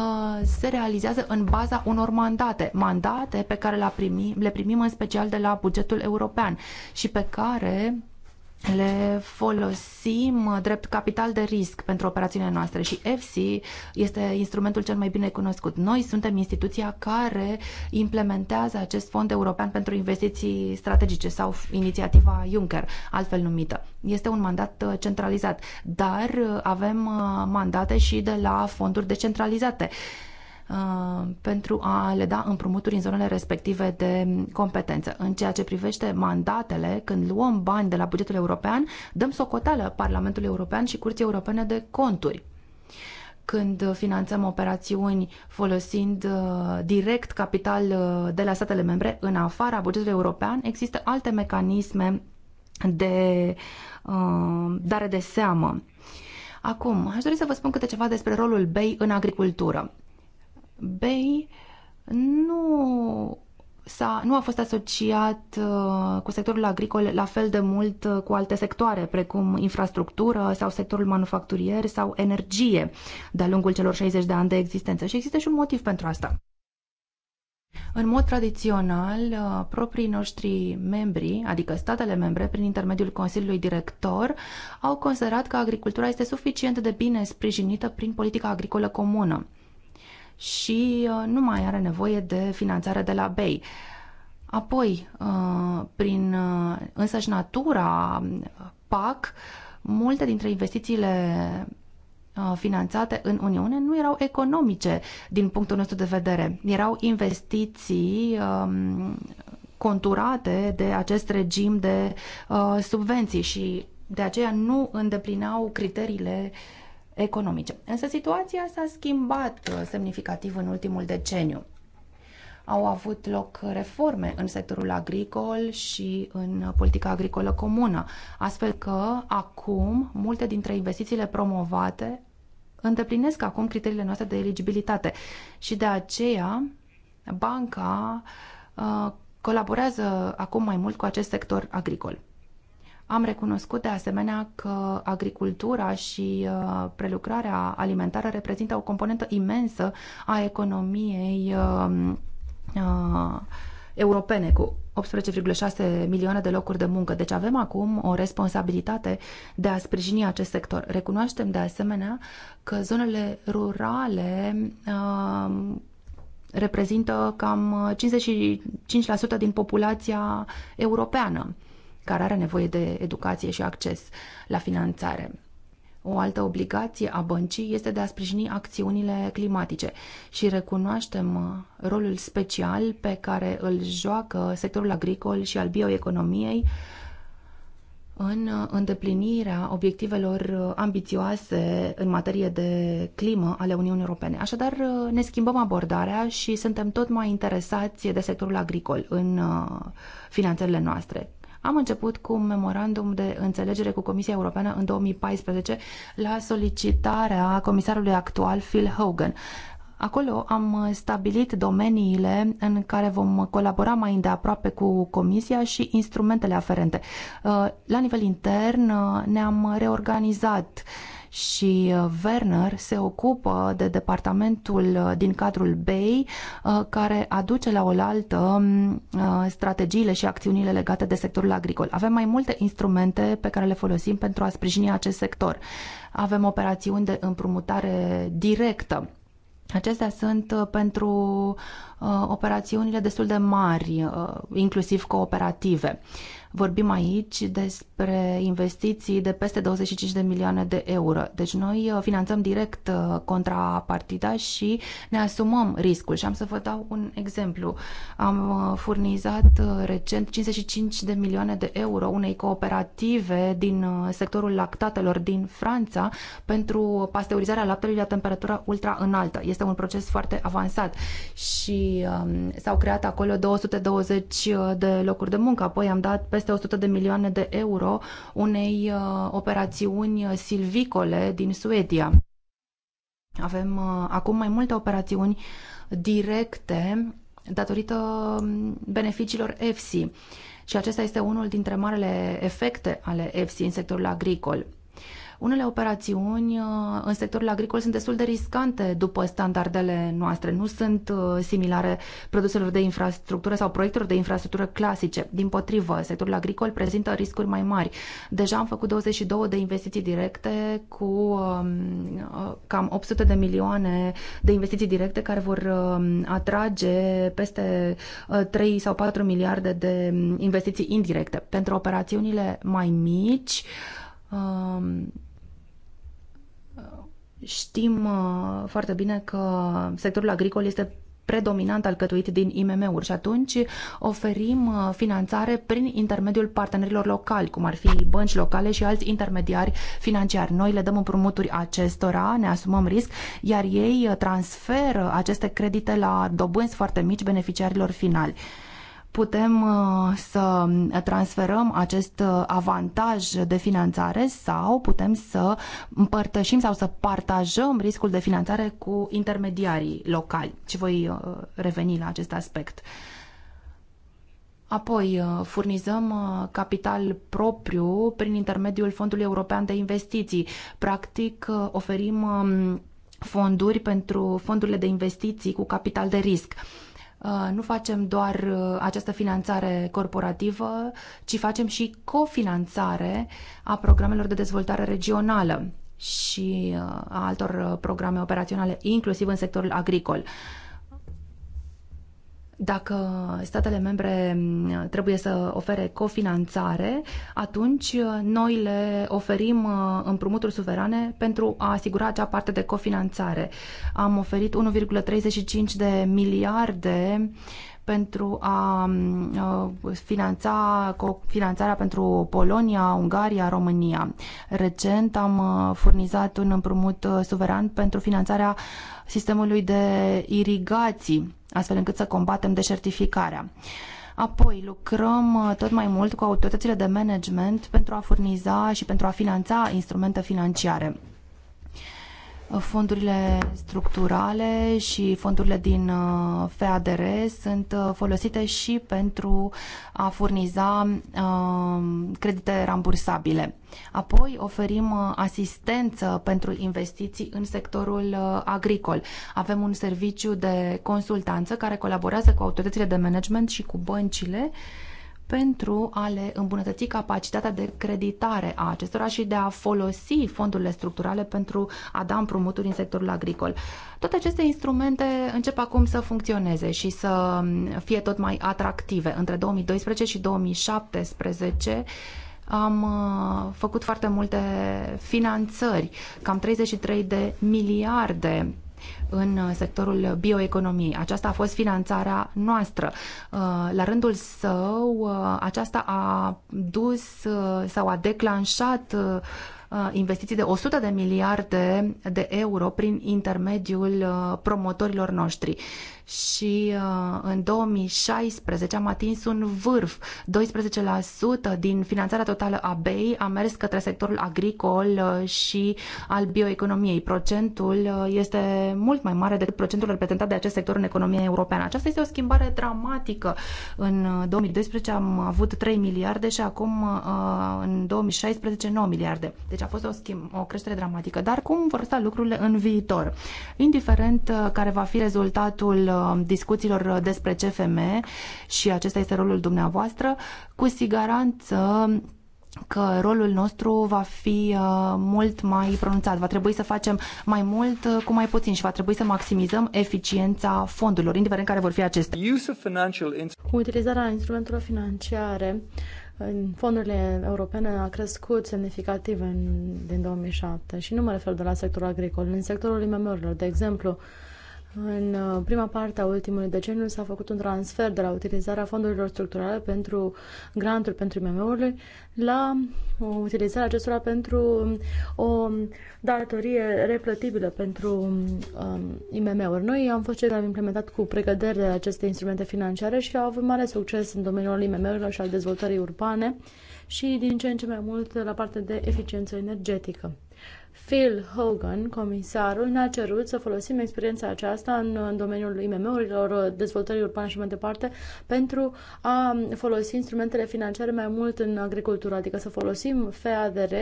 Speaker 4: se realizează în baza unor mandate, mandate pe care le primim, le primim în special de la bugetul european și pe care le folosim uh, drept capital de risc pentru operațiunile noastre și EFSI este instrumentul cel mai bine cunoscut. Noi suntem instituția care implementează acest fond european pentru investiții strategice sau inițiativa Juncker, altfel numită. Este un mandat uh, centralizat, dar uh, avem mandate și de la fonduri decentralizate Uh, pentru a le da împrumuturi în zonele respective de competență. În ceea ce privește mandatele, când luăm bani de la bugetul european, dăm socoteală Parlamentului European și Curții Europene de Conturi când finanțăm operațiuni folosind uh, direct capital uh, de la statele membre în afara bugetului european, există alte mecanisme de uh, dare de seamă. Acum, aș dori să vă spun câte ceva despre rolul BEI în agricultură. Bay nu, a nu a fost asociat uh, cu sectorul agricol la fel de mult uh, cu alte sectoare, precum infrastructură sau sectorul manufacturier sau energie, de-a lungul celor 60 de ani de existență. Și există și un motiv pentru asta. În mod tradițional, uh, proprii noștri membri, adică statele membre, prin intermediul Consiliului Director, au considerat că agricultura este suficient de bine sprijinită prin politica agricolă comună și uh, nu mai are nevoie de finanțare de la BEI. Apoi, uh, prin uh, însăși natura PAC, multe dintre investițiile finanțate în Uniune nu erau economice din punctul nostru de vedere. Erau investiții um, conturate de acest regim de subvenții și de aceea nu îndeplineau criteriile uh, economice. Însă situația s-a schimbat uh, semnificativ în ultimul deceniu. Au avut loc reforme în sectorul agricol și în politica agricolă comună, astfel că acum multe dintre investițiile promovate îndeplinesc acum criteriile noastre de eligibilitate și de aceea banca uh, colaborează acum mai mult cu acest sector agricol. Am recunoscut de asemenea că agricultura și uh, prelucrarea alimentară reprezintă o componentă imensă a economiei um, uh, europene cu 18,6 milioane de locuri de muncă. Deci avem acum o responsabilitate de a sprijini acest sector. Recunoaștem de asemenea că zonele rurale um, reprezintă cam 55% din populația europeană care are nevoie de educație și acces la finanțare. O altă obligație a băncii este de a sprijini acțiunile climatice și recunoaștem uh, rolul special pe care îl joacă sectorul agricol și al bioeconomiei în uh, îndeplinirea obiectivelor uh, ambițioase în materie de climă ale Uniunii Europene. Așadar, ne schimbăm abordarea și suntem tot mai interesați de sectorul agricol în finanțele noastre. Am început cu un memorandum de înțelegere cu Comisia Europeană în 2014 la solicitarea comisarului actual Phil Hogan. Acolo am stabilit domeniile în care vom colabora mai îndeaproape cu Comisia și instrumentele aferente. Uh, la nivel intern uh, ne-am reorganizat și uh, Werner se ocupă de departamentul uh, din cadrul BEI uh, care aduce la oaltă um, strategiile și acțiunile legate de sectorul agricol. Avem mai multe instrumente pe care le folosim pentru a sprijini acest sector. Avem operațiuni de împrumutare directă Acestea sunt pentru uh, operațiunile destul de mari, uh, inclusiv cooperative. Uh, Vorbim aici despre investiții de peste 25 de milioane de euro. Deci noi uh, finanțăm direct uh, contrapartida și ne asumăm riscul. Și am să vă dau un exemplu. Am uh, furnizat recent 55 de milioane de euro unei cooperative din sectorul lactatelor din Franța pentru pasteurizarea laptelui la temperatură ultra înaltă. Este un proces foarte avansat și um, s-au creat acolo 220 de locuri de muncă. Apoi am dat peste peste 100 de milioane de euro unei uh, operațiuni silvicole din Suedia. Avem uh, acum mai multe operațiuni directe datorită um, beneficiilor EFSI și acesta este unul dintre marele efecte ale EFSI în sectorul agricol. Unele operațiuni uh, în sectorul agricol sunt destul de riscante după standardele noastre, nu sunt uh, similare produselor de infrastructură sau proiectelor de infrastructură clasice. Din potrivă, sectorul agricol prezintă riscuri mai mari. Deja am făcut 22 de investiții directe cu um, uh, cam 800 de milioane de investiții directe care vor um, atrage peste 3 sau 4 miliarde de um, investiții indirecte. Pentru operațiunile mai mici, um, Știm uh, foarte bine că sectorul agricol este predominant alcătuit din IMM-uri și atunci oferim uh, finanțare prin intermediul partenerilor locali, cum ar fi bănci locale și alți intermediari financiari. Noi le dăm împrumuturi acestora, ne asumăm risc, iar ei uh, transferă aceste credite la dobânzi foarte mici beneficiarilor finali putem uh, să transferăm acest uh, avantaj de finanțare sau putem să împărtășim sau să partajăm riscul de finanțare cu intermediarii locali. Și voi uh, reveni la acest aspect. Apoi, furnizăm capital propriu prin intermediul Fondului European de Investiții. Practic, oferim um, fonduri pentru fondurile de investiții cu capital de risc Uh, nu facem doar uh, această finanțare corporativă, ci facem și cofinanțare a programelor de dezvoltare regională și uh, a altor programe operaționale, inclusiv în sectorul agricol. Dacă statele membre mm, trebuie să ofere cofinanțare, atunci uh, noi le oferim uh, împrumuturi suverane pentru a asigura acea parte de cofinanțare. Am oferit 1,35 de miliarde pentru a mm, uh, finanța finanțarea pentru Polonia, Ungaria, România. Recent am furnizat un împrumut suveran pentru finanțarea sistemului de irigații astfel încât să combatem deșertificarea. Apoi lucrăm uh, tot mai mult cu autoritățile de management pentru a furniza și pentru a finanța instrumente financiare. Uh, fondurile structurale și fondurile din uh, FADR sunt uh, folosite și pentru a furniza credite rambursabile. Apoi oferim asistență pentru investiții în sectorul agricol. Avem un serviciu de consultanță care colaborează cu autoritățile de management și cu băncile pentru a le îmbunătăți capacitatea de creditare a acestora și de a folosi fondurile structurale pentru a da împrumuturi în sectorul agricol. Toate aceste instrumente încep acum să funcționeze și să fie tot mai atractive. Între 2012 și 2017 am uh, făcut foarte multe finanțări, cam 33 de miliarde în uh, sectorul bioeconomiei. Aceasta a fost finanțarea noastră. Uh, la rândul său, uh, aceasta a dus sau a declanșat Uh, investiții de 100 de miliarde de euro prin intermediul uh, promotorilor noștri. Și uh, în 2016 am atins un vârf. 12% din finanțarea totală a BEI a mers către sectorul agricol și al bioeconomiei. Procentul este mult mai mare decât procentul reprezentat de acest sector în economia europeană. Aceasta este o schimbare dramatică. În 2012 am avut 3 miliarde și acum în 2016 9 miliarde. Deci a fost o, schimb, o creștere dramatică. Dar cum vor sta lucrurile în viitor? Indiferent uh, care va fi rezultatul uh, discuțiilor uh, despre CFM și acesta este rolul dumneavoastră, cu siguranță că rolul nostru va fi mult mai pronunțat. Va trebui să facem mai mult cu mai puțin și va trebui să maximizăm eficiența fondurilor, indiferent care vor fi acestea.
Speaker 2: Utilizarea instrumentelor financiare fondurile europene a crescut semnificativ în, din 2007 și nu mă refer doar la sectorul agricol. În sectorul imm de exemplu, în uh, prima parte a ultimului deceniu s-a făcut un transfer de la utilizarea fondurilor structurale pentru granturi pentru IMM-uri la utilizarea acestora pentru um, o datorie replătibilă pentru um, IMM-uri. Noi am fost cei care am implementat cu precădere aceste instrumente financiare și au avut mare succes în domeniul IMM-urilor și al dezvoltării urbane și din ce în ce mai mult la partea de eficiență energetică. Phil Hogan, comisarul, ne-a cerut să folosim experiența aceasta în, în domeniul IMM-urilor, dezvoltării urbane și mai departe, pentru a folosi instrumentele financiare mai mult în agricultură, adică să folosim FADR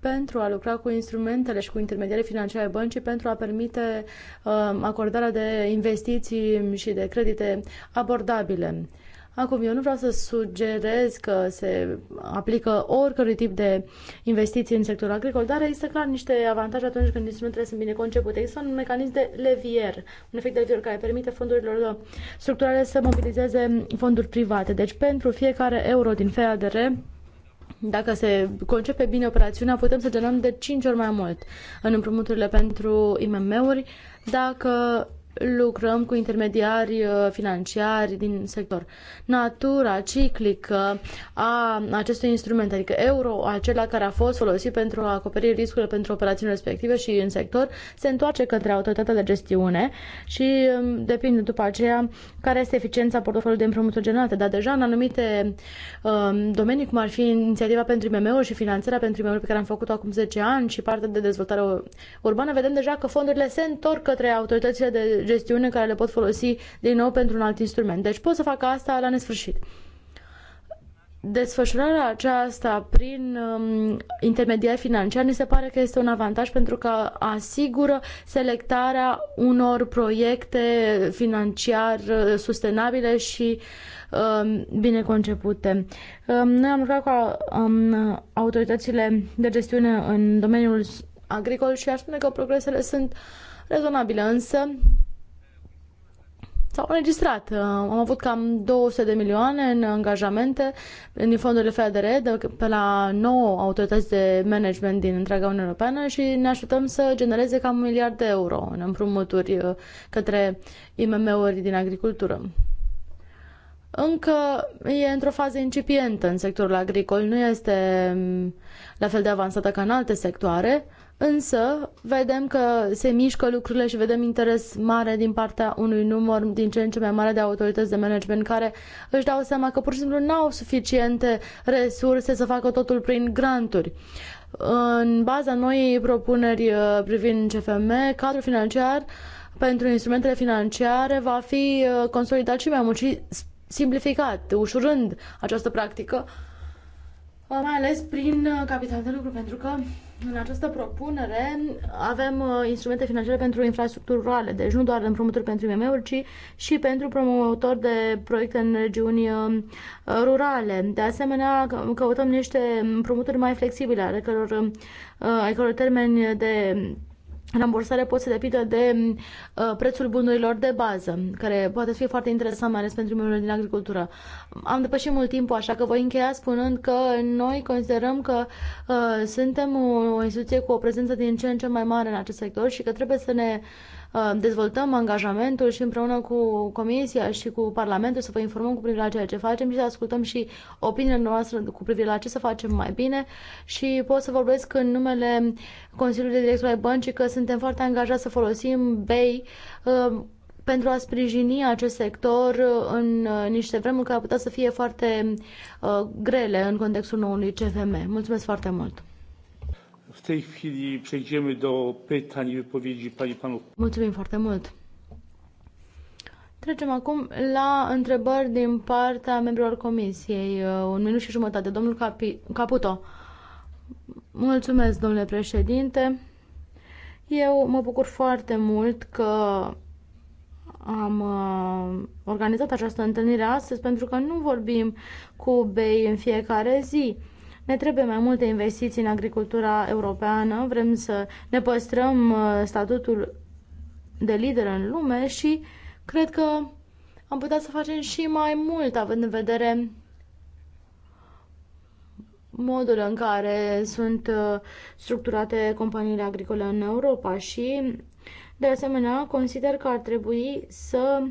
Speaker 2: pentru a lucra cu instrumentele și cu intermediarii financiare băncii pentru a permite uh, acordarea de investiții și de credite abordabile. Acum, eu nu vreau să sugerez că se aplică oricărui tip de investiții în sectorul agricol, dar există clar niște avantaje atunci când instrumentele sunt bine concepute. Există un mecanism de levier, un efect de levier care permite fondurilor structurale să mobilizeze fonduri private. Deci, pentru fiecare euro din FADR, dacă se concepe bine operațiunea, putem să generăm de 5 ori mai mult în împrumuturile pentru IMM-uri, dacă lucrăm cu intermediari uh, financiari din sector. Natura ciclică a acestui instrument, adică euro, acela care a fost folosit pentru a acoperi riscurile pentru operațiunile respective și în sector, se întoarce către autoritatea de gestiune și um, depinde după aceea care este eficiența portofoliului de împrumuturi generate. Dar deja în anumite um, domenii, cum ar fi inițiativa pentru imm și finanțarea pentru imm pe care am făcut-o acum 10 ani și partea de dezvoltare urbană, vedem deja că fondurile se întorc către autoritățile de gestiune care le pot folosi din nou pentru un alt instrument. Deci pot să fac asta la nesfârșit. Desfășurarea aceasta prin um, intermediari financiar ne se pare că este un avantaj pentru că asigură selectarea unor proiecte financiar uh, sustenabile și um, bine concepute. Um, noi am lucrat cu um, autoritățile de gestiune în domeniul agricol și aș spune că progresele sunt rezonabile, însă s-au înregistrat. Uh, am avut cam 200 de milioane în angajamente din fondurile FADR de pe la 9 autorități de management din întreaga Uniune Europeană și ne așteptăm să genereze cam un miliard de euro în împrumuturi uh, către IMM-uri din agricultură. Încă e într-o fază incipientă în sectorul agricol, nu este mm, la fel de avansată ca în alte sectoare, Însă, vedem că se mișcă lucrurile și vedem interes mare din partea unui număr din ce în ce mai mare de autorități de management care își dau seama că pur și simplu nu au suficiente resurse să facă totul prin granturi. În baza noii propuneri uh, privind CFM, cadrul financiar pentru instrumentele financiare va fi uh, consolidat și mai mult și simplificat, ușurând această practică, mai ales prin uh, capital de lucru, pentru că în această propunere avem uh, instrumente financiare pentru infrastructuri rurale, deci nu doar împrumuturi pentru IMM-uri, ci și pentru promotori de proiecte în regiuni uh, rurale. De asemenea, căutăm niște împrumuturi mai flexibile, ale căror, uh, ale căror termeni de Rambursarea poate să depindă de uh, prețul bunurilor de bază, care poate fi foarte interesant, mai ales pentru membrii din agricultură. Am depășit mult timp, așa că voi încheia spunând că noi considerăm că uh, suntem o, o instituție cu o prezență din ce în ce mai mare în acest sector și că trebuie să ne uh, Uh, dezvoltăm angajamentul și împreună cu Comisia și cu Parlamentul să vă informăm cu privire la ceea ce facem și să ascultăm și opiniile noastre cu privire la ce să facem mai bine și pot să vorbesc în numele Consiliului de Director ai Băncii că suntem foarte angajați să folosim BEI uh, pentru a sprijini acest sector uh, în niște vremuri care ar putea să fie foarte grele în contextul noului CFM. Mulțumesc foarte mult!
Speaker 1: tej chwili przejdziemy do pytań i wypowiedzi pani panów.
Speaker 2: Mulțumim foarte mult. Trecem acum la întrebări din partea membrilor comisiei. Uh, un minut și jumătate. Domnul Capi, Caputo. Mulțumesc, domnule președinte. Eu mă bucur foarte mult că am uh, organizat această întâlnire astăzi pentru că nu vorbim cu bei în fiecare zi. Uh, ne trebuie mai multe investiții în agricultura europeană, vrem să ne păstrăm uh, statutul de lider în lume și cred că am putea să facem și mai mult, având în vedere modul în care sunt uh, structurate companiile agricole în Europa și, de asemenea, consider că ar trebui să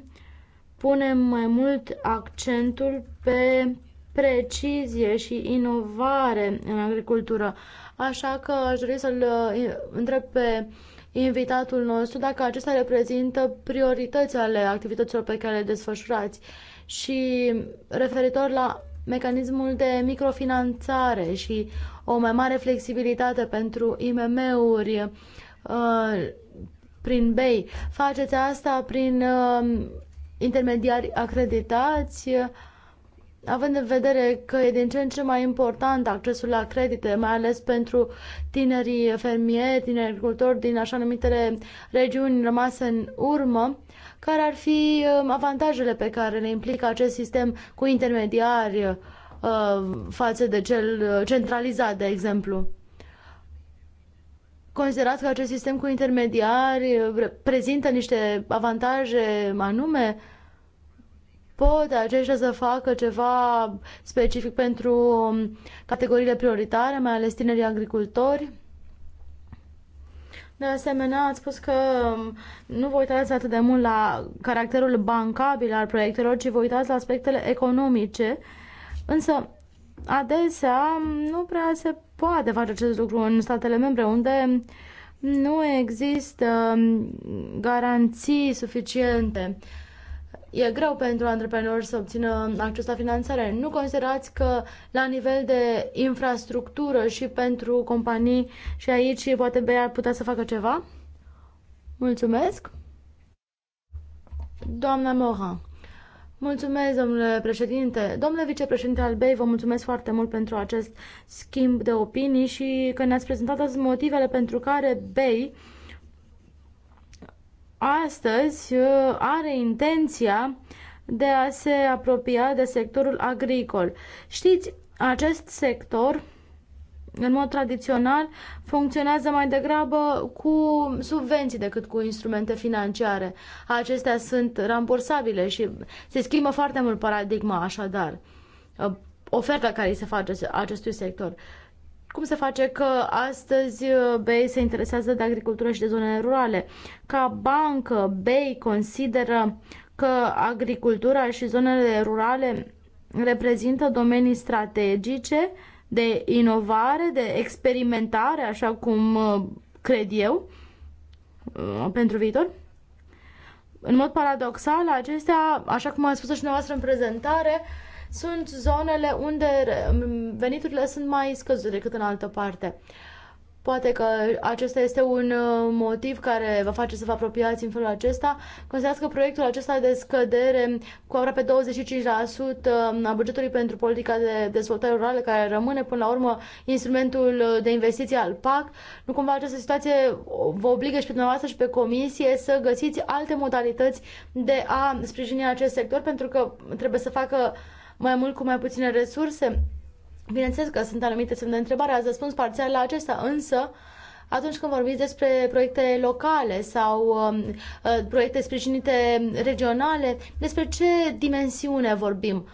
Speaker 2: punem mai mult accentul pe precizie și inovare în agricultură. Așa că aș dori să-l uh, întreb pe invitatul nostru dacă acesta reprezintă priorități ale activităților pe care le desfășurați și referitor la mecanismul de microfinanțare și o mai mare flexibilitate pentru IMM-uri uh, prin BEI. Faceți asta prin uh, intermediari acreditați, având în vedere că e din ce în ce mai important accesul la credite, mai ales pentru tinerii fermieri, tineri agricultori din așa numitele regiuni rămase în urmă, care ar fi um, avantajele pe care le implică acest sistem cu intermediari uh, față de cel uh, centralizat, de exemplu? Considerați că acest sistem cu intermediari uh, prezintă niște avantaje anume? pot aceștia să facă ceva specific pentru um, categoriile prioritare, mai ales tinerii agricultori? De asemenea, ați spus că um, nu vă uitați atât de mult la caracterul bancabil al proiectelor, ci vă uitați la aspectele economice. Însă, adesea, um, nu prea se poate face acest lucru în statele membre, unde nu există garanții suficiente e greu pentru antreprenori să obțină acces la finanțare. Nu considerați că la nivel de infrastructură și pentru companii și aici poate BEA ar putea să facă ceva? Mulțumesc! Doamna Morin. Mulțumesc, domnule președinte. Domnule vicepreședinte al BEI, vă mulțumesc foarte mult pentru acest schimb de opinii și că ne-ați prezentat azi motivele pentru care BEI astăzi uh, are intenția de a se apropia de sectorul agricol. Știți, acest sector în mod tradițional, funcționează mai degrabă cu subvenții decât cu instrumente financiare. Acestea sunt rambursabile și se schimbă foarte mult paradigma, așadar, uh, oferta care îi se face acestui sector. Cum se face că astăzi uh, BEI se interesează de agricultură și de zonele rurale? Ca bancă, BEI consideră că agricultura și zonele rurale reprezintă domenii strategice de inovare, de experimentare, așa cum uh, cred eu, uh, pentru viitor? În mod paradoxal, acestea, așa cum am spus și dumneavoastră în prezentare, sunt zonele unde veniturile sunt mai scăzute decât în altă parte. Poate că acesta este un uh, motiv care vă face să vă apropiați în felul acesta. Considerați că proiectul acesta de scădere cu aproape 25% uh, a bugetului pentru politica de dezvoltare rurală, care rămâne până la urmă instrumentul de investiție al PAC, nu cumva această situație vă obligă și pe dumneavoastră și pe comisie să găsiți alte modalități de a sprijini acest sector, pentru că trebuie să facă mai mult cu mai puține resurse? Bineînțeles că sunt anumite semne de întrebare, ați răspuns parțial la acesta, însă atunci când vorbiți despre proiecte locale sau um, uh, proiecte sprijinite regionale, despre ce dimensiune vorbim?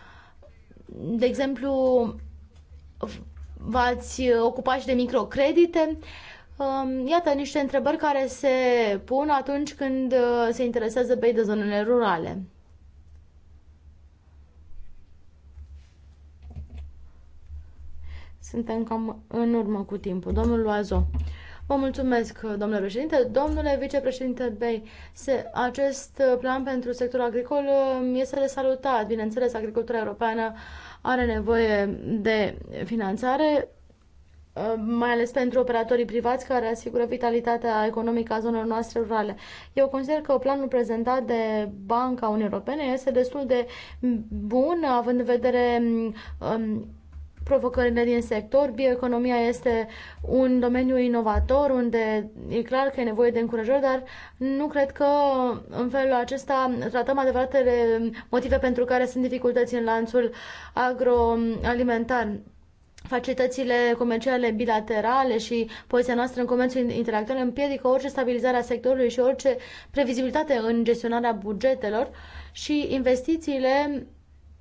Speaker 2: De exemplu, v-ați ocupat și de microcredite. Uh, iată niște întrebări care se pun atunci când uh, se interesează pe de zonele rurale. Suntem cam în urmă cu timpul. Domnul Loazo. Vă mulțumesc, domnule președinte. Domnule vicepreședinte Bey, se, acest plan pentru sectorul agricol um, este de salutat. Bineînțeles, agricultura europeană are nevoie de finanțare, um, mai ales pentru operatorii privați care asigură vitalitatea economică a zonelor noastre rurale. Eu consider că planul prezentat de Banca Uniunii Europene este destul de bun, având în vedere um, provocările din sector. Bioeconomia este un domeniu inovator unde e clar că e nevoie de încurajări, dar nu cred că în felul acesta tratăm adevăratele motive pentru care sunt dificultăți în lanțul agroalimentar facilitățile comerciale bilaterale și poziția noastră în comerțul interactual împiedică orice stabilizare a sectorului și orice previzibilitate în gestionarea bugetelor și investițiile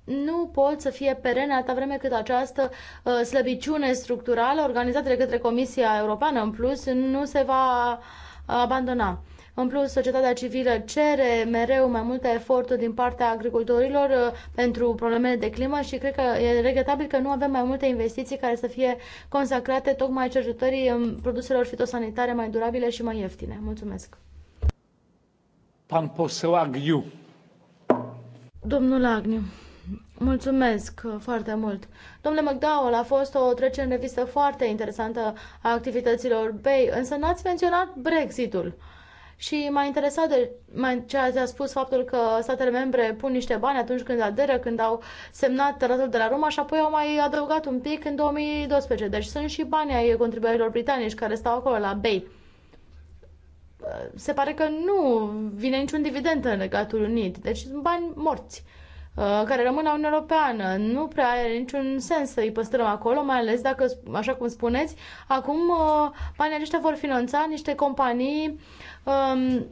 Speaker 2: nu pot să fie perene atâta vreme cât această uh, slăbiciune structurală organizată de către Comisia Europeană în plus nu se va uh, abandona. În plus, societatea civilă cere mereu mai multe eforturi din partea agricultorilor uh, pentru problemele de climă și cred că e regretabil că nu avem mai multe investiții care să fie consacrate tocmai cercetării produselor fitosanitare mai durabile și mai ieftine. Mulțumesc!
Speaker 1: Pan Posel Agniu.
Speaker 2: Domnul Agniu. Mulțumesc uh, foarte mult. Domnule McDowell, a fost o trecere în revistă foarte interesantă a activităților BEI, însă n-ați menționat Brexitul. Și m-a interesat de ce ați spus faptul că statele membre pun niște bani atunci când aderă, când au semnat tratatul de la Roma și apoi au mai adăugat un pic în 2012. Deci sunt și bani ai contribuabililor britanici care stau acolo la BEI. Uh, se pare că nu vine niciun dividend în Regatul Unit, deci sunt bani morți. Uh, Uh, care rămân la Uniunea Europeană. Nu prea are niciun sens să îi păstrăm acolo, mai ales dacă, așa cum spuneți, acum uh, banii aceștia vor finanța niște companii um,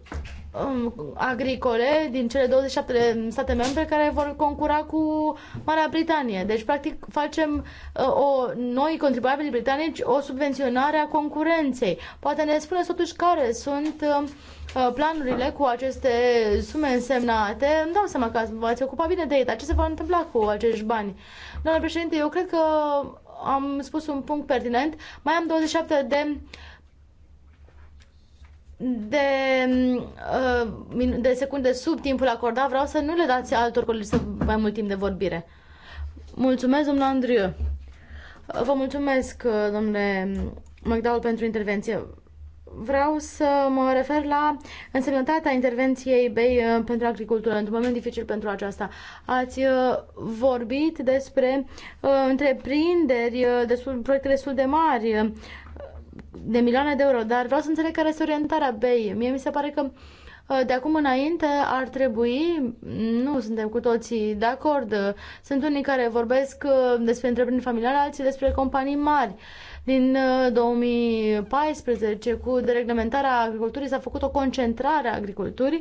Speaker 2: Um, agricole din cele 27 state membre care vor concura cu Marea Britanie. Deci, practic, facem uh, o, noi, contribuabili britanici, o subvenționare a concurenței. Poate ne spuneți totuși care sunt uh, uh, planurile cu aceste sume însemnate. Îmi dau seama că v-ați ocupat bine de ei, dar ce se va întâmpla cu acești bani? Doamne președinte, eu cred că am spus un punct pertinent. Mai am 27 de uh, de, mm, uh, de secunde sub timpul acordat, vreau să nu le dați altor colegi să mai mult timp de vorbire. Mulțumesc, domnul Andriu. Vă mulțumesc, uh, domnule McDowell, pentru intervenție. Vreau să mă refer la însemnătatea intervenției BEI uh, pentru agricultură, într-un moment dificil pentru aceasta. Ați vorbit despre întreprinderi, despre proiecte destul de mari, de milioane de euro, dar vreau să înțeleg care este orientarea BEI. Mie mi se pare că uh, de acum înainte ar trebui, nu suntem cu toții de acord, uh, sunt unii care vorbesc uh, despre întreprinderi familiale, alții despre companii mari. Din 2014, cu dereglementarea agriculturii, s-a făcut o concentrare a agriculturii.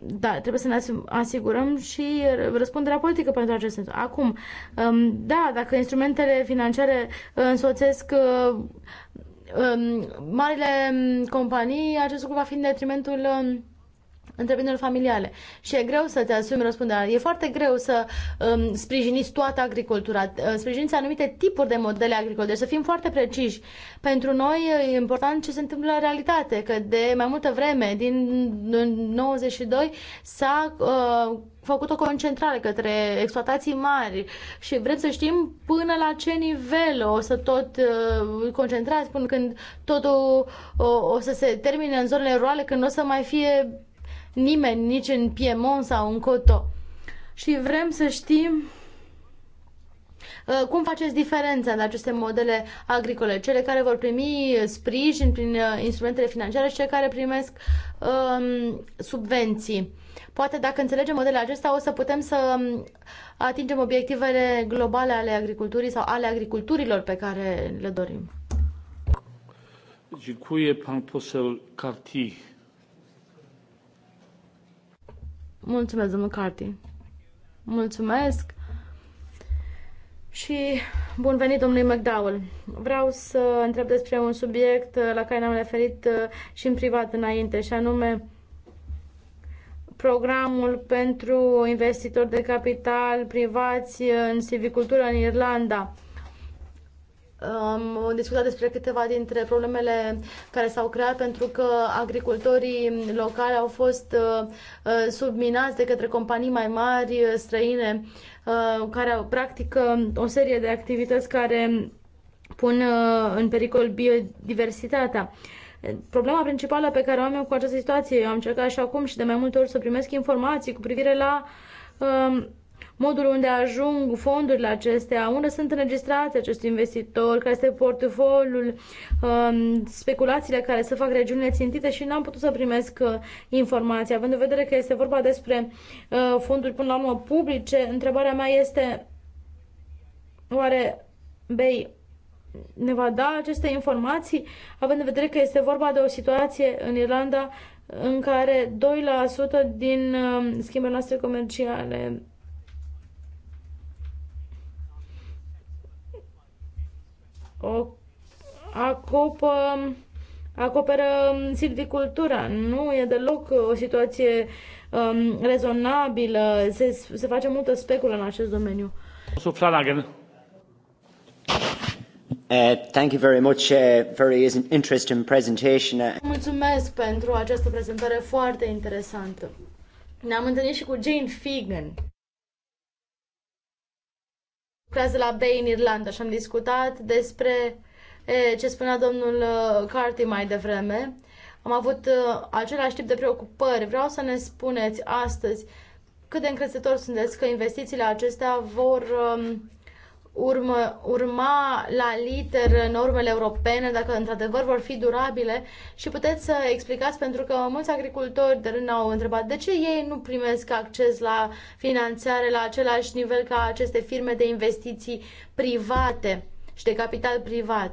Speaker 2: Da, trebuie să ne asigurăm și răspunderea politică pentru acest sens. Acum, um, da, dacă instrumentele financiare însoțesc marile companii, acest lucru va fi în detrimentul um, întreprinderi familiale. Și e greu să te asumi răspunderea. E foarte greu să um, sprijiniți toată agricultura. Uh, sprijiniți anumite tipuri de modele agricole. Deci să fim foarte preciși. Pentru noi e important ce se întâmplă în realitate. Că de mai multă vreme, din 92, s-a uh, făcut o concentrare către exploatații mari și vrem să știm până la ce nivel o să tot uh, concentrați până când totul uh, o, o să se termine în zonele rurale, când nu o să mai fie nimeni nici în Piemont sau în Coto. Și vrem să știm uh, cum faceți diferența în aceste modele agricole? Cele care vor primi uh, sprijin prin uh, instrumentele financiare și cele care primesc um, subvenții. Poate dacă înțelegem modelele acesta o să putem să um, atingem obiectivele globale ale agriculturii sau ale agriculturilor pe care le dorim.
Speaker 1: Dziękuję pan poseł Carti.
Speaker 2: Mulțumesc, domnul Carti. Mulțumesc. Și bun venit, domnului McDowell. Vreau să întreb despre un subiect la care ne-am referit uh, și în privat înainte, și anume programul pentru investitori de capital privați în civicultură în Irlanda. Am discutat despre câteva dintre problemele care s-au creat pentru că agricultorii locali au fost uh, uh, subminați de către companii mai mari uh, străine care practică o serie de activități care pun în pericol biodiversitatea. Problema principală pe care o am eu cu această situație, eu am încercat și acum și de mai multe ori să primesc informații cu privire la modul unde ajung fondurile acestea, unde sunt înregistrați acest investitori, care este portofoliul, um, speculațiile care se fac regiunile țintite și n-am putut să primesc uh, informații. Având în vedere că este vorba despre uh, fonduri până la urmă publice, întrebarea mea este oare bei ne va da aceste informații, având în vedere că este vorba de o situație în Irlanda în care 2% din uh, schimbele noastre comerciale o, acopă, acoperă silvicultura. Nu e deloc o situație um, rezonabilă. Se, se face multă speculă în acest domeniu.
Speaker 1: Flanagan.
Speaker 3: Uh, thank you very much. Uh, very interesting presentation. Uh,
Speaker 2: Mulțumesc pentru această prezentare foarte interesantă. Ne-am întâlnit și cu Jane Figan lucrează la Bay în Irlanda și am discutat despre ce spunea domnul Carty mai devreme. Am avut același tip de preocupări. Vreau să ne spuneți astăzi cât de încrezători sunteți că investițiile acestea vor uh, urmă, urma la liter normele europene, dacă într-adevăr vor fi durabile și puteți să explicați, pentru că mulți agricultori de rând au întrebat de ce ei nu primesc acces la finanțare la același nivel ca aceste firme de investiții private și de capital privat.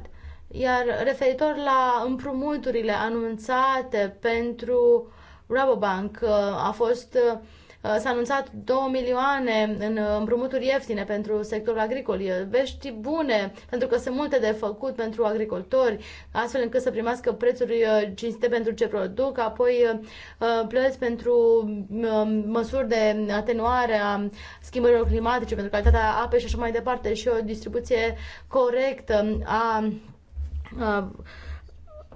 Speaker 2: Iar referitor la împrumuturile anunțate pentru Rabobank, a fost uh, Uh, s-a anunțat 2 milioane în uh, împrumuturi ieftine pentru sectorul agricol. vești bune, pentru că sunt multe de făcut pentru agricultori, astfel încât să primească prețuri uh, cinste pentru ce produc, apoi plăți pentru măsuri de atenuare a schimbărilor climatice, pentru calitatea apei și așa mai departe și o distribuție corectă a, a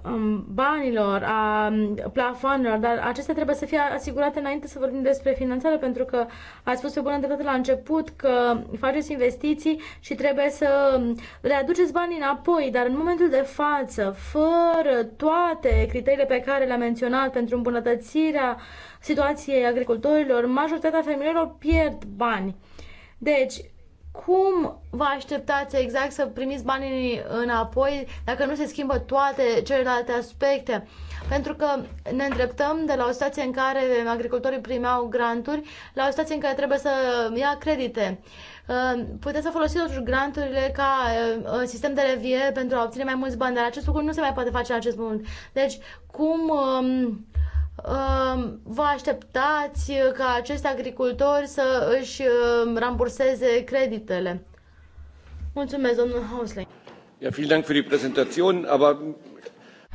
Speaker 2: Um, banilor, a um, plafonelor, dar acestea trebuie să fie asigurate înainte să vorbim despre finanțare, pentru că ați spus pe bună dreptate la început că faceți investiții și trebuie să readuceți um, banii înapoi, dar în momentul de față, fără toate criteriile pe care le-am menționat pentru îmbunătățirea situației agricultorilor, majoritatea fermierilor pierd bani. Deci, cum vă așteptați exact să primiți banii înapoi dacă nu se schimbă toate celelalte aspecte? Pentru că ne îndreptăm de la o situație în care agricultorii primeau granturi la o situație în care trebuie să ia credite. Uh, puteți să folosiți totuși granturile ca uh, uh, sistem de revie pentru a obține mai mulți bani, dar acest lucru nu se mai poate face în acest moment. Deci, cum um, vă așteptați ca acești agricultori să își ramburseze creditele? Mulțumesc, domnul Hausley.
Speaker 1: Ja, vielen Dank für die Präsentation, aber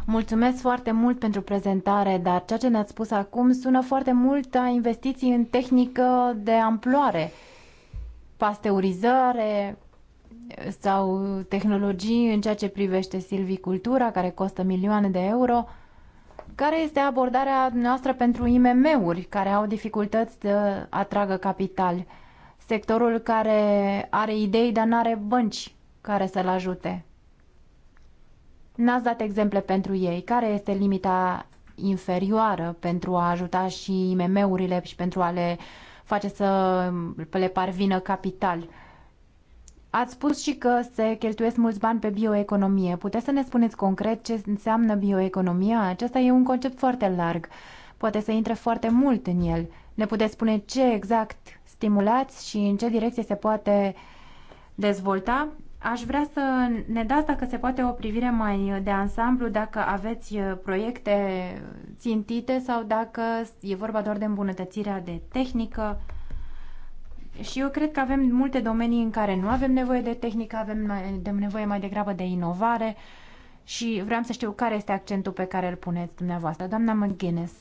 Speaker 3: Mulțumesc foarte mult pentru prezentare, dar ceea ce ne-ați spus acum sună foarte mult a investiții în tehnică de amploare, pasteurizare sau tehnologii în ceea ce privește silvicultura, care costă milioane de euro. Care este abordarea noastră pentru IMM-uri care au dificultăți să atragă capital? Sectorul care are idei, dar nu are bănci care să-l ajute. N-ați dat exemple pentru ei. Care este limita inferioară pentru a ajuta și IMM-urile și pentru a le face să le parvină capital? Ați spus și că se cheltuiesc mulți bani pe bioeconomie. Puteți să ne spuneți concret ce înseamnă bioeconomia? Acesta e un concept foarte larg. Poate să intre foarte mult în el. Ne puteți spune ce exact stimulați și în ce direcție se poate dezvolta? Aș vrea să ne dați, dacă se poate, o privire mai de ansamblu, dacă aveți proiecte țintite sau dacă e vorba doar de îmbunătățirea de tehnică și eu cred că avem multe domenii în care nu avem nevoie de tehnică, avem nevoie mai degrabă de inovare și vreau să știu care este accentul pe care îl puneți dumneavoastră. Doamna McGuinness.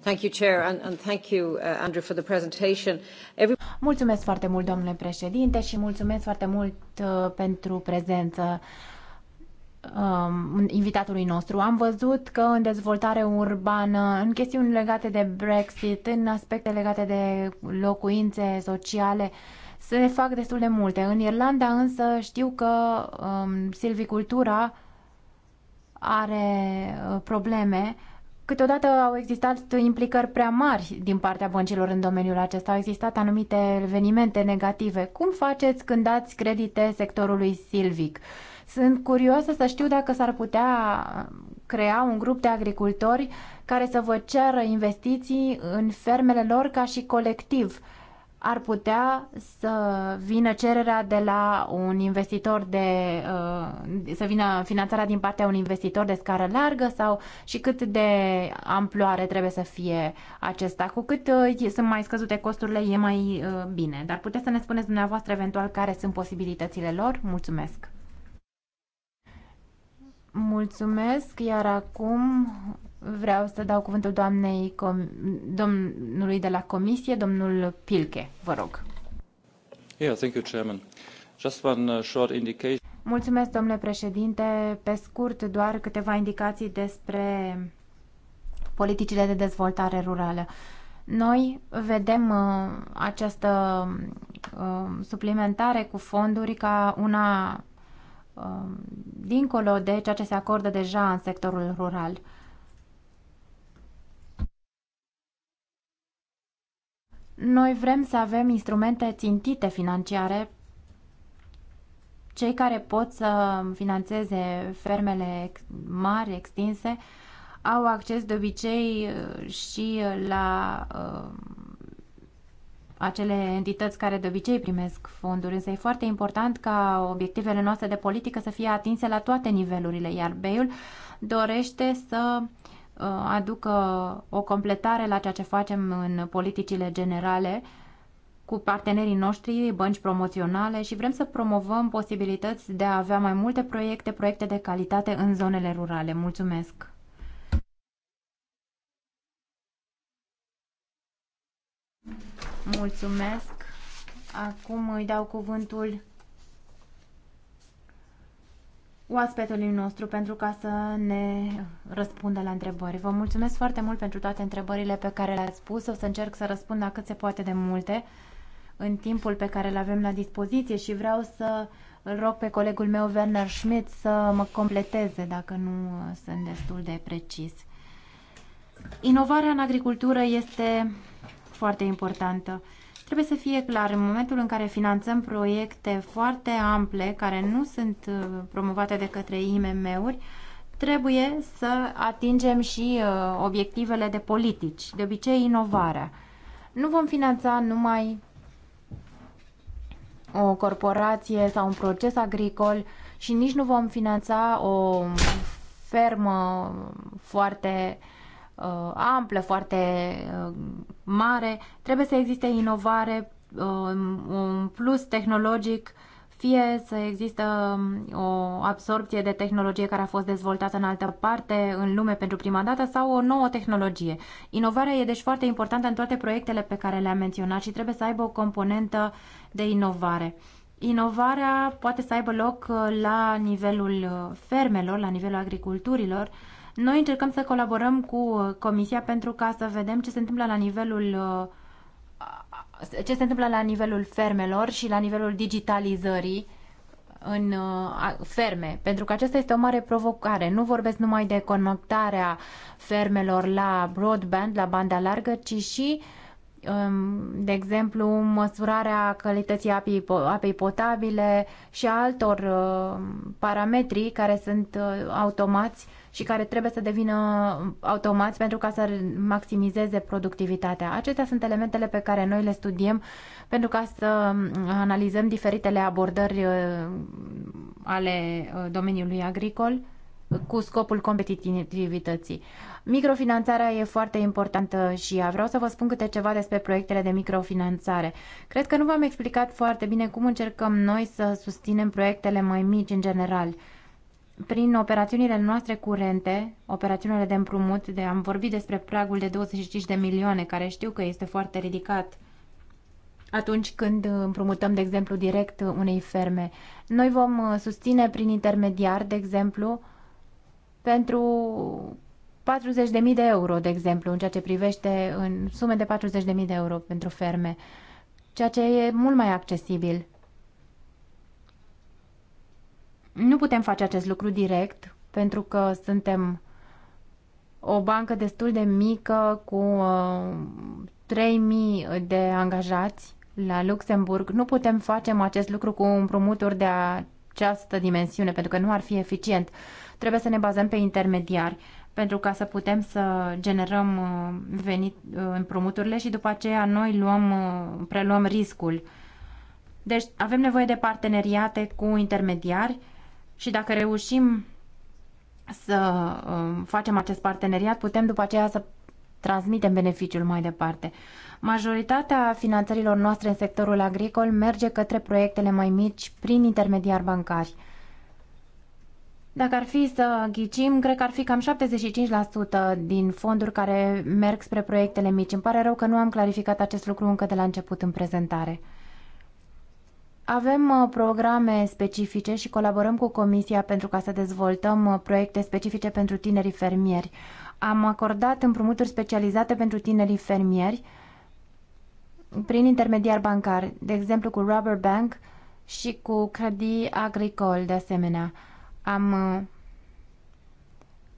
Speaker 5: Thank you, Chair, and, and thank you, uh, Andrew, for the presentation.
Speaker 3: Every... Mulțumesc foarte mult, domnule președinte, și mulțumesc foarte mult uh, pentru prezență. Uh, um, invitatului nostru. Am văzut că în dezvoltare urbană, în chestiuni legate de Brexit, în aspecte legate de locuințe sociale, se fac destul de multe. În Irlanda însă știu că um, silvicultura are uh, probleme. Câteodată au existat implicări prea mari din partea băncilor în domeniul acesta. Au existat anumite evenimente negative. Cum faceți când dați credite sectorului silvic? Uh, sunt curioasă să știu dacă s-ar putea um, crea un grup de agricultori care să vă ceară investiții în fermele lor ca și colectiv. Ar putea să vină cererea de la un investitor de. Uh, să vină finanțarea din partea unui investitor de scară largă sau și cât de amploare trebuie să fie acesta. Cu cât uh, sunt mai scăzute costurile, e mai uh, bine. Dar puteți să ne spuneți dumneavoastră eventual care sunt posibilitățile lor? Mulțumesc! Mulțumesc, iar acum vreau să dau cuvântul doamnei domnului de la comisie, domnul Pilke.
Speaker 5: vă rog. Yeah, thank you, Chairman. Just one uh, short indication.
Speaker 3: Mulțumesc, domnule președinte. Pe scurt, doar câteva indicații despre politicile de dezvoltare rurală. Noi vedem uh, această uh, suplimentare cu fonduri ca una Um, dincolo de ceea ce se acordă deja în sectorul rural. Noi vrem să avem instrumente țintite financiare. Cei care pot să finanțeze fermele mari, extinse, au acces de obicei uh, și la uh, acele entități care de obicei primesc fonduri, însă e foarte important ca obiectivele noastre de politică să fie atinse la toate nivelurile, iar BEI-ul dorește să uh, aducă o completare la ceea ce facem în politicile generale cu partenerii noștri, bănci promoționale și vrem să promovăm posibilități de a avea mai multe proiecte, proiecte de calitate în zonele rurale. Mulțumesc! Mulțumesc. Acum îi dau cuvântul oaspetului nostru pentru ca să ne răspundă la întrebări. Vă mulțumesc foarte mult pentru toate întrebările pe care le-ați pus. O să încerc să răspund la cât se poate de multe în timpul pe care îl avem la dispoziție și vreau să îl rog pe colegul meu Werner Schmidt să mă completeze dacă nu sunt destul de precis. Inovarea în agricultură este foarte importantă. Trebuie să fie clar, în momentul în care finanțăm proiecte foarte ample, care nu sunt uh, promovate de către IMM-uri, trebuie să atingem și uh, obiectivele de politici, de obicei inovarea. Nu vom finanța numai o corporație sau un proces agricol și nici nu vom finanța o fermă foarte uh, uh, amplă, foarte uh, mare, trebuie să existe inovare, uh, un plus tehnologic, fie să există um, o absorpție de tehnologie care a fost dezvoltată în altă parte, în lume pentru prima dată, sau o nouă tehnologie. Inovarea e deci foarte importantă în toate proiectele pe care le-am menționat și trebuie să aibă o componentă de inovare. Inovarea poate să aibă loc uh, la nivelul uh, fermelor, la nivelul agriculturilor, noi încercăm să colaborăm cu uh, Comisia pentru ca să vedem ce se întâmplă la nivelul uh, ce se întâmplă la nivelul fermelor și la nivelul digitalizării în uh, ferme, pentru că aceasta este o mare provocare. Nu vorbesc numai de conectarea fermelor la broadband, la banda largă, ci și uh, Um, de exemplu, măsurarea calității apei, potabile și a altor uh, parametri care sunt uh, automați și care trebuie să devină uh, automați pentru ca să maximizeze productivitatea. Acestea sunt elementele pe care noi le studiem pentru ca să analizăm diferitele abordări ale domeniului agricol cu scopul competitivității. Microfinanțarea e foarte importantă și ea. Vreau să vă spun câte ceva despre proiectele de microfinanțare. Cred că nu v-am explicat foarte bine cum încercăm noi să susținem proiectele mai mici în general. Prin operațiunile noastre curente, operațiunile de împrumut, de, am vorbit despre pragul de 25 de milioane, care știu că este foarte ridicat atunci când împrumutăm, de exemplu, direct unei ferme. Noi vom uh, susține prin intermediar, de exemplu, pentru 40.000 de euro, de exemplu, în ceea ce privește în sume de 40.000 de euro pentru ferme, ceea ce e mult mai accesibil. Nu putem face acest lucru direct, pentru că suntem o bancă destul de mică cu uh, 3.000 de angajați la Luxemburg. Nu putem face acest lucru cu împrumuturi de această dimensiune, pentru că nu ar fi eficient. Uh, Trebuie să ne bazăm pe intermediari pentru ca să putem să generăm uh, venit uh, împrumuturile și după aceea noi luăm, uh, preluăm riscul. Deci avem nevoie de parteneriate cu intermediari și dacă reușim să facem acest parteneriat, putem după aceea să transmitem beneficiul mai departe. Majoritatea finanțărilor noastre în sectorul agricol merge către proiectele mai mici prin intermediari bancari. Dacă ar fi să ghicim, cred că ar fi cam 75% din fonduri care merg spre proiectele mici. Îmi pare rău că nu am clarificat acest lucru încă de la început în prezentare. Avem uh, programe specifice și colaborăm cu Comisia pentru ca să dezvoltăm uh, proiecte specifice pentru tinerii fermieri. Am acordat împrumuturi specializate pentru tinerii fermieri prin intermediar bancar, de exemplu cu Rubber Bank și cu Credit Agricole de asemenea. Am uh,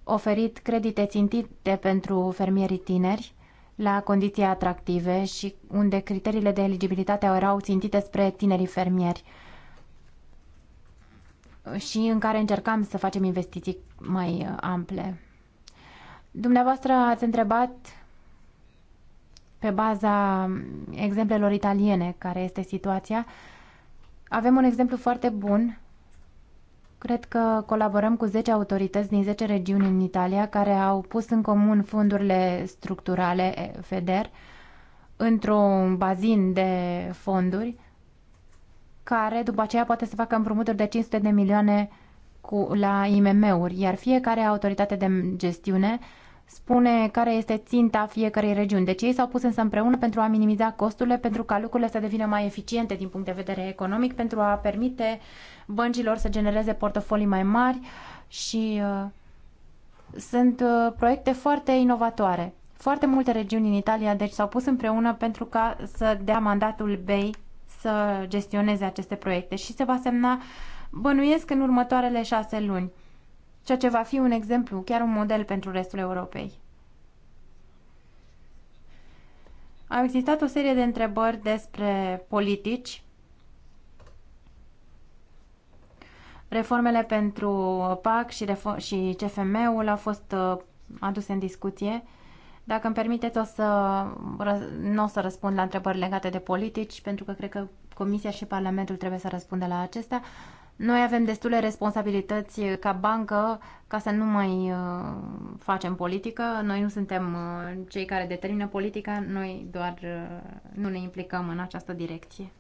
Speaker 3: oferit credite țintite pentru fermierii tineri la condiții atractive și unde criteriile de eligibilitate erau țintite spre tinerii fermieri și în care încercam să facem investiții mai uh, ample. Dumneavoastră ați întrebat pe baza exemplelor italiene care este situația. Avem un exemplu foarte bun Cred că colaborăm cu 10 autorități din 10 regiuni în Italia care au pus în comun fondurile structurale FEDER într-un bazin de fonduri care după aceea poate să facă împrumuturi de 500 de milioane cu, la IMM-uri, iar fiecare autoritate de gestiune spune care este ținta fiecarei regiuni. Deci ei s-au pus însă împreună pentru a minimiza costurile, pentru ca lucrurile să devină mai eficiente din punct de vedere economic, pentru a permite băncilor să genereze portofolii mai mari și uh, sunt uh, proiecte foarte inovatoare. Foarte multe regiuni în Italia deci s-au pus împreună pentru ca să dea mandatul BEI să gestioneze aceste proiecte și se va semna bănuiesc în următoarele șase luni, ceea ce va fi un exemplu, chiar un model pentru restul Europei. Au existat o serie de întrebări despre politici Reformele pentru PAC și, și CFM-ul au fost uh, aduse în discuție. Dacă îmi permiteți, o să, nu o să răspund la întrebări legate de politici, pentru că cred că Comisia și Parlamentul trebuie să răspundă la acestea. Noi avem destule responsabilități ca bancă ca să nu mai uh, facem politică. Noi nu suntem uh, cei care determină politica, noi doar nu ne implicăm în această direcție.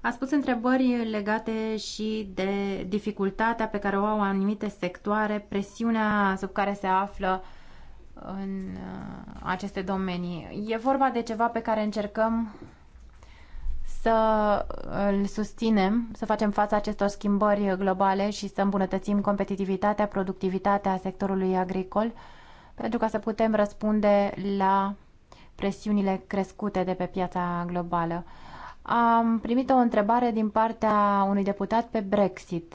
Speaker 3: A spus întrebări legate și de dificultatea pe care o au anumite sectoare, presiunea sub care se află în uh, aceste domenii. E vorba de ceva pe care încercăm să îl susținem, să facem față acestor schimbări globale și să îmbunătățim competitivitatea, productivitatea sectorului agricol pentru ca să putem răspunde la presiunile crescute de pe piața globală. Am primit o întrebare din partea unui deputat pe Brexit.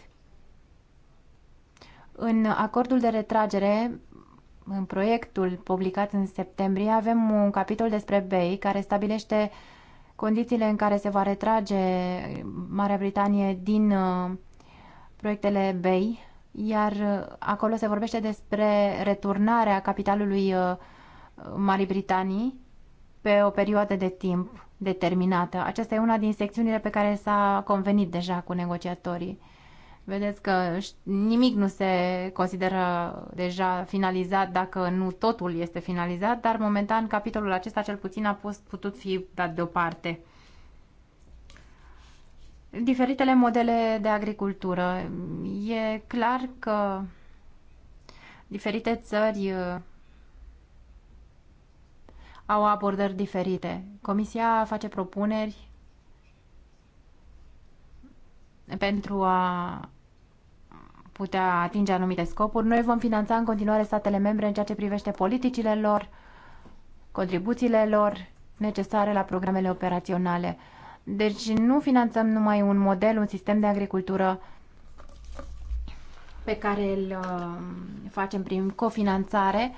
Speaker 3: În acordul de retragere, în proiectul publicat în septembrie, avem un capitol despre BEI care stabilește condițiile în care se va retrage Marea Britanie din uh, proiectele BEI, iar uh, acolo se vorbește despre returnarea capitalului uh, Marii Britanii pe o perioadă de timp determinată. Aceasta e una din secțiunile pe care s-a convenit deja cu negociatorii. Vedeți că nimic nu se consideră deja finalizat dacă nu totul este finalizat, dar momentan capitolul acesta cel puțin a fost putut fi dat deoparte. Diferitele modele de agricultură. E clar că diferite țări au abordări diferite. Comisia face propuneri pentru a putea atinge anumite scopuri. Noi vom finanța în continuare statele membre în ceea ce privește politicile lor, contribuțiile lor necesare la programele operaționale. Deci nu finanțăm numai un model, un sistem de agricultură pe care îl uh, facem prin cofinanțare,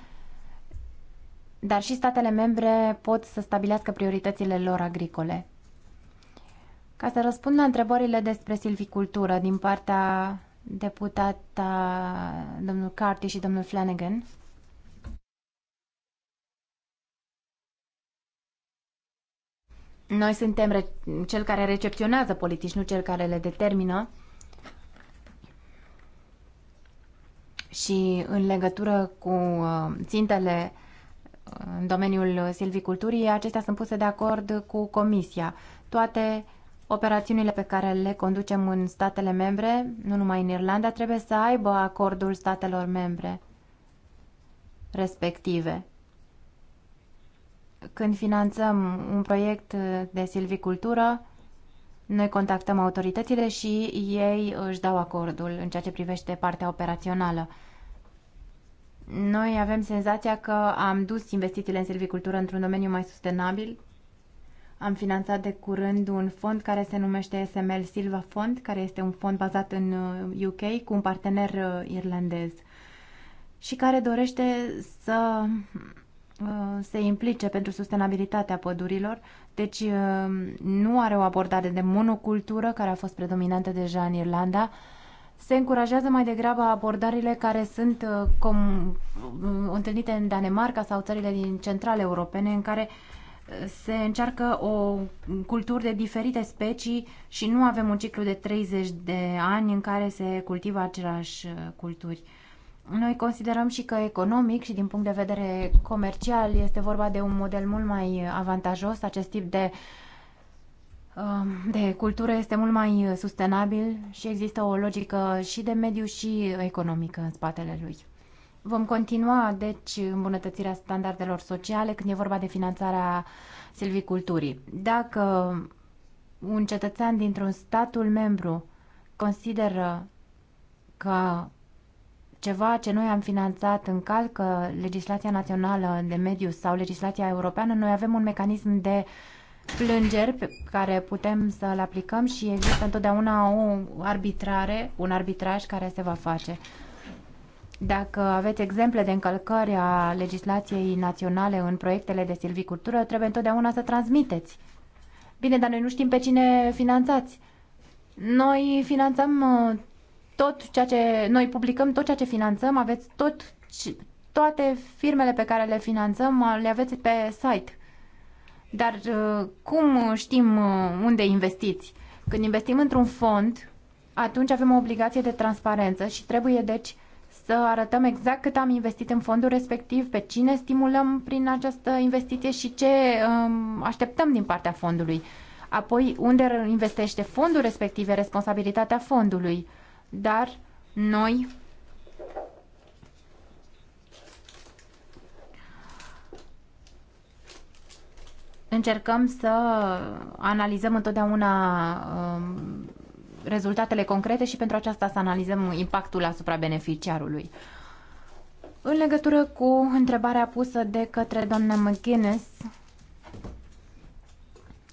Speaker 3: dar și statele membre pot să stabilească prioritățile lor agricole. Ca să răspund la întrebările despre silvicultură din partea deputata domnul Carty și domnul Flanagan, Noi suntem cel care recepționează politici, nu cel care le determină. Și în legătură cu uh, țintele în domeniul silviculturii, acestea sunt puse de acord cu Comisia. Toate operațiunile pe care le conducem în statele membre, nu numai în Irlanda, trebuie să aibă acordul statelor membre respective. Când finanțăm un proiect de silvicultură, noi contactăm autoritățile și ei își dau acordul în ceea ce privește partea operațională. Noi avem senzația că am dus investițiile în silvicultură într-un domeniu mai sustenabil. Am finanțat de curând un fond care se numește SML Silva Fund, care este un fond bazat în UK uh, cu un partener uh, irlandez și care dorește să uh, se implice pentru sustenabilitatea pădurilor, deci nu are o abordare de monocultură care a fost predominantă deja în Irlanda, se încurajează mai degrabă abordările care sunt uh, com, uh, întâlnite în Danemarca sau țările din centrale europene în care uh, se încearcă o cultură de diferite specii și nu avem un ciclu de 30 de ani în care se cultivă aceleași culturi. Noi considerăm și că economic și din punct de vedere comercial este vorba de un model mult mai avantajos, acest tip de uh, Um, de cultură este mult mai uh, sustenabil și există o logică și de mediu și economică în spatele lui. Vom continua, deci, îmbunătățirea standardelor sociale când e vorba de finanțarea silviculturii. Dacă un cetățean dintr-un statul membru consideră că ceva ce noi am finanțat încalcă legislația națională de mediu sau legislația europeană, noi avem un mecanism de uh, plângeri pe care putem să le aplicăm și există întotdeauna o arbitrare, un arbitraj care se va face. Dacă aveți exemple de încălcări a legislației naționale în proiectele de silvicultură, trebuie întotdeauna să transmiteți. Bine, dar noi nu știm pe cine finanțați. Noi finanțăm uh, tot ceea ce noi publicăm, tot ceea ce finanțăm, aveți tot toate firmele pe care le finanțăm, uh, le aveți pe site. Dar uh, cum știm uh, unde investiți? Când investim într-un fond, atunci avem o obligație de transparență și trebuie deci să arătăm exact cât am investit în fondul respectiv, pe cine stimulăm prin această investiție și ce um, așteptăm din partea fondului. Apoi, unde investește fondul respectiv, e responsabilitatea fondului. Dar noi Încercăm să analizăm întotdeauna um, rezultatele concrete și pentru aceasta să analizăm impactul asupra beneficiarului. În legătură cu întrebarea pusă de către doamna McGuinness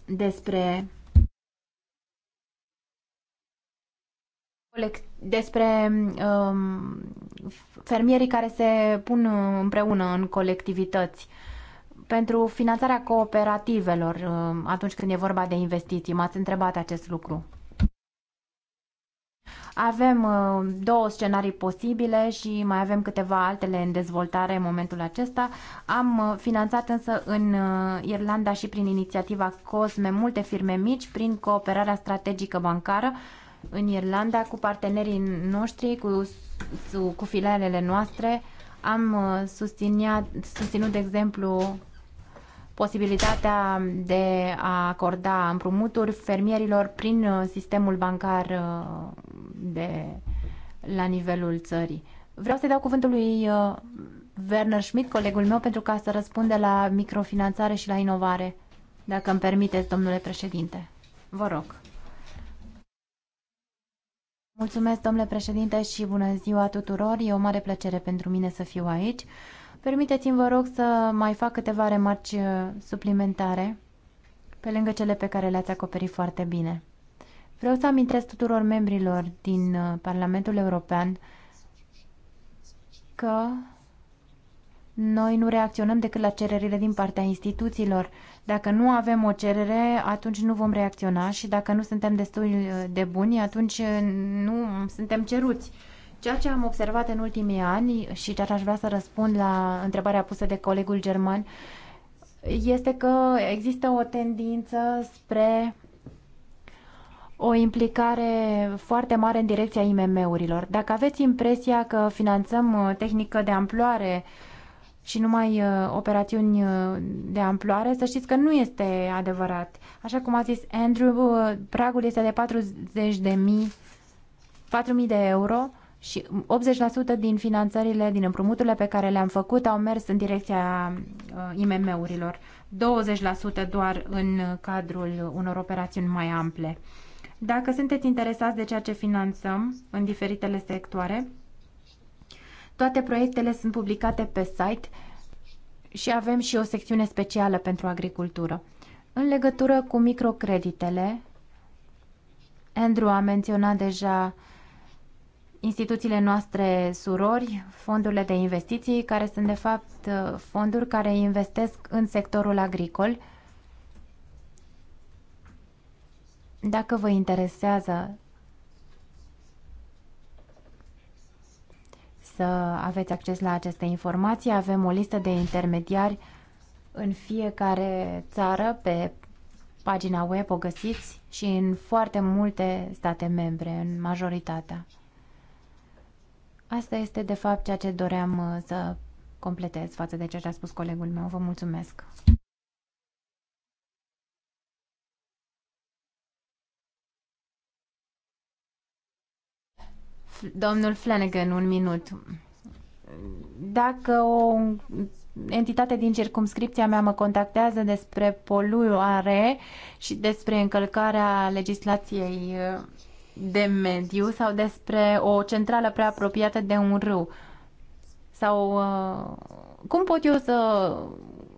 Speaker 3: despre despre um, fermierii care se pun împreună în colectivități pentru finanțarea cooperativelor uh, atunci când e vorba de investiții. M-ați întrebat acest lucru. Avem uh, două scenarii posibile și mai avem câteva altele în dezvoltare în momentul acesta. Am uh, finanțat însă în Irlanda și prin inițiativa COSME multe firme mici prin cooperarea strategică bancară în Irlanda cu partenerii noștri, cu, cu filialele noastre. Am susținut, susținut de exemplu, posibilitatea de a acorda împrumuturi fermierilor prin uh, sistemul bancar uh, de, la nivelul țării. Vreau să-i dau cuvântul lui uh, Werner Schmidt, colegul meu, pentru ca să răspunde la microfinanțare și la inovare, dacă îmi permiteți, domnule președinte. Vă rog. Mulțumesc, domnule președinte, și bună ziua tuturor. E o mare plăcere pentru mine să fiu aici. Permiteți-mi, vă rog, să mai fac câteva remarci uh, suplimentare pe lângă cele pe care le-ați acoperit foarte bine. Vreau să amintesc tuturor membrilor din uh, Parlamentul European că noi nu reacționăm decât la cererile din partea instituțiilor. Dacă nu avem o cerere, atunci nu vom reacționa și dacă nu suntem destul uh, de buni, atunci nu suntem ceruți. Ceea ce am observat în ultimii ani și ceea ce aș vrea să răspund la întrebarea pusă de colegul german este că există o tendință spre o implicare foarte mare în direcția IMM-urilor. Dacă aveți impresia că finanțăm uh, tehnică de amploare și numai uh, operațiuni uh, de amploare, să știți că nu este adevărat. Așa cum a zis Andrew, pragul este de 40.000 4.000 de euro și 80% din finanțările, din împrumuturile pe care le-am făcut au mers în direcția uh, IMM-urilor, 20% doar în cadrul unor operațiuni mai ample. Dacă sunteți interesați de ceea ce finanțăm în diferitele sectoare, toate proiectele sunt publicate pe site și avem și o secțiune specială pentru agricultură. În legătură cu microcreditele, Andrew a menționat deja uh, instituțiile noastre surori, fondurile de investiții, care sunt de fapt fonduri care investesc în sectorul agricol. Dacă vă interesează să aveți acces la aceste informații, avem o listă de intermediari în fiecare țară pe pagina web o găsiți și în foarte multe state membre, în majoritatea. Asta este, de fapt, ceea ce doream uh, să completez față de ceea ce a spus colegul meu. Vă mulțumesc! Domnul Flanagan, un minut. Dacă o entitate din circumscripția mea mă contactează despre poluare și despre încălcarea legislației uh, de mediu sau despre o centrală prea apropiată de un râu? Sau uh, cum pot eu să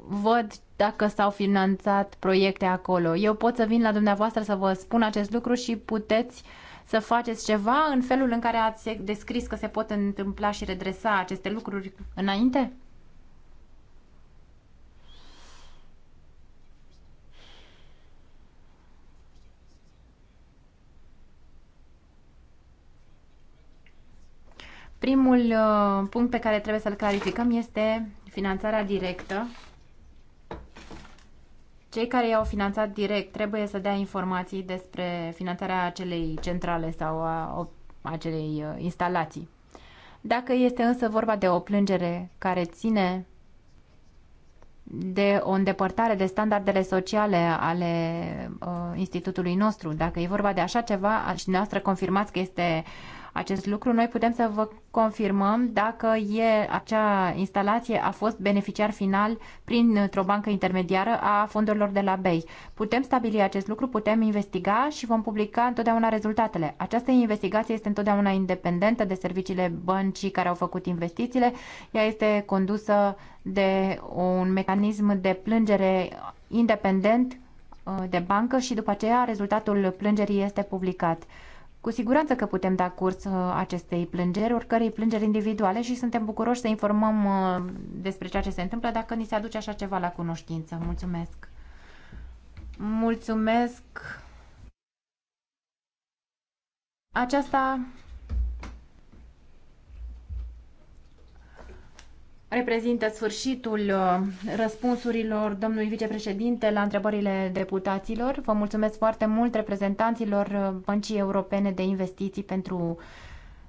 Speaker 3: văd dacă s-au finanțat proiecte acolo? Eu pot să vin la dumneavoastră să vă spun acest lucru și puteți să faceți ceva în felul în care ați descris că se pot întâmpla și redresa aceste lucruri înainte? Primul uh, punct pe care trebuie să-l clarificăm este finanțarea directă. Cei care i-au finanțat direct trebuie să dea informații despre finanțarea acelei centrale sau a acelei uh, instalații. Dacă este însă vorba de o plângere care ține de o îndepărtare de standardele sociale ale uh, institutului nostru, dacă e vorba de așa ceva și noastră confirmați că este uh, acest lucru, noi putem să vă confirmăm dacă e, acea instalație a fost beneficiar final printr-o bancă intermediară a fondurilor de la BEI. Putem stabili acest lucru, putem investiga și vom publica întotdeauna rezultatele. Această investigație este întotdeauna independentă de serviciile băncii care au făcut investițiile. Ea este condusă de un mecanism de plângere independent uh, de bancă și după aceea rezultatul plângerii este publicat. Cu siguranță că putem da curs uh, acestei plângeri, oricărei plângeri individuale și suntem bucuroși să informăm uh, despre ceea ce se întâmplă dacă ni se aduce așa ceva la cunoștință. Mulțumesc! Mulțumesc! Aceasta reprezintă sfârșitul uh, răspunsurilor domnului vicepreședinte la întrebările deputaților. Vă mulțumesc foarte mult reprezentanților uh, Băncii Europene de Investiții pentru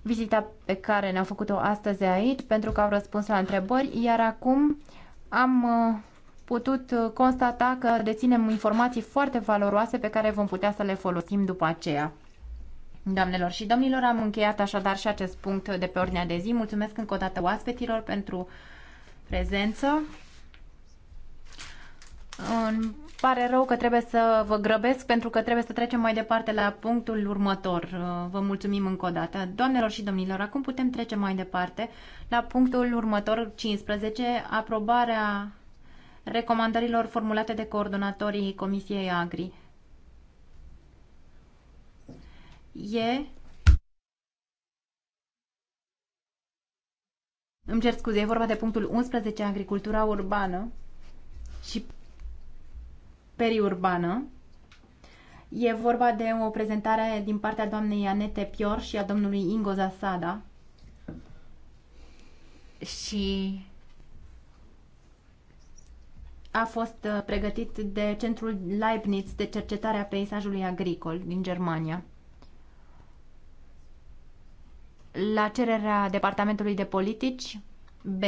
Speaker 3: vizita pe care ne-au făcut-o astăzi aici, pentru că au răspuns la întrebări, iar acum am uh, putut constata că deținem informații foarte valoroase pe care vom putea să le folosim după aceea. Doamnelor și domnilor, am încheiat așadar și acest punct de pe ordinea de zi. Mulțumesc încă o dată oaspetilor pentru prezență. Îmi pare rău că trebuie să vă grăbesc pentru că trebuie să trecem mai departe la punctul următor. Uh, vă mulțumim încă o dată. Doamnelor și domnilor, acum putem trece mai departe la punctul următor 15, aprobarea recomandărilor formulate de coordonatorii Comisiei Agri. E Îmi cer scuze, e vorba de punctul 11, agricultura urbană și periurbană. E vorba de o prezentare din partea doamnei Anete Pior și a domnului Ingo Zasada. Și a fost uh, pregătit de Centrul Leibniz de Cercetare a Peisajului Agricol din Germania. La cererea Departamentului de Politici, B.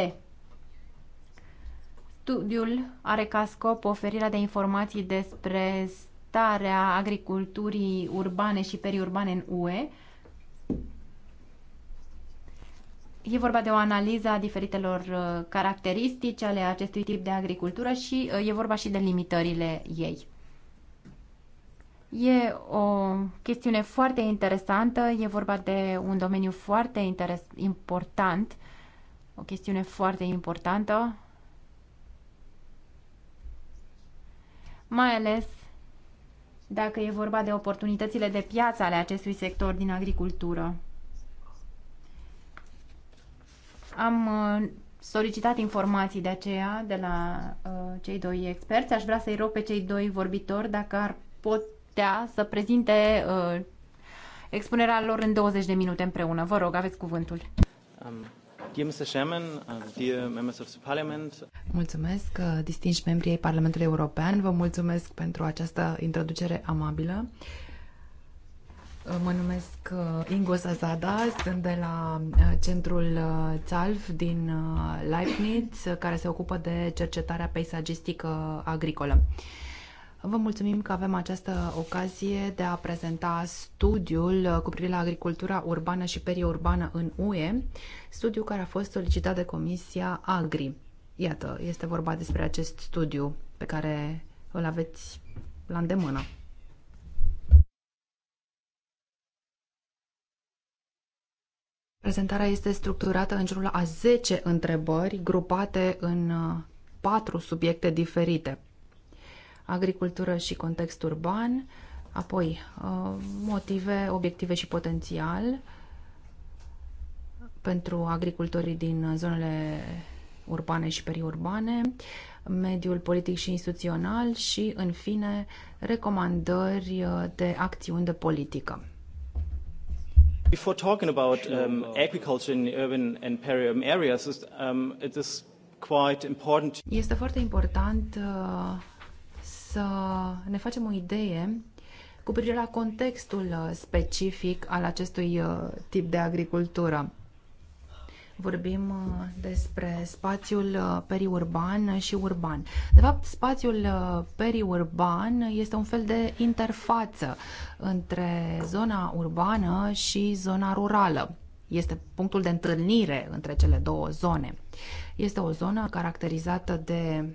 Speaker 3: Studiul are ca scop oferirea de informații despre starea agriculturii urbane și periurbane în UE. E vorba de o analiză a diferitelor uh, caracteristici ale acestui tip de agricultură și uh, e vorba și de limitările ei. E o chestiune foarte interesantă, e vorba de un domeniu foarte interes important, o chestiune foarte importantă, mai ales dacă e vorba de oportunitățile de piață ale acestui sector din agricultură. Am uh, solicitat informații de aceea de la uh, cei doi experți. Aș vrea să-i rog pe cei doi vorbitori dacă ar pot putea să prezinte uh, expunerea lor în 20 de minute împreună. Vă rog, aveți cuvântul.
Speaker 5: Um. Uh,
Speaker 3: mulțumesc, uh, distinși membrii ai Parlamentului European,
Speaker 4: vă mulțumesc pentru această introducere amabilă. Uh, mă numesc Ingo Sazada, sunt de la centrul TALF din Leibniz, care se ocupă de cercetarea peisagistică agricolă. Vă mulțumim că avem această ocazie de a prezenta studiul uh, cu privire la agricultura urbană și periurbană în UE, studiu care a fost solicitat de Comisia Agri. Iată, este vorba despre acest studiu pe care îl aveți la îndemână. Prezentarea este structurată în jurul a 10 întrebări grupate în uh, patru subiecte diferite agricultură și context urban, apoi uh, motive, obiective și potențial pentru agricultorii din zonele urbane și periurbane, mediul politic și instituțional și, în fine, recomandări uh, de acțiuni de politică.
Speaker 5: Before talking about um, agriculture in urban and peri-urban areas, um, it is quite important. Este foarte
Speaker 4: important uh, să ne facem o idee cu privire la contextul uh, specific al acestui uh, tip de agricultură. Vorbim uh, despre spațiul periurban și urban. De fapt, spațiul periurban este un fel de interfață între zona urbană și zona rurală. Este punctul de întâlnire între cele două zone. Este o zonă caracterizată de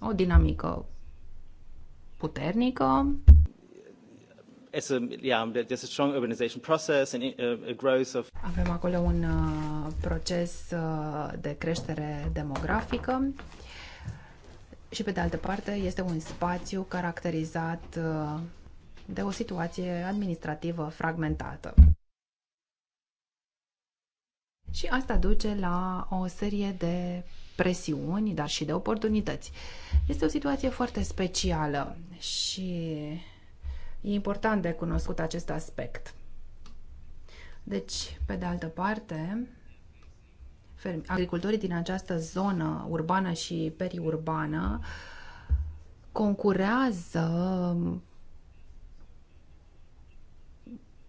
Speaker 4: o dinamică puternică. Avem acolo un uh, proces uh, de creștere demografică și pe de altă parte este un spațiu caracterizat uh, de o situație administrativă fragmentată. Și asta duce la o serie de presiuni, dar și de oportunități. Este o situație foarte specială și e important de cunoscut acest aspect. Deci, pe de altă parte, agricultorii din această zonă urbană și periurbană concurează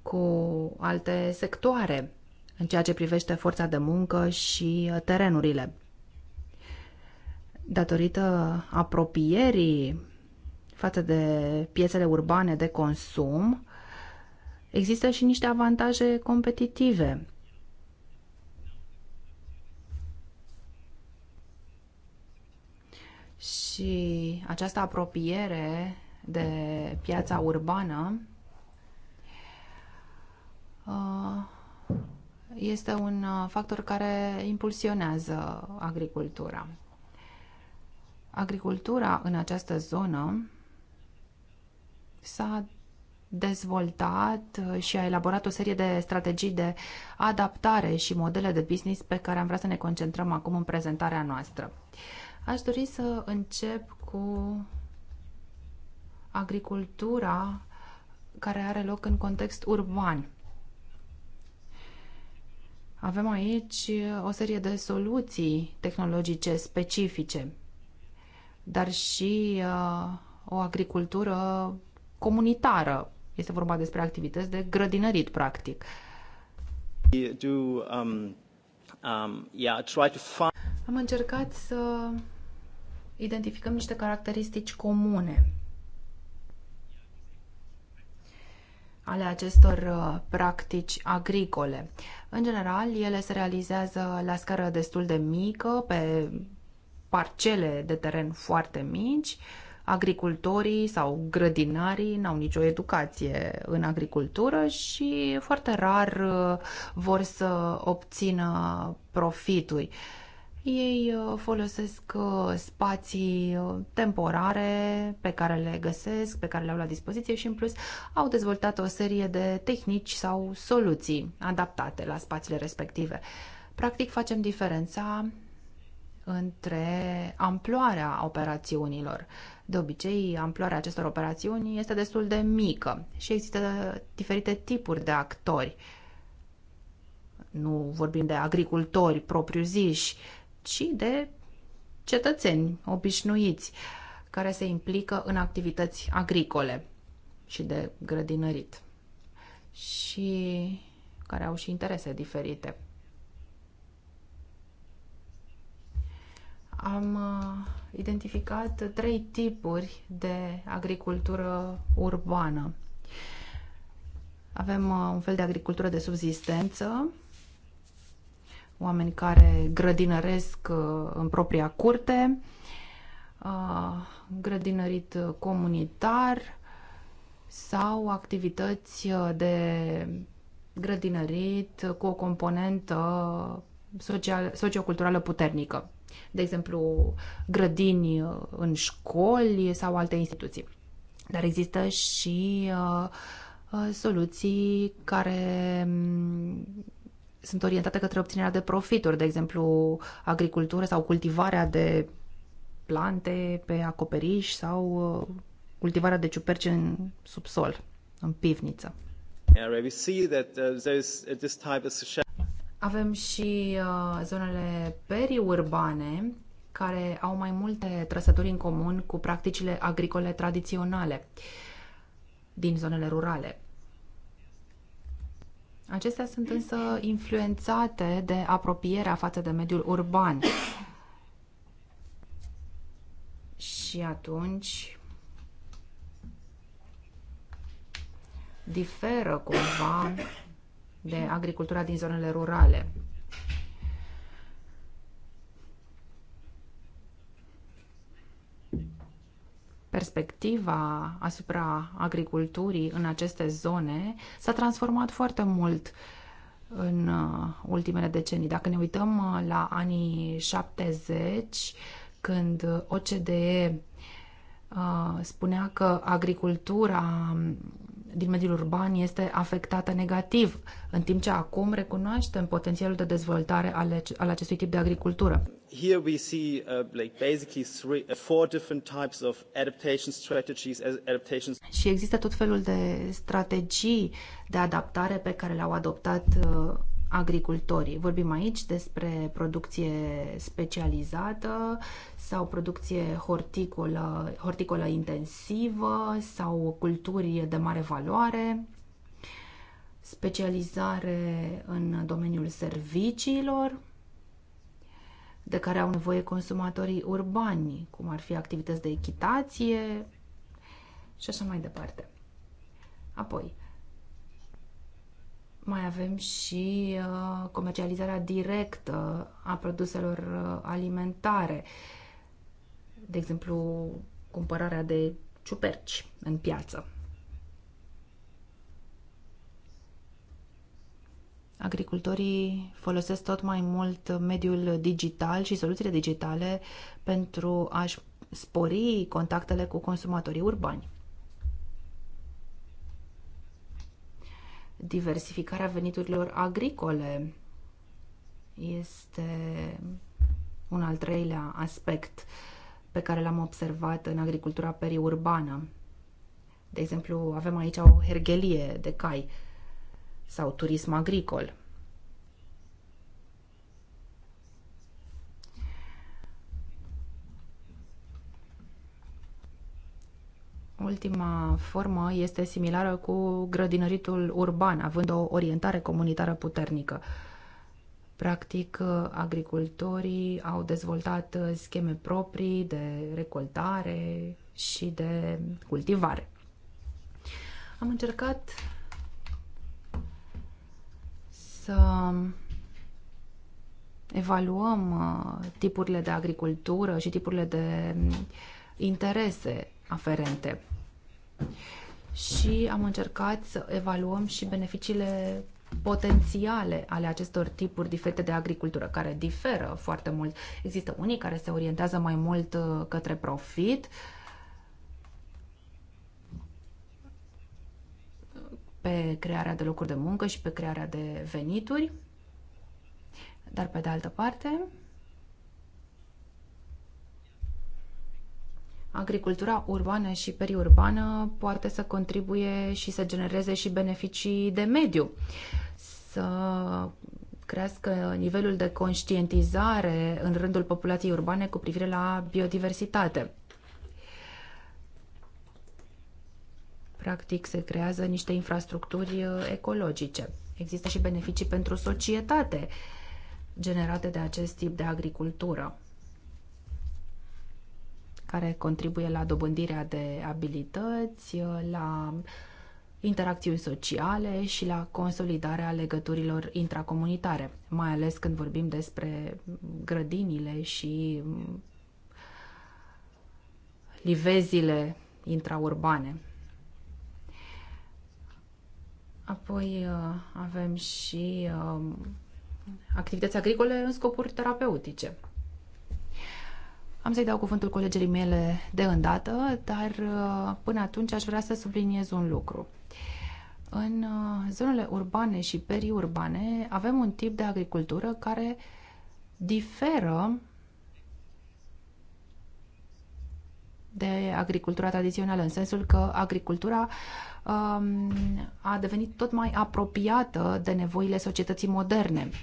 Speaker 4: cu alte sectoare în ceea ce privește forța de muncă și terenurile datorită apropierii față de piețele urbane de consum, există și niște avantaje competitive. Și această apropiere de piața urbană uh, este un uh, factor care impulsionează agricultura. Agricultura în această zonă s-a dezvoltat și a elaborat o serie de strategii de adaptare și modele de business pe care am vrea să ne concentrăm acum în prezentarea noastră. Aș dori să încep cu agricultura care are loc în context urban. Avem aici o serie de soluții tehnologice specifice dar și uh, o agricultură comunitară. Este vorba despre activități de grădinărit, practic.
Speaker 5: Do, um, um, yeah, try to find...
Speaker 4: Am încercat să identificăm niște caracteristici comune ale acestor uh, practici agricole. În general, ele se realizează la scară destul de mică, pe parcele de teren foarte mici, agricultorii sau grădinarii n-au nicio educație în agricultură și foarte rar uh, vor să obțină profituri. Ei uh, folosesc uh, spații temporare pe care le găsesc, pe care le au la dispoziție și în plus au dezvoltat o serie de tehnici sau soluții adaptate la spațiile respective. Practic facem diferența între amploarea operațiunilor. De obicei, amploarea acestor operațiuni este destul de mică și există diferite tipuri de actori. Nu vorbim de agricultori propriu-ziși, ci de cetățeni obișnuiți care se implică în activități agricole și de grădinărit și care au și interese diferite. am uh, identificat trei tipuri de agricultură urbană. Avem uh, un fel de agricultură de subzistență, oameni care grădinăresc uh, în propria curte, grădinărit comunitar sau activități de grădinărit cu o componentă social, socioculturală puternică de exemplu, grădini uh, în școli sau alte instituții. Dar există și uh, uh, soluții care mm, sunt orientate către obținerea de profituri, de exemplu, agricultură sau cultivarea de plante pe acoperiș sau cultivarea de ciuperci în subsol, în pivniță. Avem și uh, zonele periurbane, care au mai multe trăsături în comun cu practicile agricole tradiționale din zonele rurale. Acestea sunt însă influențate de apropierea față de mediul urban. Și atunci diferă cumva de agricultura din zonele rurale. Perspectiva asupra agriculturii în aceste zone s-a transformat foarte mult în uh, ultimele decenii. Dacă ne uităm uh, la anii 70, când OCDE uh, spunea că agricultura din mediul urban este afectată negativ, în timp ce acum recunoaștem potențialul de dezvoltare al acestui tip de agricultură.
Speaker 5: Here we see uh, like basically three, uh, four different types of adaptation strategies, as adaptations. Și
Speaker 4: există tot felul de strategii de adaptare pe care le-au adoptat uh, agricultorii. Vorbim aici despre producție specializată sau producție horticolă, horticolă intensivă sau culturi de mare valoare, specializare în domeniul serviciilor, de care au nevoie consumatorii urbani, cum ar fi activități de echitație și așa mai departe. Apoi, mai avem și uh, comercializarea directă a produselor uh, alimentare, de exemplu, cumpărarea de ciuperci în piață. Agricultorii folosesc tot mai mult mediul digital și soluțiile digitale pentru a-și spori contactele cu consumatorii urbani. diversificarea veniturilor agricole este un al treilea aspect pe care l-am observat în agricultura periurbană. De exemplu, avem aici o hergelie de cai sau turism agricol. Ultima formă este similară cu grădinăritul urban, având o orientare comunitară puternică. Practic, agricultorii au dezvoltat scheme proprii de recoltare și de cultivare. Am încercat să evaluăm uh, tipurile de agricultură și tipurile de mm, interese aferente. Și am încercat să evaluăm și beneficiile potențiale ale acestor tipuri diferite de agricultură, care diferă foarte mult. Există unii care se orientează mai mult uh, către profit, pe crearea de locuri de muncă și pe crearea de venituri, dar pe de altă parte, agricultura urbană și periurbană poate să contribuie și să genereze și beneficii de mediu, să crească nivelul de conștientizare în rândul populației urbane cu privire la biodiversitate. Practic se creează niște infrastructuri uh, ecologice. Există și beneficii pentru societate generate de acest tip de agricultură care contribuie la dobândirea de abilități, uh, la interacțiuni sociale și la consolidarea legăturilor intracomunitare, mai ales când vorbim despre grădinile și mm, livezile intraurbane. Apoi uh, avem și uh, activități agricole în scopuri terapeutice. Am să-i dau cuvântul colegerii mele de îndată, dar uh, până atunci aș vrea să subliniez un lucru. În uh, zonele urbane și periurbane avem un tip de agricultură care diferă de agricultura tradițională, în sensul că agricultura um, a devenit tot mai apropiată de nevoile societății moderne. Uh,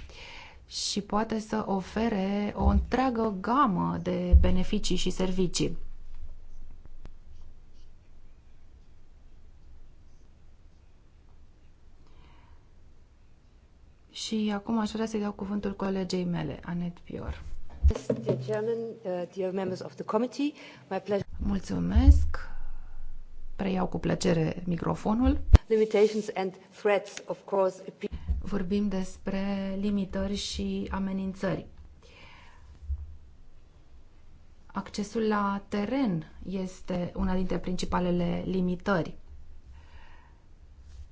Speaker 4: și poate să ofere o întreagă gamă de beneficii și servicii. Și acum aș vrea să-i dau cuvântul colegei mele, Anet Pior. Uh, Mulțumesc. Preiau cu plăcere microfonul. Limitations and threats, of course. Vorbim despre limitări și amenințări. Accesul la teren este una dintre principalele limitări.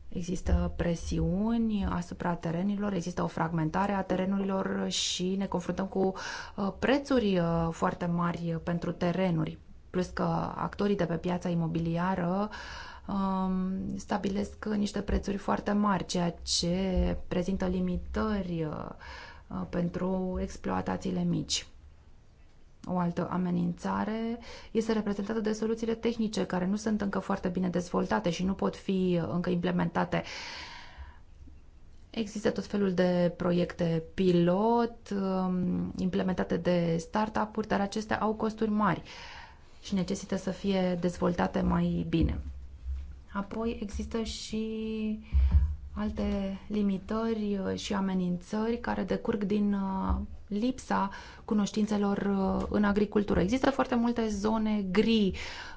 Speaker 4: Există presiuni asupra terenilor, există o fragmentare a terenurilor și ne confruntăm cu uh, prețuri uh, foarte mari uh, pentru terenuri plus că actorii de pe piața imobiliară um, stabilesc niște prețuri foarte mari, ceea ce prezintă limitări uh, pentru exploatațiile mici. O altă amenințare este reprezentată de soluțiile tehnice care nu sunt încă foarte bine dezvoltate și nu pot fi încă implementate. Există tot felul de proiecte pilot um, implementate de startup-uri, dar acestea au costuri mari și necesită să fie dezvoltate mai bine. Apoi există și alte limitări și amenințări care decurg din uh, lipsa cunoștințelor uh, în agricultură. Există foarte multe zone gri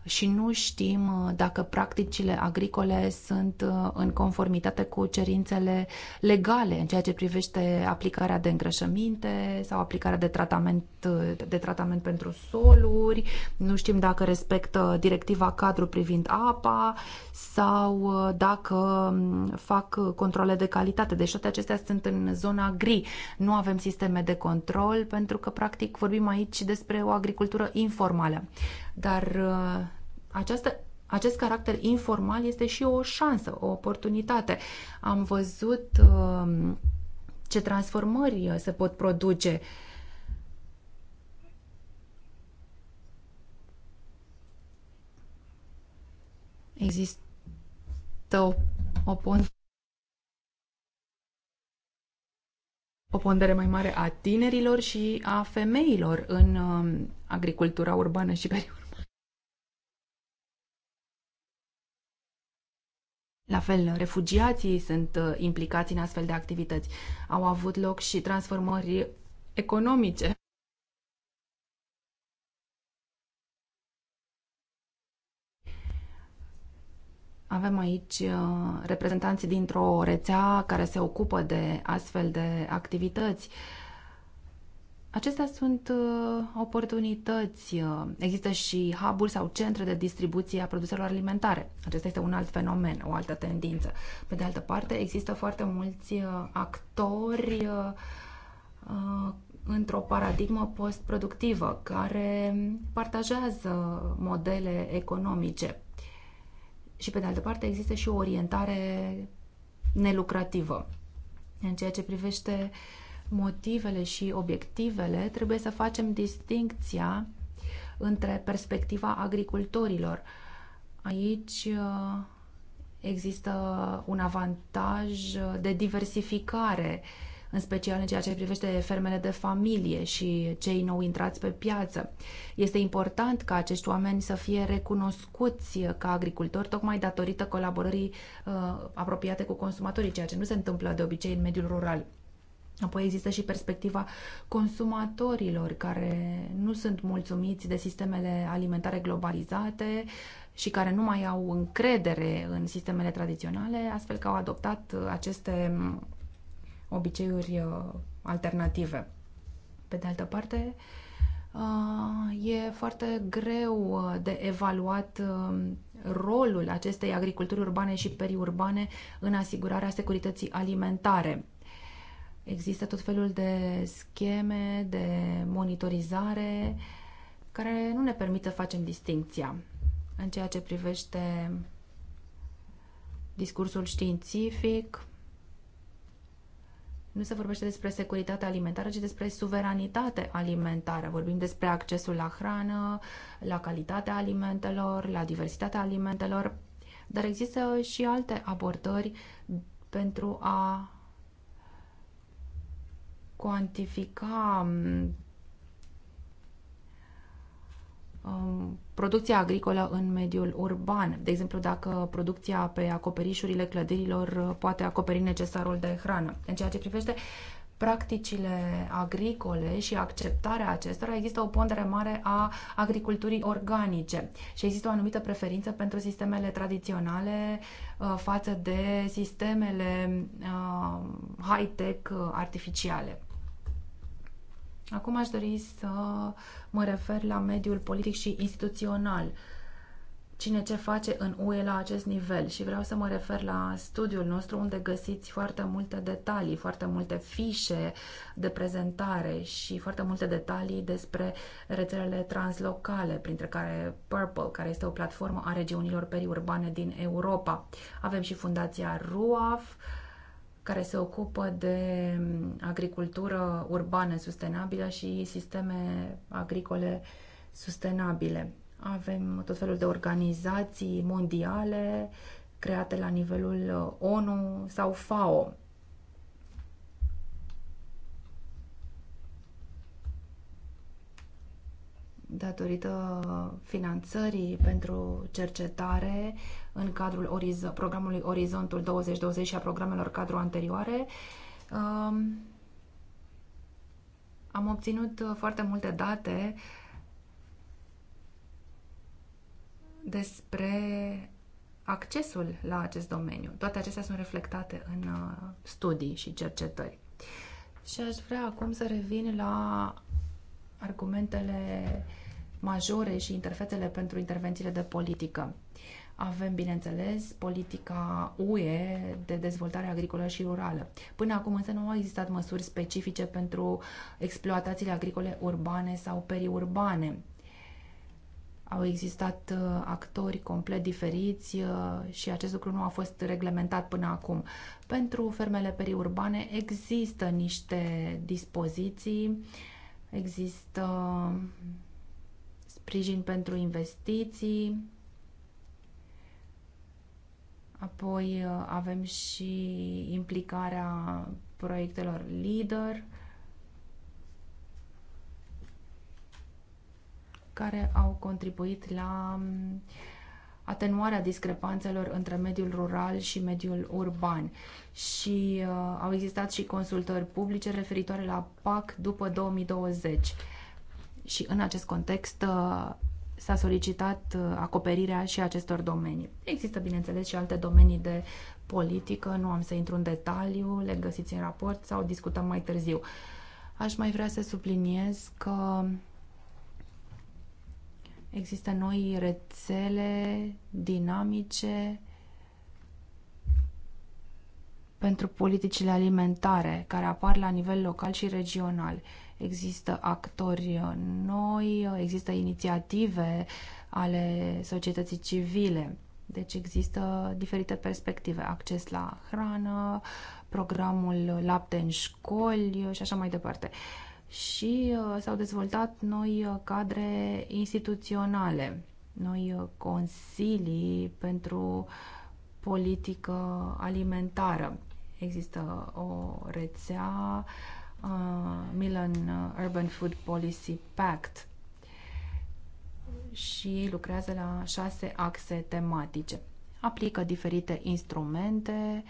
Speaker 4: și nu știm uh, dacă practicile agricole sunt uh, în conformitate cu cerințele legale în ceea ce privește aplicarea de îngrășăminte sau aplicarea de tratament, de tratament pentru soluri, nu știm dacă respectă directiva cadru privind apa sau dacă um, fac controle de calitate. Deci toate acestea sunt în zona gri. Nu avem sisteme de control pentru că practic vorbim aici despre o agricultură informală. Dar uh, această acest caracter informal este și o șansă, o oportunitate. Am văzut um, ce transformări uh, se pot produce. Există o, o pont o pondere mai mare a tinerilor și a femeilor în um, agricultura urbană și periurbană. La fel, refugiații sunt uh, implicați în astfel de activități. Au avut loc și transformări economice. Avem aici uh, reprezentanții dintr-o rețea care se ocupă de astfel de activități. Acestea sunt uh, oportunități. Uh, există și hub sau centre de distribuție a produselor alimentare. Acesta este un alt fenomen, o altă tendință. Pe de altă parte, există foarte mulți actori într-o paradigmă postproductivă care partajează modele economice și pe de altă parte există și o orientare nelucrativă. În ceea ce privește motivele și obiectivele, trebuie să facem distincția între perspectiva agricultorilor. Aici uh, există un avantaj de diversificare uh, în special în ceea ce privește fermele de familie și cei nou intrați pe piață. Este important ca acești oameni să fie recunoscuți ca agricultori, tocmai datorită colaborării uh, apropiate cu consumatorii, ceea ce nu se întâmplă de obicei în mediul rural. Apoi există și perspectiva consumatorilor care nu sunt mulțumiți de sistemele alimentare globalizate și care nu mai au încredere în sistemele tradiționale, astfel că au adoptat aceste obiceiuri uh, alternative. Pe de altă parte, uh, e foarte greu uh, de evaluat rolul acestei agriculturi urbane și periurbane în asigurarea securității alimentare. Există tot felul de scheme, de monitorizare, care nu ne permit să facem distinția în ceea ce privește discursul științific, nu se vorbește despre securitate alimentară, ci despre suveranitate alimentară. Vorbim despre accesul la hrană, la calitatea alimentelor, la diversitatea alimentelor, dar există și alte abordări pentru a cuantifica Um, producția agricolă în mediul urban. De exemplu, dacă producția pe acoperișurile clădirilor uh, poate acoperi necesarul de hrană. În ceea ce privește practicile agricole și acceptarea acestora, există o pondere mare a agriculturii organice și există o anumită preferință pentru sistemele tradiționale uh, față de sistemele uh, high-tech artificiale. Acum aș dori să mă refer la mediul politic și instituțional. Cine ce face în UE la acest nivel și vreau să mă refer la studiul nostru unde găsiți foarte multe detalii, foarte multe fișe de prezentare și foarte multe detalii despre rețelele translocale, printre care Purple, care este o platformă a regiunilor periurbane din Europa. Avem și fundația RUAF, uh, care se ocupă de mm, agricultură urbană sustenabilă și sisteme agricole sustenabile. Avem tot felul de organizații mondiale create la nivelul uh, ONU sau FAO. Datorită finanțării pentru cercetare, în cadrul oriz- programului Orizontul 2020 și a programelor cadru anterioare. Um, am obținut uh, foarte multe date despre accesul la acest domeniu. Toate acestea sunt reflectate în uh, studii și cercetări. Și aș vrea acum să revin la argumentele majore și interfețele pentru intervențiile de politică. Avem, bineînțeles, politica UE de dezvoltare agricolă și rurală. Până acum însă nu au existat măsuri specifice pentru exploatațiile agricole urbane sau periurbane. Au existat uh, actori complet diferiți uh, și acest lucru nu a fost reglementat până acum. Pentru fermele periurbane există niște dispoziții, există sprijin pentru investiții, Apoi uh, avem și implicarea proiectelor LEADER, care au contribuit la um, atenuarea discrepanțelor între mediul rural și mediul urban. Și uh, au existat și consultări publice referitoare la PAC după 2020. Și în acest context, uh, s-a solicitat uh, acoperirea și acestor domenii. Există, bineînțeles, și alte domenii de politică, nu am să intru în detaliu, le găsiți în raport sau discutăm mai târziu. Aș mai vrea să subliniez că există noi rețele dinamice pentru politicile alimentare care apar la nivel local și regional. Uh, există actori noi, există inițiative ale societății civile. Deci există diferite perspective, acces la hrană, programul lapte în școli și așa mai departe. Și uh, s-au dezvoltat noi uh, cadre instituționale, noi uh, consilii pentru politică alimentară. Există o rețea uh, Uh, Milan Urban Food Policy Pact și lucrează la șase axe tematice. Aplică diferite instrumente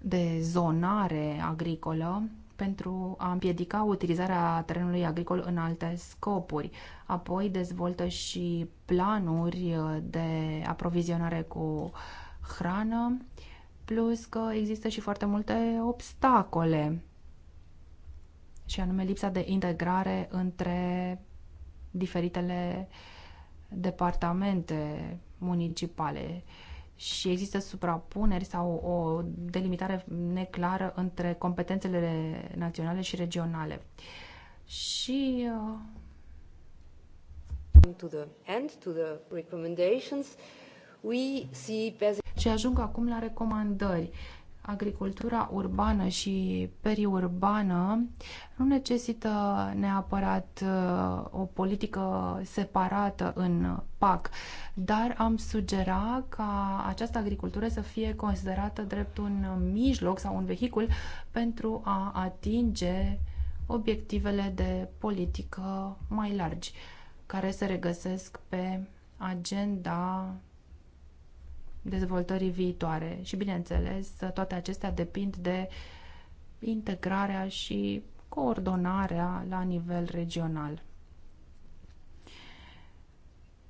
Speaker 4: de zonare agricolă pentru a împiedica utilizarea terenului agricol în alte scopuri. Apoi dezvoltă și planuri de aprovizionare cu hrană plus că există și foarte multe obstacole, și anume lipsa de integrare între diferitele departamente municipale și există suprapuneri sau o delimitare neclară între competențele naționale și regionale. Și uh, to the end, to the recommendations, we see și ajung acum la recomandări. Agricultura urbană și periurbană nu necesită neapărat uh, o politică separată în PAC, dar am sugera ca această agricultură să fie considerată drept un mijloc sau un vehicul pentru a atinge obiectivele de politică mai largi, care se regăsesc pe agenda dezvoltării viitoare. Și, bineînțeles, toate acestea depind de integrarea și coordonarea la nivel regional.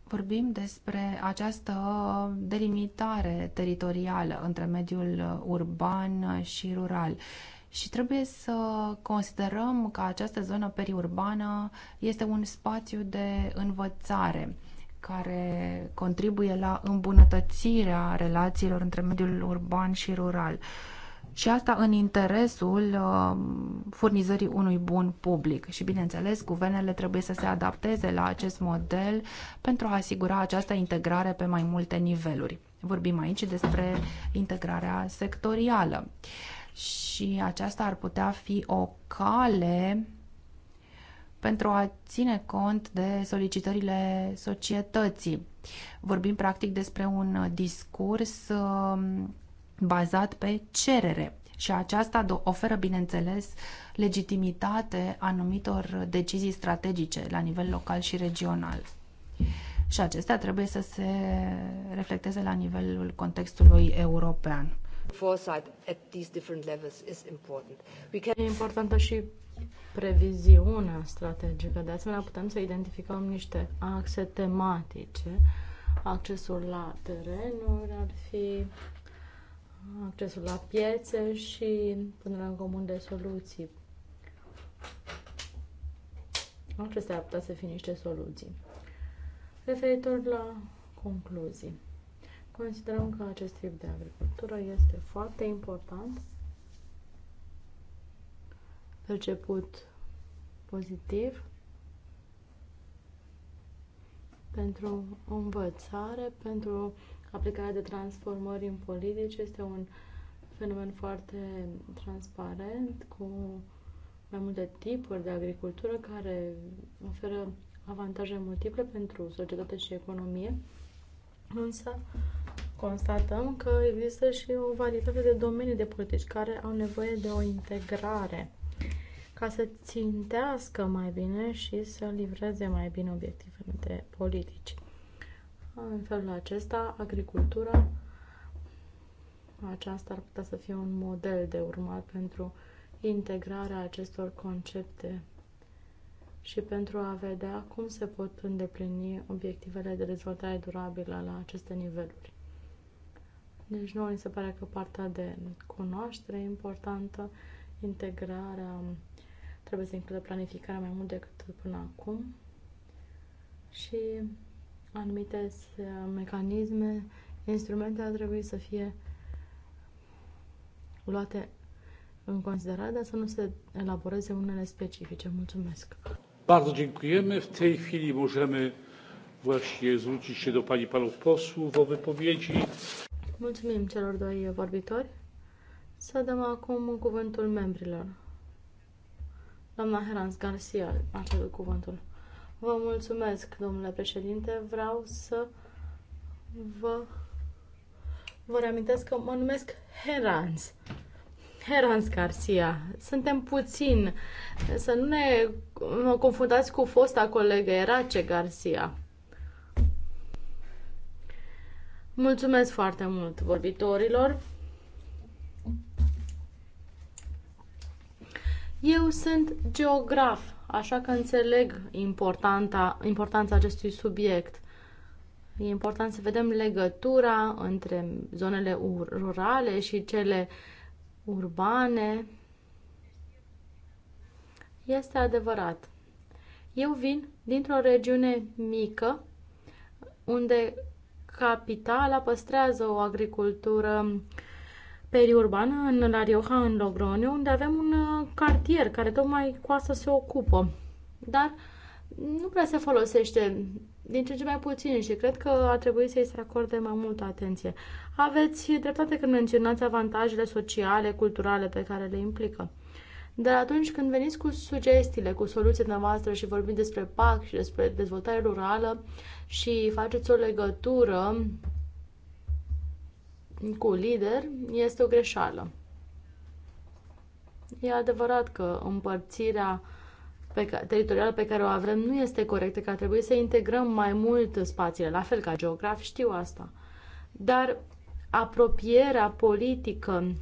Speaker 4: Vorbim despre această delimitare teritorială între mediul urban și rural. Și trebuie să considerăm că această zonă periurbană este un spațiu de învățare care contribuie la îmbunătățirea relațiilor între mediul urban și rural. Și asta în interesul uh, furnizării unui bun public. Și, bineînțeles, guvernele trebuie să se adapteze la acest model pentru a asigura această integrare pe mai multe niveluri. Vorbim aici despre integrarea sectorială. Și aceasta ar putea fi o cale pentru a ține cont de solicitările societății. Vorbim practic despre un discurs um, bazat pe cerere și aceasta oferă, bineînțeles, legitimitate anumitor decizii strategice la nivel local și regional. Și acestea trebuie să se reflecteze la nivelul contextului european foresight at these different levels is important. We can... E importantă și previziunea
Speaker 2: strategică. De asemenea, putem să identificăm niște axe tematice. Accesul la terenuri ar fi accesul la piețe și punerea în comun de soluții. Acestea ar putea să fie niște soluții. Referitor la concluzii. Considerăm că acest tip de agricultură este foarte important, perceput pozitiv pentru învățare, pentru aplicarea de transformări în politici. Este un fenomen foarte transparent, cu mai multe tipuri de agricultură care oferă avantaje multiple pentru societate și economie. Însă constatăm că există și o varietate de domenii de politici care au nevoie de o integrare ca să țintească mai bine și să livreze mai bine obiectivele de politici. În felul acesta, agricultura aceasta ar putea să fie un model de urmat pentru integrarea acestor concepte și pentru a vedea cum se pot îndeplini obiectivele de dezvoltare durabilă la aceste niveluri. Deci nouă ni se pare că partea de cunoaștere e importantă, integrarea um, trebuie să includă planificarea mai mult decât până acum și anumite uh, mecanisme, instrumente ar trebui să fie luate în considerare, dar să nu se elaboreze unele specifice.
Speaker 1: Mulțumesc! Bardzo dziękujemy. W tej chwili możemy właśnie zwrócić się do Pani Panów Posłów o wypowiedzi.
Speaker 2: Mulțumim celor doi vorbitori. Să dăm acum cuvântul membrilor. Doamna Herans Garcia a cerut cuvântul. Vă mulțumesc, domnule președinte. Vreau să vă, vă reamintesc că mă numesc Herans Herans Garcia, suntem puțin, să nu ne confundați cu fosta colegă Erace Garcia. Mulțumesc foarte mult vorbitorilor. Eu sunt geograf, așa că înțeleg importanța, importanța acestui subiect. E important să vedem legătura între zonele rurale și cele uh, urbane. Este adevărat. Eu vin dintr-o regiune mică unde capitala păstrează o agricultură periurbană în La Rioja, în Logroniu, unde avem un uh, cartier care tocmai cu asta se ocupă. Dar nu prea se folosește din ce ce mai puțin și cred că a trebuit să-i se acorde mai multă atenție. Aveți dreptate când menționați avantajele sociale, culturale pe care le implică. Dar atunci când veniți cu sugestiile, cu soluțiile noastre și vorbim despre PAC și despre dezvoltare rurală și faceți o legătură cu lider, este o greșeală. E adevărat că împărțirea pe ca, teritorială pe care o avem nu este corectă, că ar trebui să integrăm mai mult spațiile, la fel ca geograf, știu asta. Dar apropierea politică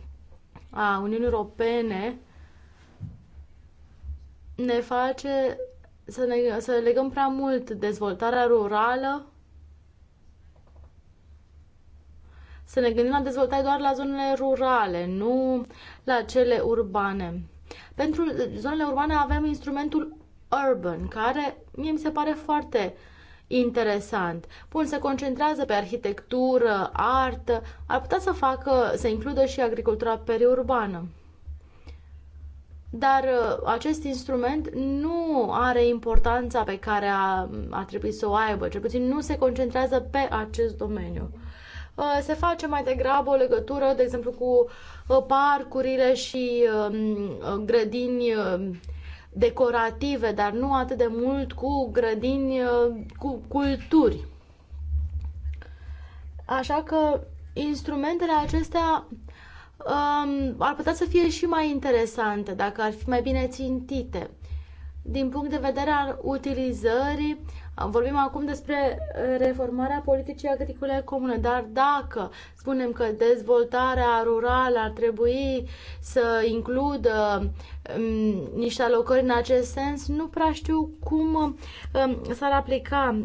Speaker 2: a Uniunii Europene ne face să, ne, să legăm prea mult dezvoltarea rurală, să ne gândim la dezvoltare doar la zonele rurale, nu la cele urbane. Pentru zonele urbane avem instrumentul urban, care mie mi se pare foarte uh, interesant. Bun, se concentrează pe arhitectură, artă, ar putea să facă, să includă și agricultura periurbană. Dar uh, acest instrument nu are importanța pe care a, a trebuit să o aibă, cel puțin nu se concentrează pe acest domeniu. Uh, se face mai degrabă o legătură, de exemplu, cu uh, parcurile și um, grădini um, decorative, dar nu atât de mult cu grădini, uh, cu culturi. Așa că instrumentele acestea um, ar putea să fie și mai interesante dacă ar fi mai bine țintite. Din punct de vedere al utilizării, vorbim acum despre uh, reformarea politicii agricole comune, dar dacă spunem că dezvoltarea rurală ar trebui să includă um, niște alocări în acest sens, nu prea știu cum um, s-ar aplica,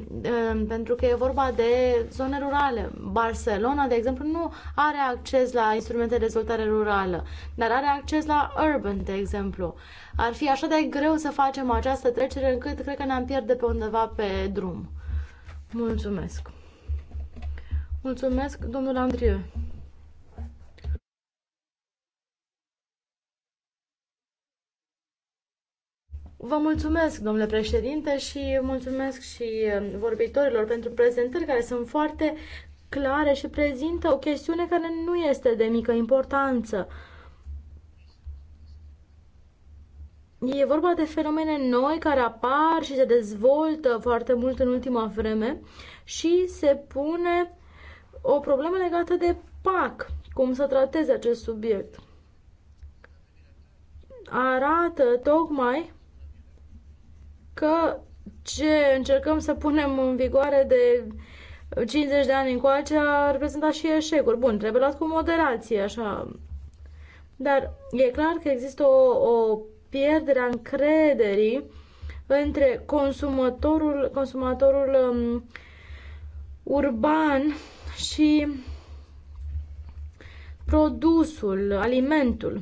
Speaker 2: um, pentru că e vorba de zone rurale. Barcelona, de exemplu, nu are acces la instrumente de dezvoltare rurală, dar are acces la urban, de exemplu. Ar fi așa de greu să facem această trecere încât cred că ne-am pierde pe undeva pe drum. Mulțumesc! Mulțumesc, domnul Andrieu. Vă mulțumesc, domnule președinte, și mulțumesc și um, vorbitorilor pentru prezentări care sunt foarte clare și prezintă o chestiune care nu este de mică importanță. E vorba de fenomene noi care apar și se dezvoltă foarte mult în ultima vreme și se pune o problemă legată de PAC, cum să trateze acest subiect. Arată tocmai că ce încercăm să punem în vigoare de 50 de ani încoace a reprezentat și eșecuri. Bun, trebuie luat cu moderație, așa. Dar e clar că există o, o pierdere a încrederii între consumatorul, consumatorul um, urban și produsul, alimentul.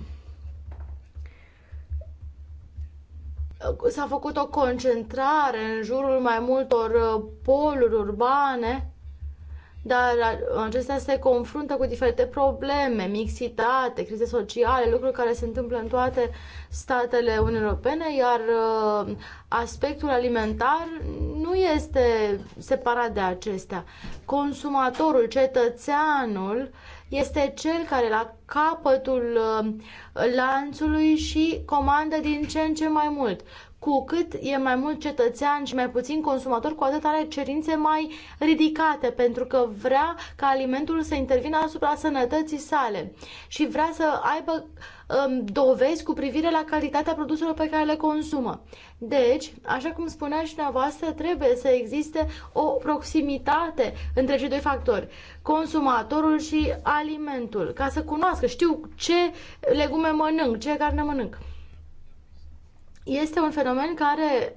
Speaker 2: S-a făcut o concentrare în jurul mai multor uh, poluri urbane dar acestea se confruntă cu diferite probleme, mixitate, crize sociale, lucruri care se întâmplă în toate statele Uniunii Europene, iar uh, aspectul alimentar nu este separat de acestea. Consumatorul, cetățeanul, este cel care la capătul uh, lanțului și comandă din ce în ce mai mult cu cât e mai mult cetățean și mai puțin consumator, cu atât are cerințe mai ridicate, pentru că vrea ca alimentul să intervină asupra sănătății sale și vrea să aibă um, dovezi cu privire la calitatea produselor pe care le consumă. Deci, așa cum spunea și dumneavoastră, trebuie să existe o proximitate între cei doi factori, consumatorul și alimentul, ca să cunoască, știu ce legume mănânc, ce carne mănânc este un fenomen care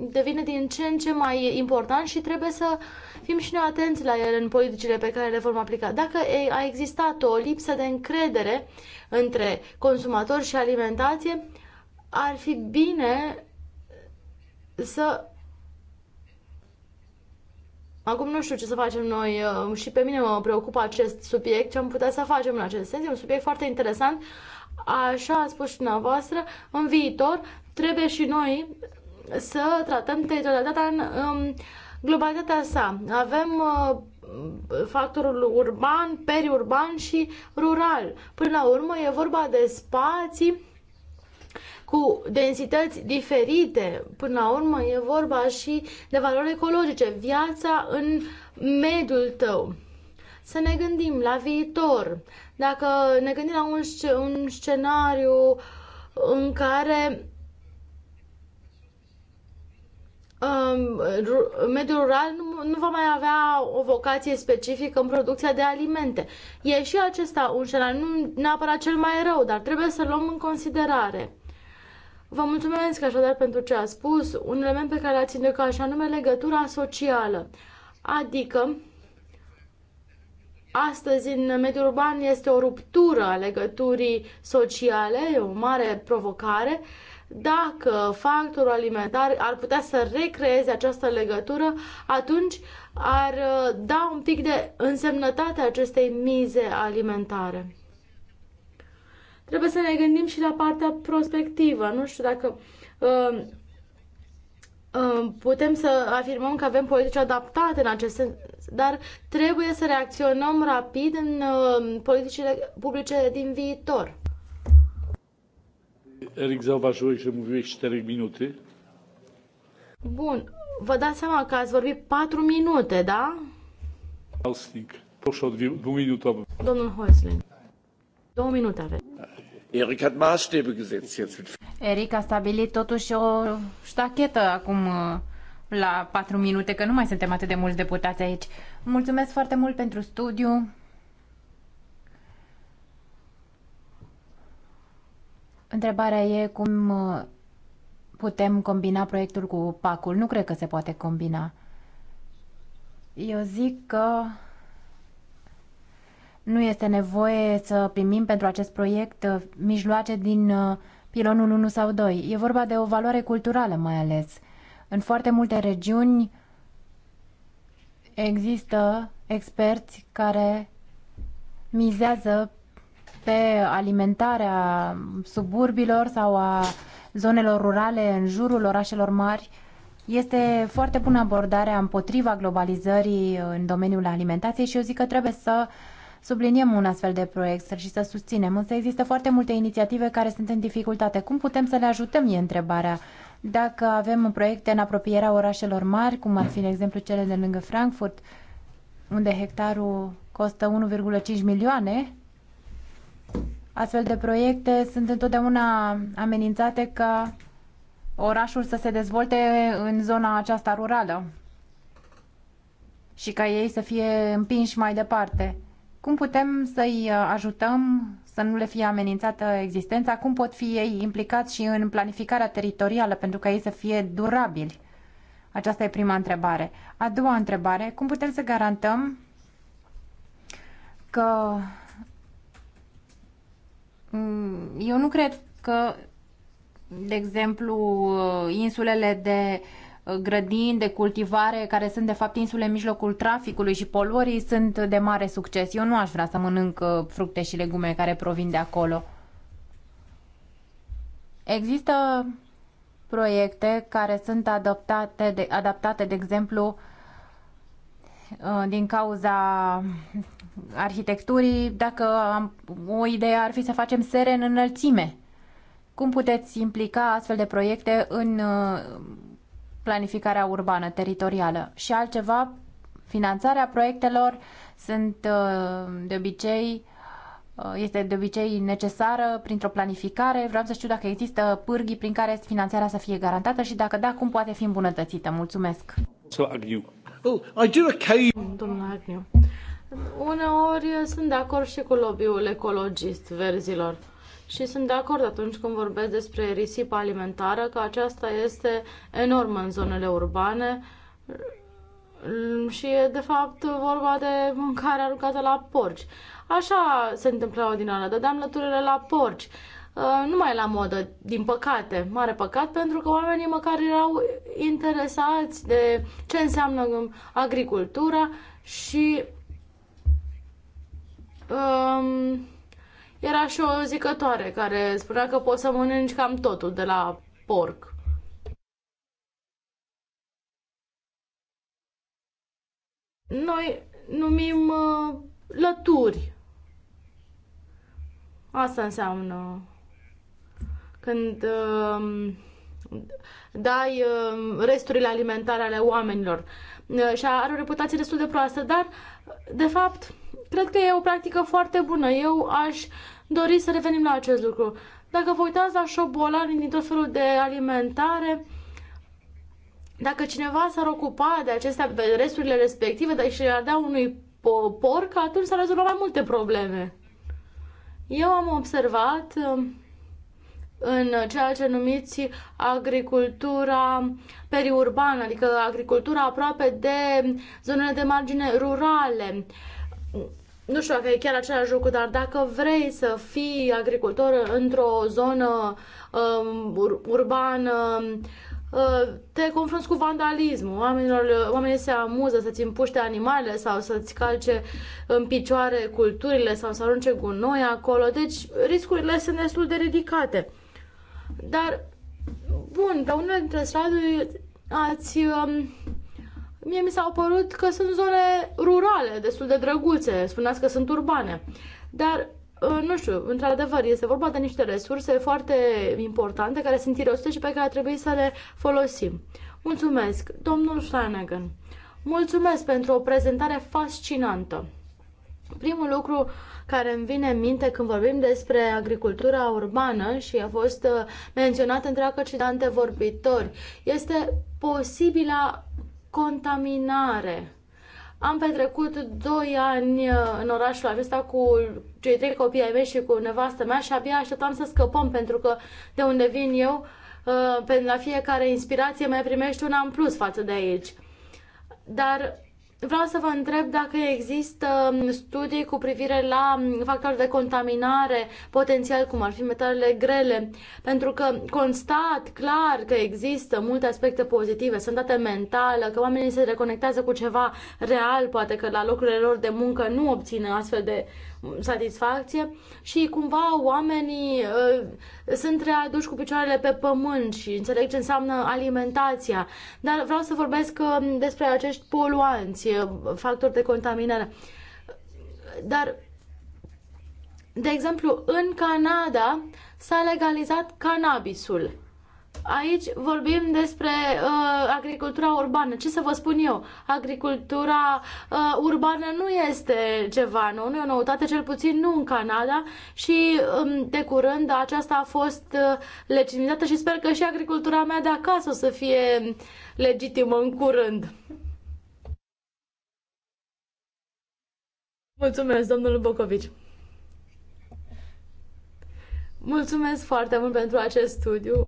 Speaker 2: devine din ce în ce mai important și trebuie să fim și noi atenți la el în politicile pe care le vom aplica. Dacă a existat o lipsă de încredere între consumatori și alimentație, ar fi bine să Acum nu știu ce să facem noi uh, și pe mine mă preocupă acest subiect, ce am putea să facem în acest sens. E un subiect foarte interesant, așa a spus și dumneavoastră, în viitor trebuie și noi să tratăm teritorialitatea în în um, globalitatea sa. Avem uh, factorul urban, periurban și rural. Până la urmă e vorba de spații cu densități diferite. Până la urmă e vorba și de valori ecologice, viața în mediul tău. Să ne gândim la viitor. Dacă ne gândim la un, un scenariu în care mediul rural nu, nu va mai avea o vocație specifică în producția de alimente. E și acesta un scenariu, nu neapărat cel mai rău, dar trebuie să luăm în considerare. Vă mulțumesc așadar pentru ce a spus, un element pe care l ținut că așa nume legătura socială. Adică, astăzi în mediul urban este o ruptură a legăturii sociale, e o mare provocare, uh, dacă factorul alimentar ar putea să recreeze această legătură, atunci ar uh, da un pic de însemnătate acestei mize alimentare. Trebuie să ne gândim și la partea prospectivă. Nu știu dacă uh, uh, putem să afirmăm că avem politici adaptate în acest sens, dar trebuie să reacționăm rapid în uh, politicile publice din viitor.
Speaker 1: Eric, zauważyłeś, że mówiłeś 4 minute?
Speaker 2: Bun, vă dați seama că ați vorbit 4 minute, da?
Speaker 1: Halsling, proșu, 2 minute.
Speaker 3: Domnul Holsling, 2 minute aveți.
Speaker 1: Eric hat Maßstäbe gesetzt jetzt.
Speaker 3: Eric a stabilit totuși o ștachetă acum uh, la 4 minute, că nu mai suntem atât de mulți deputați aici. Mulțumesc foarte mult pentru studiu. Întrebarea e cum uh, putem combina proiectul cu pacul. Nu cred că se poate combina. Eu zic că nu este nevoie să primim pentru acest proiect uh, mijloace din uh, pilonul 1 sau 2. E vorba de o valoare culturală mai ales. În foarte multe regiuni există experți care mizează pe alimentarea suburbilor sau a zonelor rurale în jurul orașelor mari. Este foarte bună abordarea împotriva globalizării în domeniul alimentației și eu zic că trebuie să subliniem un astfel de proiect și să susținem. Însă există foarte multe inițiative care sunt în dificultate. Cum putem să le ajutăm, e întrebarea. Dacă avem proiecte în apropierea orașelor mari, cum ar fi, de exemplu, cele de lângă Frankfurt, unde hectarul costă 1,5 milioane, Astfel de proiecte sunt întotdeauna amenințate ca orașul să se dezvolte în zona aceasta rurală și ca ei să fie împinși mai departe. Cum putem să-i ajutăm să nu le fie amenințată existența? Cum pot fi ei implicați și în planificarea teritorială pentru ca ei să fie durabili? Aceasta e prima întrebare. A doua întrebare, cum putem să garantăm că Mm, eu nu cred că, de exemplu, insulele de uh, grădini, de cultivare, care sunt de fapt insule în mijlocul traficului și poluării, sunt de mare succes. Eu nu aș vrea să mănânc uh, fructe și legume care provin de acolo. Există proiecte care sunt adaptate, de, adaptate, de exemplu, uh, din cauza arhitecturii, dacă am, o idee ar fi să facem sere în înălțime, cum puteți implica astfel de proiecte în uh, planificarea urbană, teritorială? Și altceva, finanțarea proiectelor sunt uh, de obicei uh, este de obicei necesară printr-o planificare. Vreau să știu dacă există pârghii prin care finanțarea să fie garantată și dacă da, cum poate fi îmbunătățită. Mulțumesc! Oh, Domnul
Speaker 2: Uneori sunt de acord și cu lobby-ul ecologist verzilor și sunt de acord atunci când vorbesc despre risipa alimentară că aceasta este enormă în zonele urbane și e de fapt vorba de mâncare aruncată la porci. Așa se întâmpla odinioară, dădeam lăturile la porci. Ă, nu mai la modă, din păcate, mare păcat, pentru că oamenii măcar erau interesați de ce înseamnă agricultura și um, era și o zicătoare care spunea că poți să mănânci cam totul de la porc. Noi numim uh, lături. Asta înseamnă când uh, dai uh, resturile alimentare ale oamenilor. Uh, și are o reputație destul de proastă, dar, de fapt, Cred că e o practică foarte bună. Eu aș dori să revenim la acest lucru. Dacă vă uitați la șobolani din tot felul de alimentare, dacă cineva s-ar ocupa de acestea, de resturile respective, dar și ar da unui porc, atunci s-ar rezolva mai multe probleme. Eu am observat um, în ceea ce numiți agricultura periurbană, adică agricultura aproape de zonele de margine rurale nu știu dacă e chiar același lucru, dar dacă vrei să fii agricultor într-o zonă um, ur- urbană, uh, te confrunți cu vandalismul. Oamenilor, oamenii se amuză să-ți împuște animale sau să-ți calce în picioare culturile sau să arunce gunoi acolo. Deci riscurile sunt destul de ridicate. Dar, bun, pe unul dintre straduri ați um, Mie mi s-au părut că sunt zone rurale, destul de drăguțe, spuneați că sunt urbane. Dar, ă, nu știu, într-adevăr, este vorba de niște resurse foarte importante care sunt irosite și pe care trebuie să le folosim. Mulțumesc, domnul Flanagan. Mulțumesc pentru o prezentare fascinantă. Primul lucru care îmi vine în minte când vorbim despre agricultura urbană și a fost ă, menționat între și de vorbitori, este posibila contaminare. Am petrecut 2 ani uh, în orașul acesta cu cei trei copii ai mei și cu nevastă mea și abia așteptam să scăpăm pentru că de unde vin eu, uh, la fiecare inspirație mai primești una în plus față de aici. Dar Vreau să vă întreb dacă există um, studii cu privire la um, factori de contaminare potențial, cum ar fi metalele grele, pentru că constat clar că există multe aspecte pozitive, sănătate mentală, că oamenii se reconectează cu ceva real, poate că la locurile lor de muncă nu obțin astfel de uh, satisfacție și cumva oamenii uh, sunt readuși cu picioarele pe pământ și înțeleg ce înseamnă alimentația. Dar vreau să vorbesc uh, despre acești poluanți, uh, factori de contaminare. Dar, de exemplu, în Canada s-a legalizat cannabisul Aici vorbim despre uh, agricultura urbană. Ce să vă spun eu? Agricultura uh, urbană nu este ceva nou, nu e o noutate, cel puțin nu în Canada și um, de curând aceasta a fost uh, legitimizată și sper că și agricultura mea de acasă o să fie legitimă în curând. Mulțumesc, domnul Bocovici. Mulțumesc foarte mult pentru acest studiu.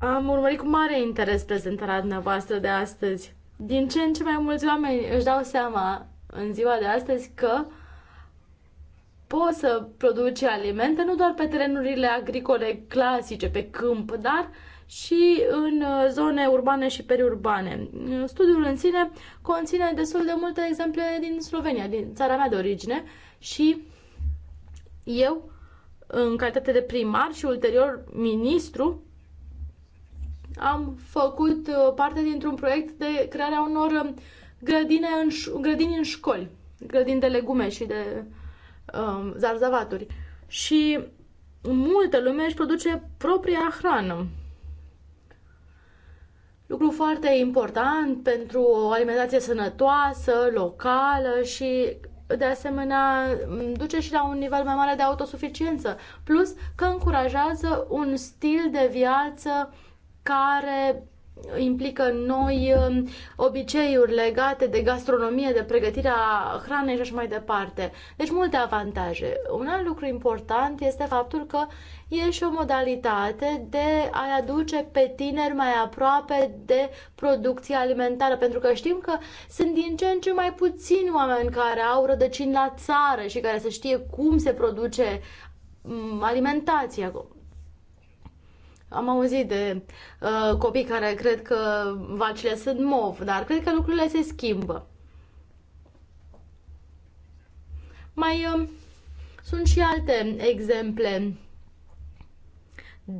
Speaker 2: Am urmărit cu mare interes prezentarea dumneavoastră de astăzi. Din ce în ce mai mulți oameni își dau seama în ziua de astăzi că poți să produci alimente nu doar pe terenurile agricole clasice, pe câmp, dar și în uh, zone urbane și periurbane. Studiul în sine conține destul de multe exemple din Slovenia, din țara mea de origine și eu, în calitate de primar și ulterior ministru, am făcut uh, parte dintr-un proiect de crearea unor um, grădine în, grădini în școli, grădini de legume și de um, zarzavaturi. Și multă lume își produce propria hrană. Lucru foarte important pentru o alimentație sănătoasă, locală și de asemenea duce și la un nivel mai mare de autosuficiență, plus că încurajează un stil de viață uh, care implică noi um, obiceiuri legate de gastronomie, de pregătirea hranei și așa mai departe. Deci multe avantaje. Un alt lucru important este faptul că e și o modalitate de a aduce pe tineri mai aproape de producția alimentară, pentru că știm că sunt din ce în ce mai puțini oameni care au rădăcini la țară și care să știe cum se produce alimentația am auzit de uh, copii care cred că vacile sunt mov, dar cred că lucrurile se schimbă. Mai uh, sunt și alte exemple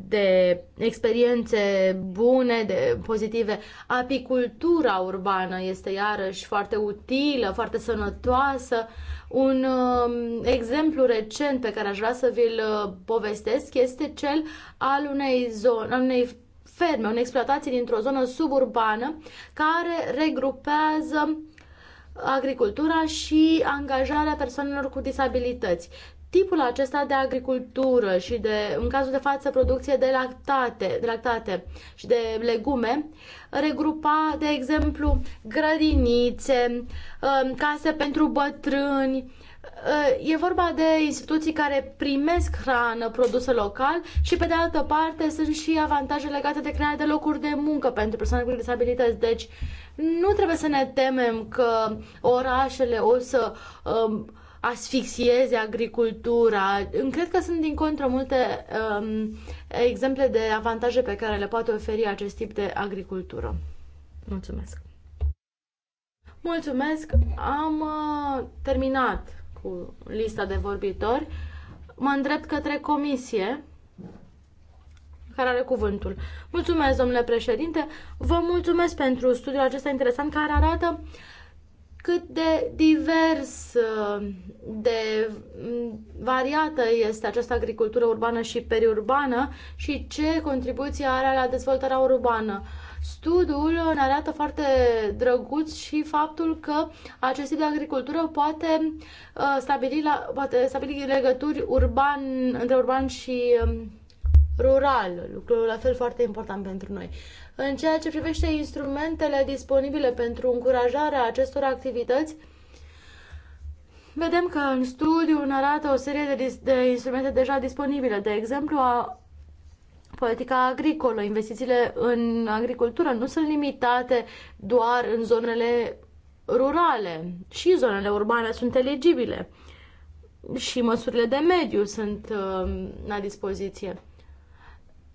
Speaker 2: de experiențe bune, de pozitive. Apicultura urbană este iarăși foarte utilă, foarte sănătoasă. Un uh, exemplu recent pe care aș vrea să vi-l uh, povestesc este cel al unei zone, al unei ferme, unei exploatații dintr-o zonă suburbană care regrupează agricultura și angajarea persoanelor cu disabilități tipul acesta de agricultură și de, în cazul de față, producție de lactate, de lactate și de legume, regrupa, de exemplu, grădinițe, um, case pentru bătrâni. Uh, e vorba de instituții care primesc hrană produsă local și, pe de altă parte, sunt și avantaje legate de crearea de locuri de muncă pentru persoane cu disabilități. Deci, nu trebuie să ne temem că orașele o să uh, asfixieze agricultura. Cred că sunt din contră multe um, exemple de avantaje pe care le poate oferi acest tip de agricultură. Mulțumesc! Mulțumesc! Am uh, terminat cu lista de vorbitori. Mă îndrept către comisie care are cuvântul. Mulțumesc, domnule președinte! Vă mulțumesc pentru studiul acesta interesant care arată uh, cât de divers, uh, de mm, variată este această agricultură urbană și periurbană și ce contribuție are la dezvoltarea urbană. Studiul ne arată foarte drăguț și faptul că acest tip de agricultură poate uh, stabili, la, poate stabili legături urban, între urban și um, rural, lucru la fel foarte important pentru noi. În ceea ce privește instrumentele disponibile pentru încurajarea acestor activități, vedem că în studiu ne arată o serie de, de instrumente deja disponibile, de exemplu a politica agricolă. Investițiile în agricultură nu sunt limitate doar în zonele rurale, și zonele urbane sunt eligibile. Și măsurile de mediu sunt uh, la dispoziție.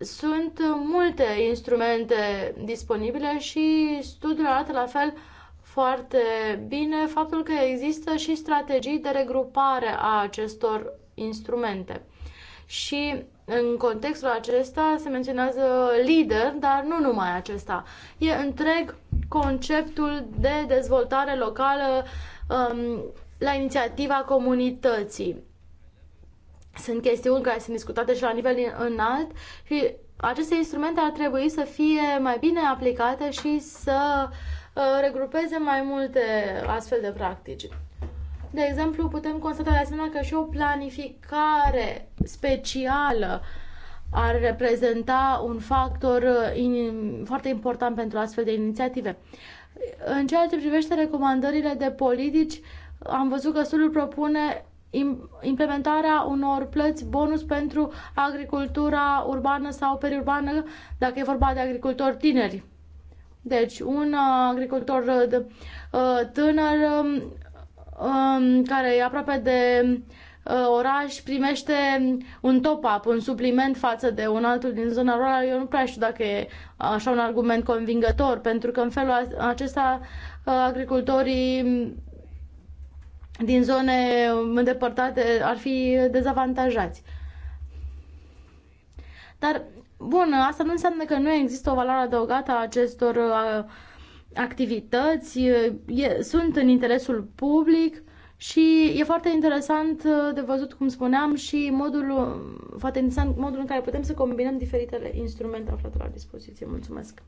Speaker 2: Sunt multe instrumente disponibile și studiul arată la fel foarte bine faptul că există și strategii de regrupare a acestor instrumente. Și în contextul acesta se menționează lider, dar nu numai acesta. E întreg conceptul de dezvoltare locală um, la inițiativa comunității. Sunt chestiuni care sunt discutate și la nivel înalt și aceste instrumente ar trebui să fie mai bine aplicate și să uh, regrupeze mai multe astfel de practici. De exemplu, putem constata de asemenea că și o planificare specială ar reprezenta un factor uh, in, foarte important pentru astfel de inițiative. În ceea ce privește recomandările de politici, am văzut că studiul propune implementarea unor plăți bonus pentru agricultura urbană sau periurbană, dacă e vorba de agricultori tineri. Deci, un uh, agricultor uh, uh, tânăr um, um, care e aproape de oraș primește un top-up, un supliment față de un altul din zona rurală, eu nu prea știu dacă e așa un argument convingător, pentru că în felul acesta agricultorii din zone îndepărtate ar fi dezavantajați. Dar, bun, asta nu înseamnă că nu există o valoare adăugată a acestor uh, activități, e, sunt în interesul public și e foarte interesant uh, de văzut, cum spuneam, și modul, uh, foarte interesant modul în care putem să combinăm diferitele instrumente aflate la dispoziție. Mulțumesc!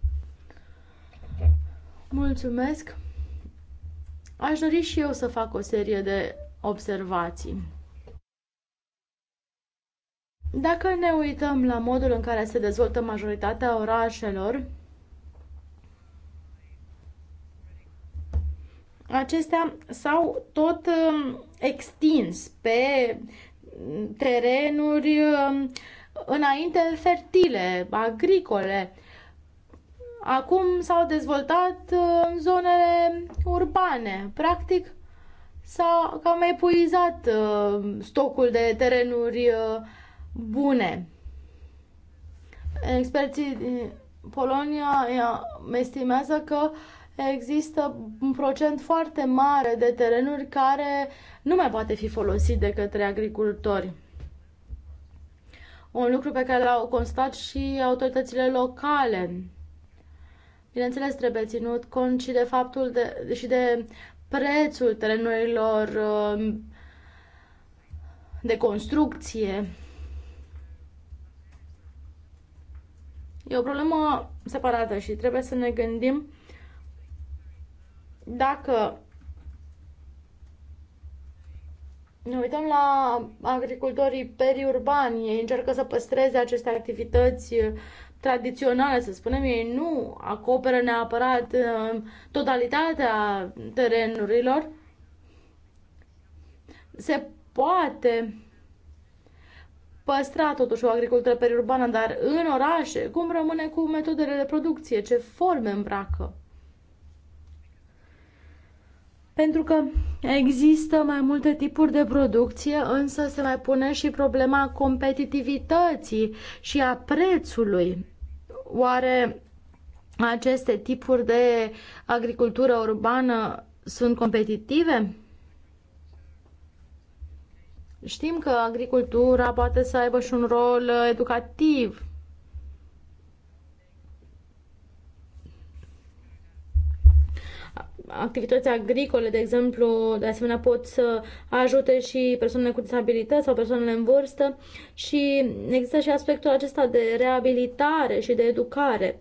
Speaker 2: Mulțumesc! Aș dori și eu să fac o serie de observații. Dacă ne uităm la modul în care se dezvoltă majoritatea orașelor, acestea s-au tot um, extins pe terenuri um, înainte fertile, agricole, Acum s-au dezvoltat în uh, zonele urbane. Practic, s-a cam epuizat uh, stocul de terenuri uh, bune. Experții din Polonia estimează că există un procent foarte mare de terenuri care nu mai poate fi folosit de către agricultori. Un lucru pe care l-au constat și autoritățile locale. Bineînțeles, trebuie ținut cont și de faptul de, și de prețul terenurilor um, de construcție. E o problemă separată și trebuie să ne gândim dacă ne uităm la agricultorii periurbani, ei încearcă să păstreze aceste activități tradiționale, să spunem, ei nu acoperă neapărat um, totalitatea terenurilor. Se poate păstra totuși o agricultură periurbană, dar în orașe, cum rămâne cu metodele de producție, ce forme îmbracă? Pentru că există mai multe tipuri de producție, însă se mai pune și problema competitivității și a prețului Oare aceste tipuri de agricultură urbană sunt competitive? Știm că agricultura poate să aibă și un rol educativ activități agricole, de exemplu, de asemenea pot să ajute și persoanele cu disabilități sau persoanele în vârstă și există și aspectul acesta de reabilitare și de educare.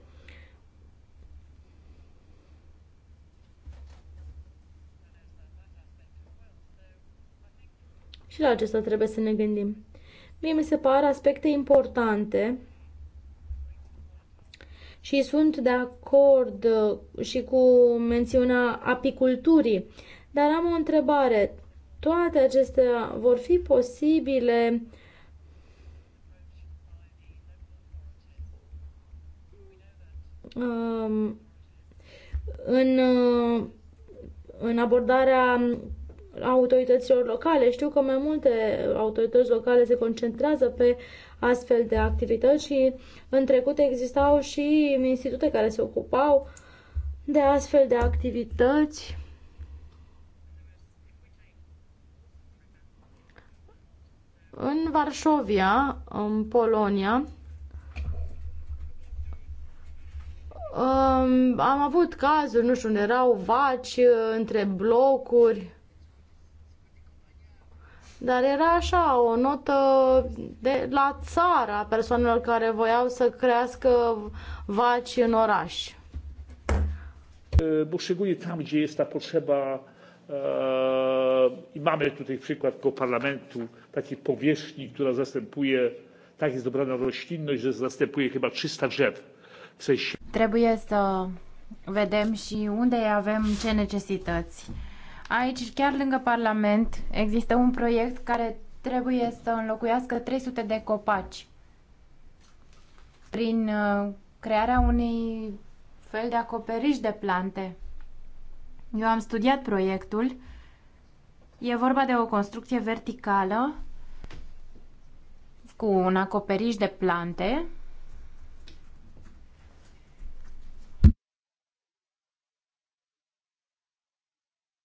Speaker 2: Și la acesta trebuie să ne gândim. Mie mi se par aspecte importante și sunt de acord uh, și cu mențiunea apiculturii. Dar am o întrebare. Toate acestea vor fi posibile um, în, uh, în abordarea autorităților locale. Știu că mai multe autorități locale se concentrează pe astfel de activități și în trecut existau și institute care se ocupau de astfel de activități. În Varșovia, în Polonia, am avut cazuri, nu știu, unde erau vaci între blocuri dar era așa, o notă de la țara persoanelor care voiau să crească vaci în oraș.
Speaker 1: Bo szczególnie tam, gdzie jest ta potrzeba i mamy tutaj przykład koło parlamentu takiej powierzchni, która zastępuje, tak jest dobrana roślinność, że zastępuje chyba 300 drzew. W sensie...
Speaker 3: Trebuie să vedem și unde avem ce necesități. Aici, chiar lângă Parlament, există un proiect care trebuie să înlocuiască 300 de copaci prin uh, crearea unui fel de acoperiș de plante. Eu am studiat proiectul. E vorba de o construcție verticală cu un acoperiș de plante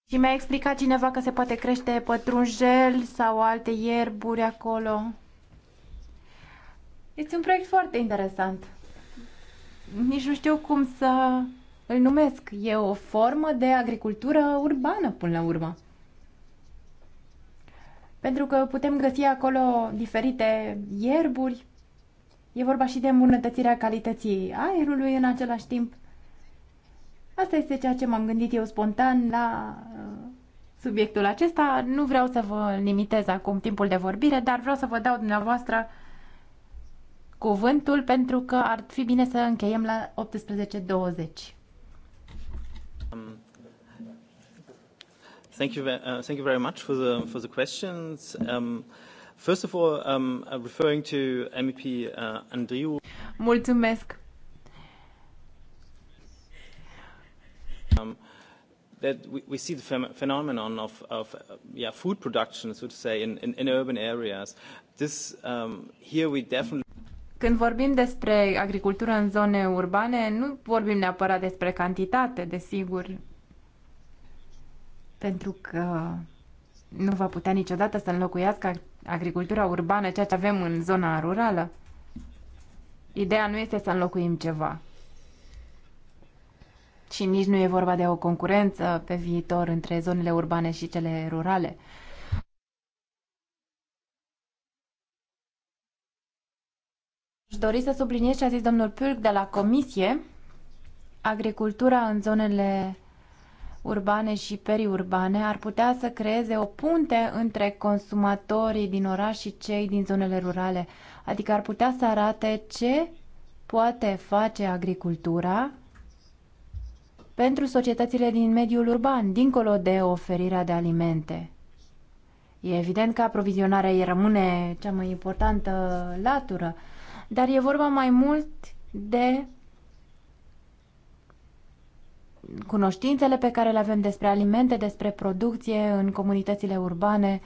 Speaker 3: Și mi-a explicat cineva că se poate crește pătrunjel sau alte ierburi acolo. Este un proiect foarte interesant. Nici nu știu cum să îl numesc. E o formă de agricultură urbană, până la urmă. Pentru că putem găsi acolo diferite ierburi. E vorba și de îmbunătățirea calității aerului în același timp. Asta este ceea ce m-am gândit eu spontan la uh, subiectul acesta. Nu vreau să vă limitez acum timpul de vorbire, dar vreau să vă dau dumneavoastră cuvântul pentru că ar fi bine să încheiem la 18.20. Um,
Speaker 5: thank you, uh, thank you very much for the, for the questions. Um, first of all, um, uh, referring to MEP uh, Andriu.
Speaker 3: Mulțumesc
Speaker 5: Um, that we, we see the phem phenomenon of, of uh, yeah, food production, so to say, in, in, in urban areas. This, um, here we definitely
Speaker 3: când vorbim despre agricultură în zone urbane, nu vorbim neapărat despre cantitate, desigur, pentru că nu va putea niciodată să înlocuiască agricultura urbană, ceea ce avem în zona rurală. Ideea nu este să înlocuim ceva și nici nu e vorba de o concurență pe viitor între zonele urbane și cele rurale. Aș dori să subliniez ce a zis domnul Pulc de la Comisie. Agricultura în zonele urbane și periurbane ar putea să creeze o punte între consumatorii din oraș și cei din zonele rurale. Adică ar putea să arate ce poate face agricultura pentru societățile din mediul urban, dincolo de oferirea de alimente. E evident că aprovizionarea îi rămâne cea mai importantă latură, dar e vorba mai mult de cunoștințele pe care le avem despre alimente, despre producție în comunitățile urbane,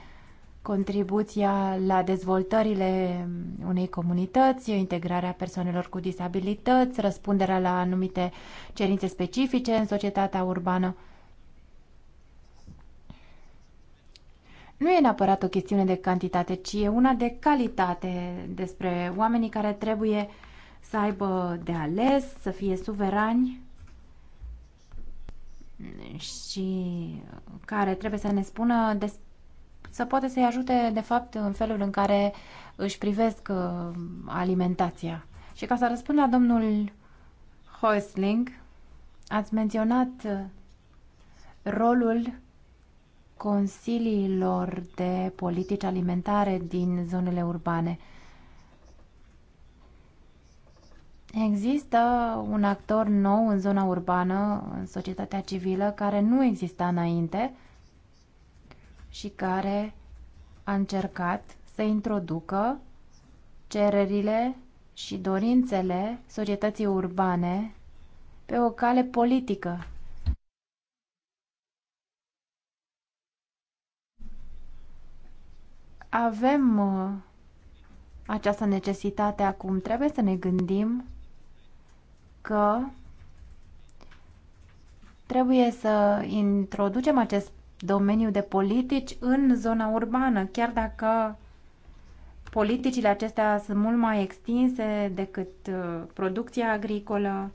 Speaker 3: contribuția la dezvoltările unei comunități, integrarea persoanelor cu disabilități, răspunderea la anumite cerințe specifice în societatea urbană. Nu e neapărat o chestiune de cantitate, ci e una de calitate despre oamenii care trebuie să aibă de ales, să fie suverani și care trebuie să ne spună despre să poată să-i ajute, de fapt, în felul în care își privesc uh, alimentația. Și ca să răspund la domnul Hoisling, ați menționat uh, rolul consiliilor de politici alimentare din zonele urbane. Există un actor nou în zona urbană, în societatea civilă, care nu exista înainte și care a încercat să introducă cererile și dorințele societății urbane pe o cale politică. Avem uh, această necesitate acum. Trebuie să ne gândim că trebuie să introducem acest domeniu de politici în zona urbană, chiar dacă politicile acestea sunt mult mai extinse decât uh, producția agricolă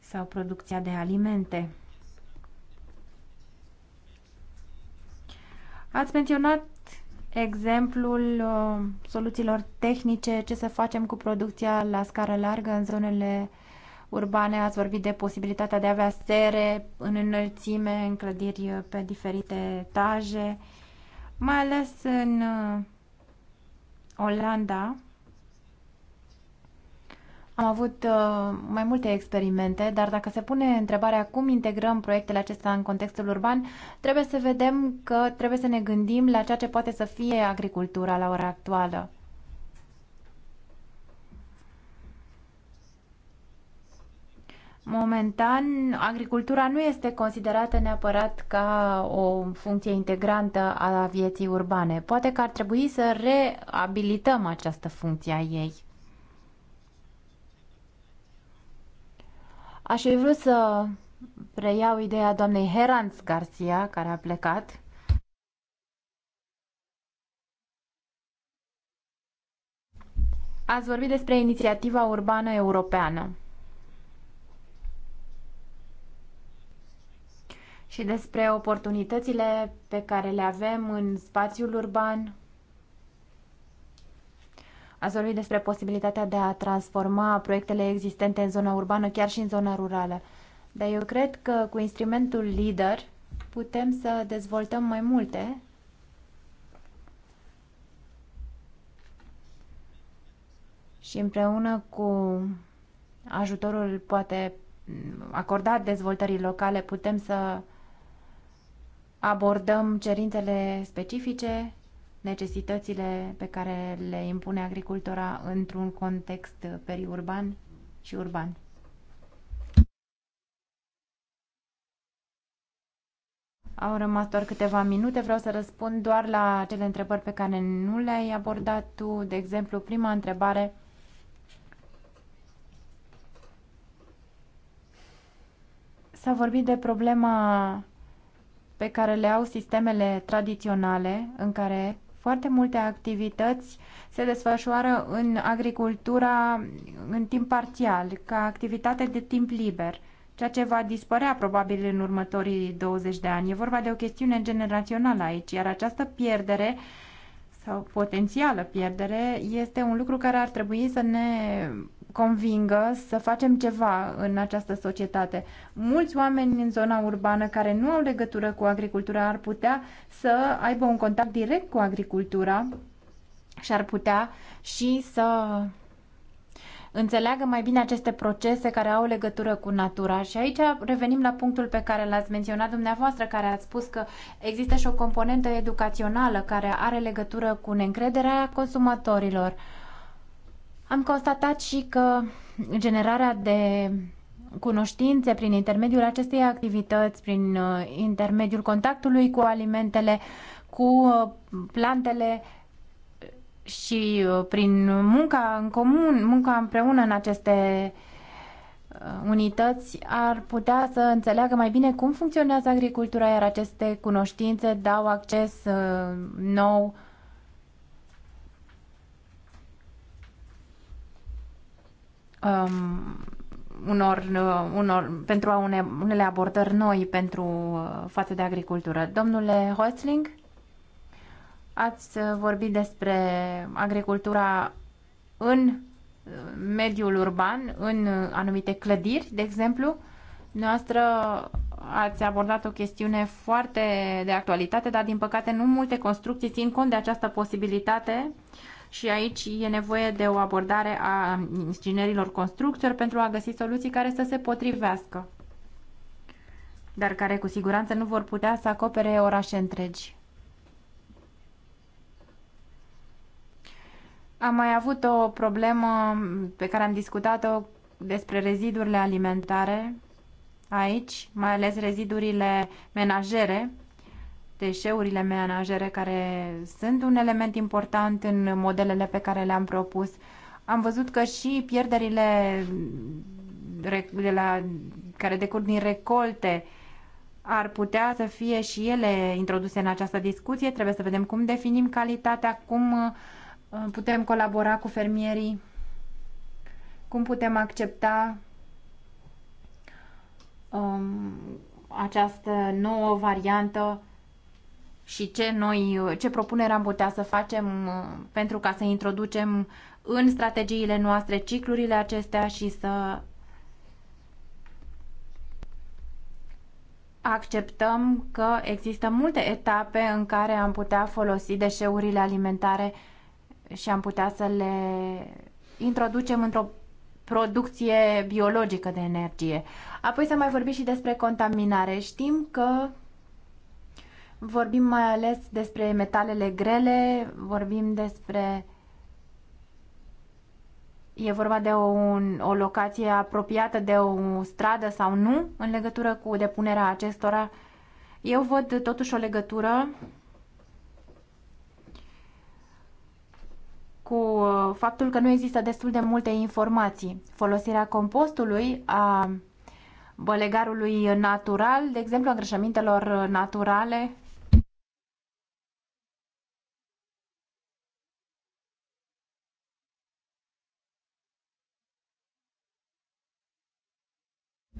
Speaker 3: sau producția de alimente. Ați menționat exemplul uh, soluțiilor tehnice, ce să facem cu producția la scară largă în zonele urbane, ați vorbit de posibilitatea de a avea sere în înălțime, în clădiri uh, pe diferite etaje, mai ales în uh, Olanda. Am avut uh, mai multe experimente, dar dacă se pune întrebarea cum integrăm proiectele acestea în contextul urban, trebuie să vedem că trebuie să ne gândim la ceea ce poate să fie agricultura la ora actuală. Momentan, agricultura nu este considerată neapărat ca o funcție integrantă a vieții urbane. Poate că ar trebui să reabilităm această funcție a ei. Aș fi vrut să preiau ideea doamnei Heranz Garcia, care a plecat. Ați vorbit despre inițiativa urbană europeană. și despre oportunitățile pe care le avem în spațiul urban. Ați vorbit despre posibilitatea de a transforma proiectele existente în zona urbană, chiar și în zona rurală. Dar eu cred că cu instrumentul LEADER putem să dezvoltăm mai multe și împreună cu ajutorul poate acordat dezvoltării locale putem să abordăm cerințele specifice, necesitățile pe care le impune agricultura într-un context periurban și urban. Au rămas doar câteva minute, vreau să răspund doar la cele întrebări pe care nu le-ai abordat tu. De exemplu, prima întrebare s-a vorbit de problema pe care le au sistemele tradiționale, în care foarte multe activități se desfășoară în agricultura în timp parțial, ca activitate de timp liber, ceea ce va dispărea probabil în următorii 20 de ani. E vorba de o chestiune generațională aici, iar această pierdere sau potențială pierdere este un lucru care ar trebui să ne convingă să facem ceva în această societate. Mulți oameni în zona urbană care nu au legătură cu agricultura ar putea să aibă un contact direct cu agricultura și ar putea și să înțeleagă mai bine aceste procese care au legătură cu natura. Și aici revenim la punctul pe care l-ați menționat dumneavoastră, care ați spus că există și o componentă educațională care are legătură cu neîncrederea consumatorilor. Uh, am constatat și că generarea de cunoștințe prin intermediul acestei activități, prin uh, intermediul contactului cu alimentele, cu uh, plantele și uh, prin munca în comun, munca împreună în aceste unități ar putea să înțeleagă mai bine cum funcționează agricultura, iar aceste cunoștințe dau acces nou um, unor, uh, unor, pentru a une, unele abordări noi pentru uh, față de agricultură. Domnule Holzling, ați uh, vorbit despre agricultura în mediul urban, în anumite clădiri, de exemplu. Noastră ați abordat o chestiune foarte de actualitate, dar din păcate nu multe construcții țin cont de această posibilitate uh, și aici e nevoie de o abordare a inginerilor constructori pentru a găsi soluții care să se potrivească, dar care cu siguranță nu vor putea să acopere orașe întregi. Am mai avut o problemă pe care am discutat-o despre rezidurile alimentare aici, mai ales rezidurile menajere, deșeurile menajere care sunt un element important în modelele pe care le-am propus. Am văzut că și pierderile de la, care decurg din recolte ar putea să fie și ele introduse în această discuție. Trebuie să vedem cum definim calitatea, cum uh, putem colabora cu fermierii, cum putem accepta um, această nouă variantă și ce, noi, ce propunere am putea să facem uh, pentru ca să introducem în strategiile noastre ciclurile acestea și să acceptăm că există multe etape în care am putea folosi deșeurile alimentare și am putea să le introducem într-o producție biologică de energie. Apoi să mai vorbim și despre contaminare. Știm că Vorbim mai ales despre metalele grele, vorbim despre e vorba de o, o locație apropiată de o stradă sau nu în legătură cu depunerea acestora. Eu văd totuși o legătură cu uh, faptul că nu există destul de multe informații. Folosirea compostului, a bălegarului natural, de exemplu, a naturale,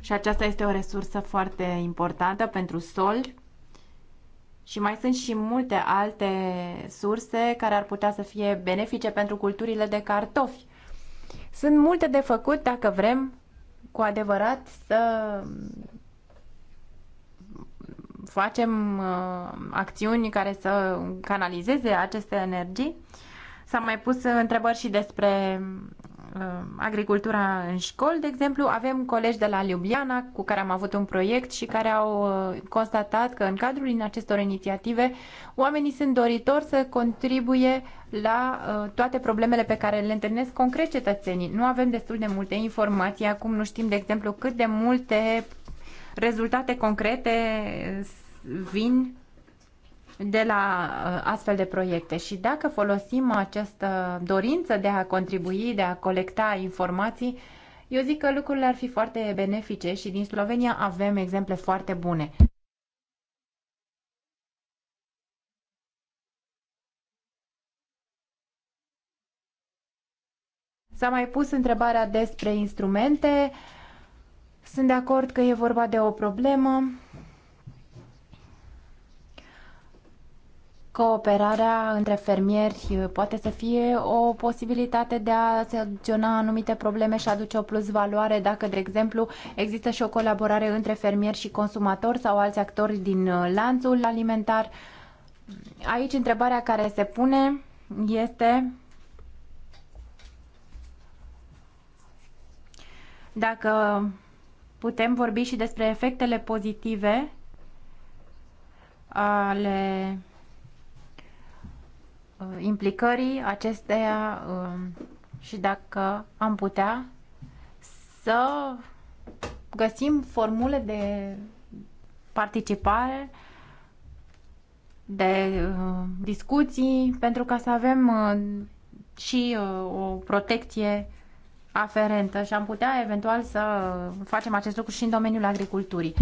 Speaker 3: și aceasta este o resursă foarte importantă pentru sol. Și mai sunt și multe alte surse care ar putea să fie benefice pentru culturile de cartofi. Sunt multe de făcut dacă vrem cu adevărat să facem uh, acțiuni care să canalizeze aceste energii. S-a mai pus întrebări și despre Uh, agricultura în școli, de exemplu, avem colegi de la Ljubljana cu care am avut un proiect și care au uh, constatat că în cadrul din acestor inițiative oamenii sunt doritori să contribuie la uh, toate problemele pe care le întâlnesc concret cetățenii. Nu avem destul de multe informații acum, nu știm, de exemplu, cât de multe rezultate concrete vin de la uh, astfel de proiecte și dacă folosim această dorință de a contribui, de a colecta informații, eu zic că lucrurile ar fi foarte benefice și din Slovenia avem exemple foarte bune. S-a mai pus întrebarea despre instrumente. Sunt de acord că e vorba de o problemă. cooperarea între fermieri uh, poate să fie o posibilitate de a se soluționa anumite probleme și aduce o plus valoare dacă, de exemplu, există și o colaborare între fermieri și consumatori sau alți actori din uh, lanțul alimentar. Aici întrebarea care se pune este dacă putem vorbi și despre efectele pozitive ale Uh, implicării acesteia um, și dacă am putea să găsim formule de participare, de uh, discuții, pentru ca să avem uh, și o protecție aferentă și am putea eventual să facem acest lucru și în domeniul agriculturii.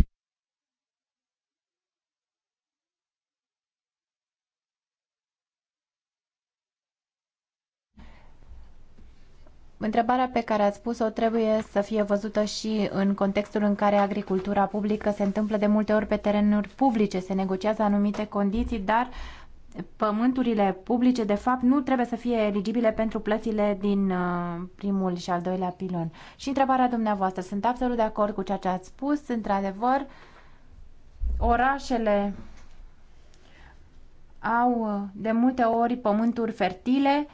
Speaker 3: Întrebarea pe care ați pus-o trebuie să fie văzută și în contextul în care agricultura publică se întâmplă de multe ori pe terenuri publice, se negociază anumite condiții, dar pământurile publice, de fapt, nu trebuie să fie eligibile pentru plățile din uh, primul și al doilea pilon. Și întrebarea dumneavoastră, sunt absolut de acord cu ceea ce ați spus, într-adevăr, orașele au de multe ori pământuri fertile,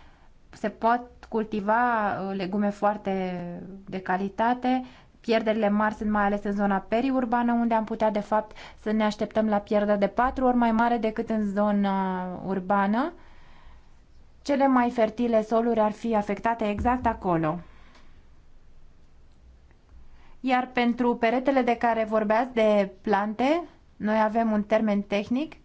Speaker 3: se pot cultiva uh, legume foarte de calitate, pierderile mari sunt mai ales în zona periurbană, unde am putea, de fapt, să ne așteptăm la pierdă de patru ori mai mare decât în zona urbană. Cele mai fertile soluri ar fi afectate exact acolo. Iar pentru peretele de care vorbeați de plante, noi avem un termen tehnic,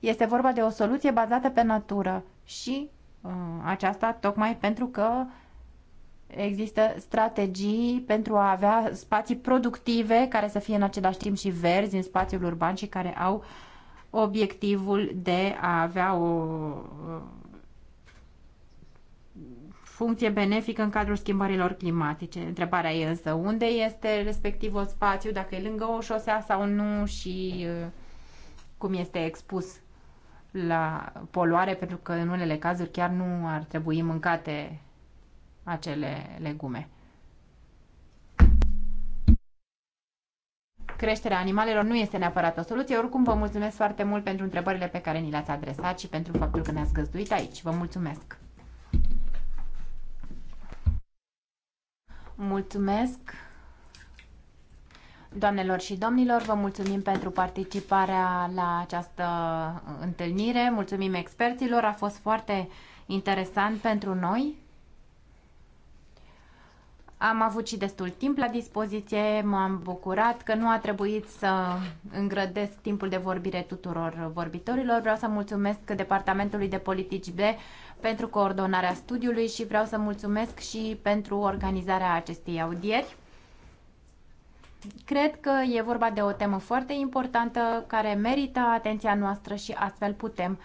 Speaker 3: este vorba de o soluție bazată pe natură și Uh, aceasta tocmai pentru că există strategii pentru a avea spații productive care să fie în același timp și verzi în spațiul urban și care au obiectivul de a avea o uh, funcție benefică în cadrul schimbărilor climatice. Întrebarea e însă unde este respectivul spațiu, dacă e lângă o șosea sau nu și uh, cum este expus la poluare, pentru că în unele cazuri chiar nu ar trebui mâncate acele legume. creșterea animalelor nu este neapărat o soluție. Oricum, vă mulțumesc foarte mult pentru întrebările pe care ni le-ați adresat și pentru faptul că ne-ați găzduit aici. Vă mulțumesc! Mulțumesc! Doamnelor și domnilor, vă mulțumim pentru participarea la această uh, întâlnire, mulțumim experților, a fost foarte interesant pentru noi. Am avut și destul timp la dispoziție, m-am bucurat că nu a trebuit să îngrădesc timpul de vorbire tuturor vorbitorilor. Vreau să mulțumesc Departamentului de Politici B pentru coordonarea studiului și vreau să mulțumesc și pentru organizarea acestei audieri. Cred că e vorba de o temă foarte importantă care merită atenția noastră și astfel putem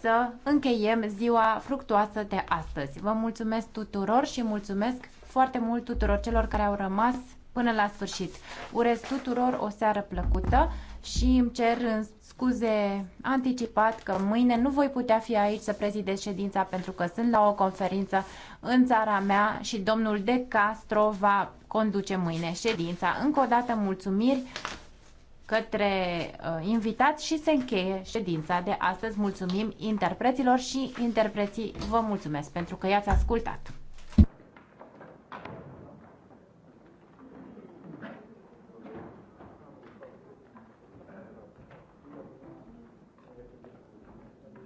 Speaker 3: să încheiem ziua fructuoasă de astăzi. Vă mulțumesc tuturor și mulțumesc foarte mult tuturor celor care au rămas până la sfârșit. Urez tuturor o seară plăcută și îmi cer scuze anticipat că mâine nu voi putea fi aici să prezidez ședința pentru că sunt la o conferință în țara mea și domnul De Castro va conduce mâine ședința. Încă o dată mulțumiri către uh, invitați și se încheie ședința de astăzi. Mulțumim interpreților și interpreții vă mulțumesc pentru că i-ați ascultat.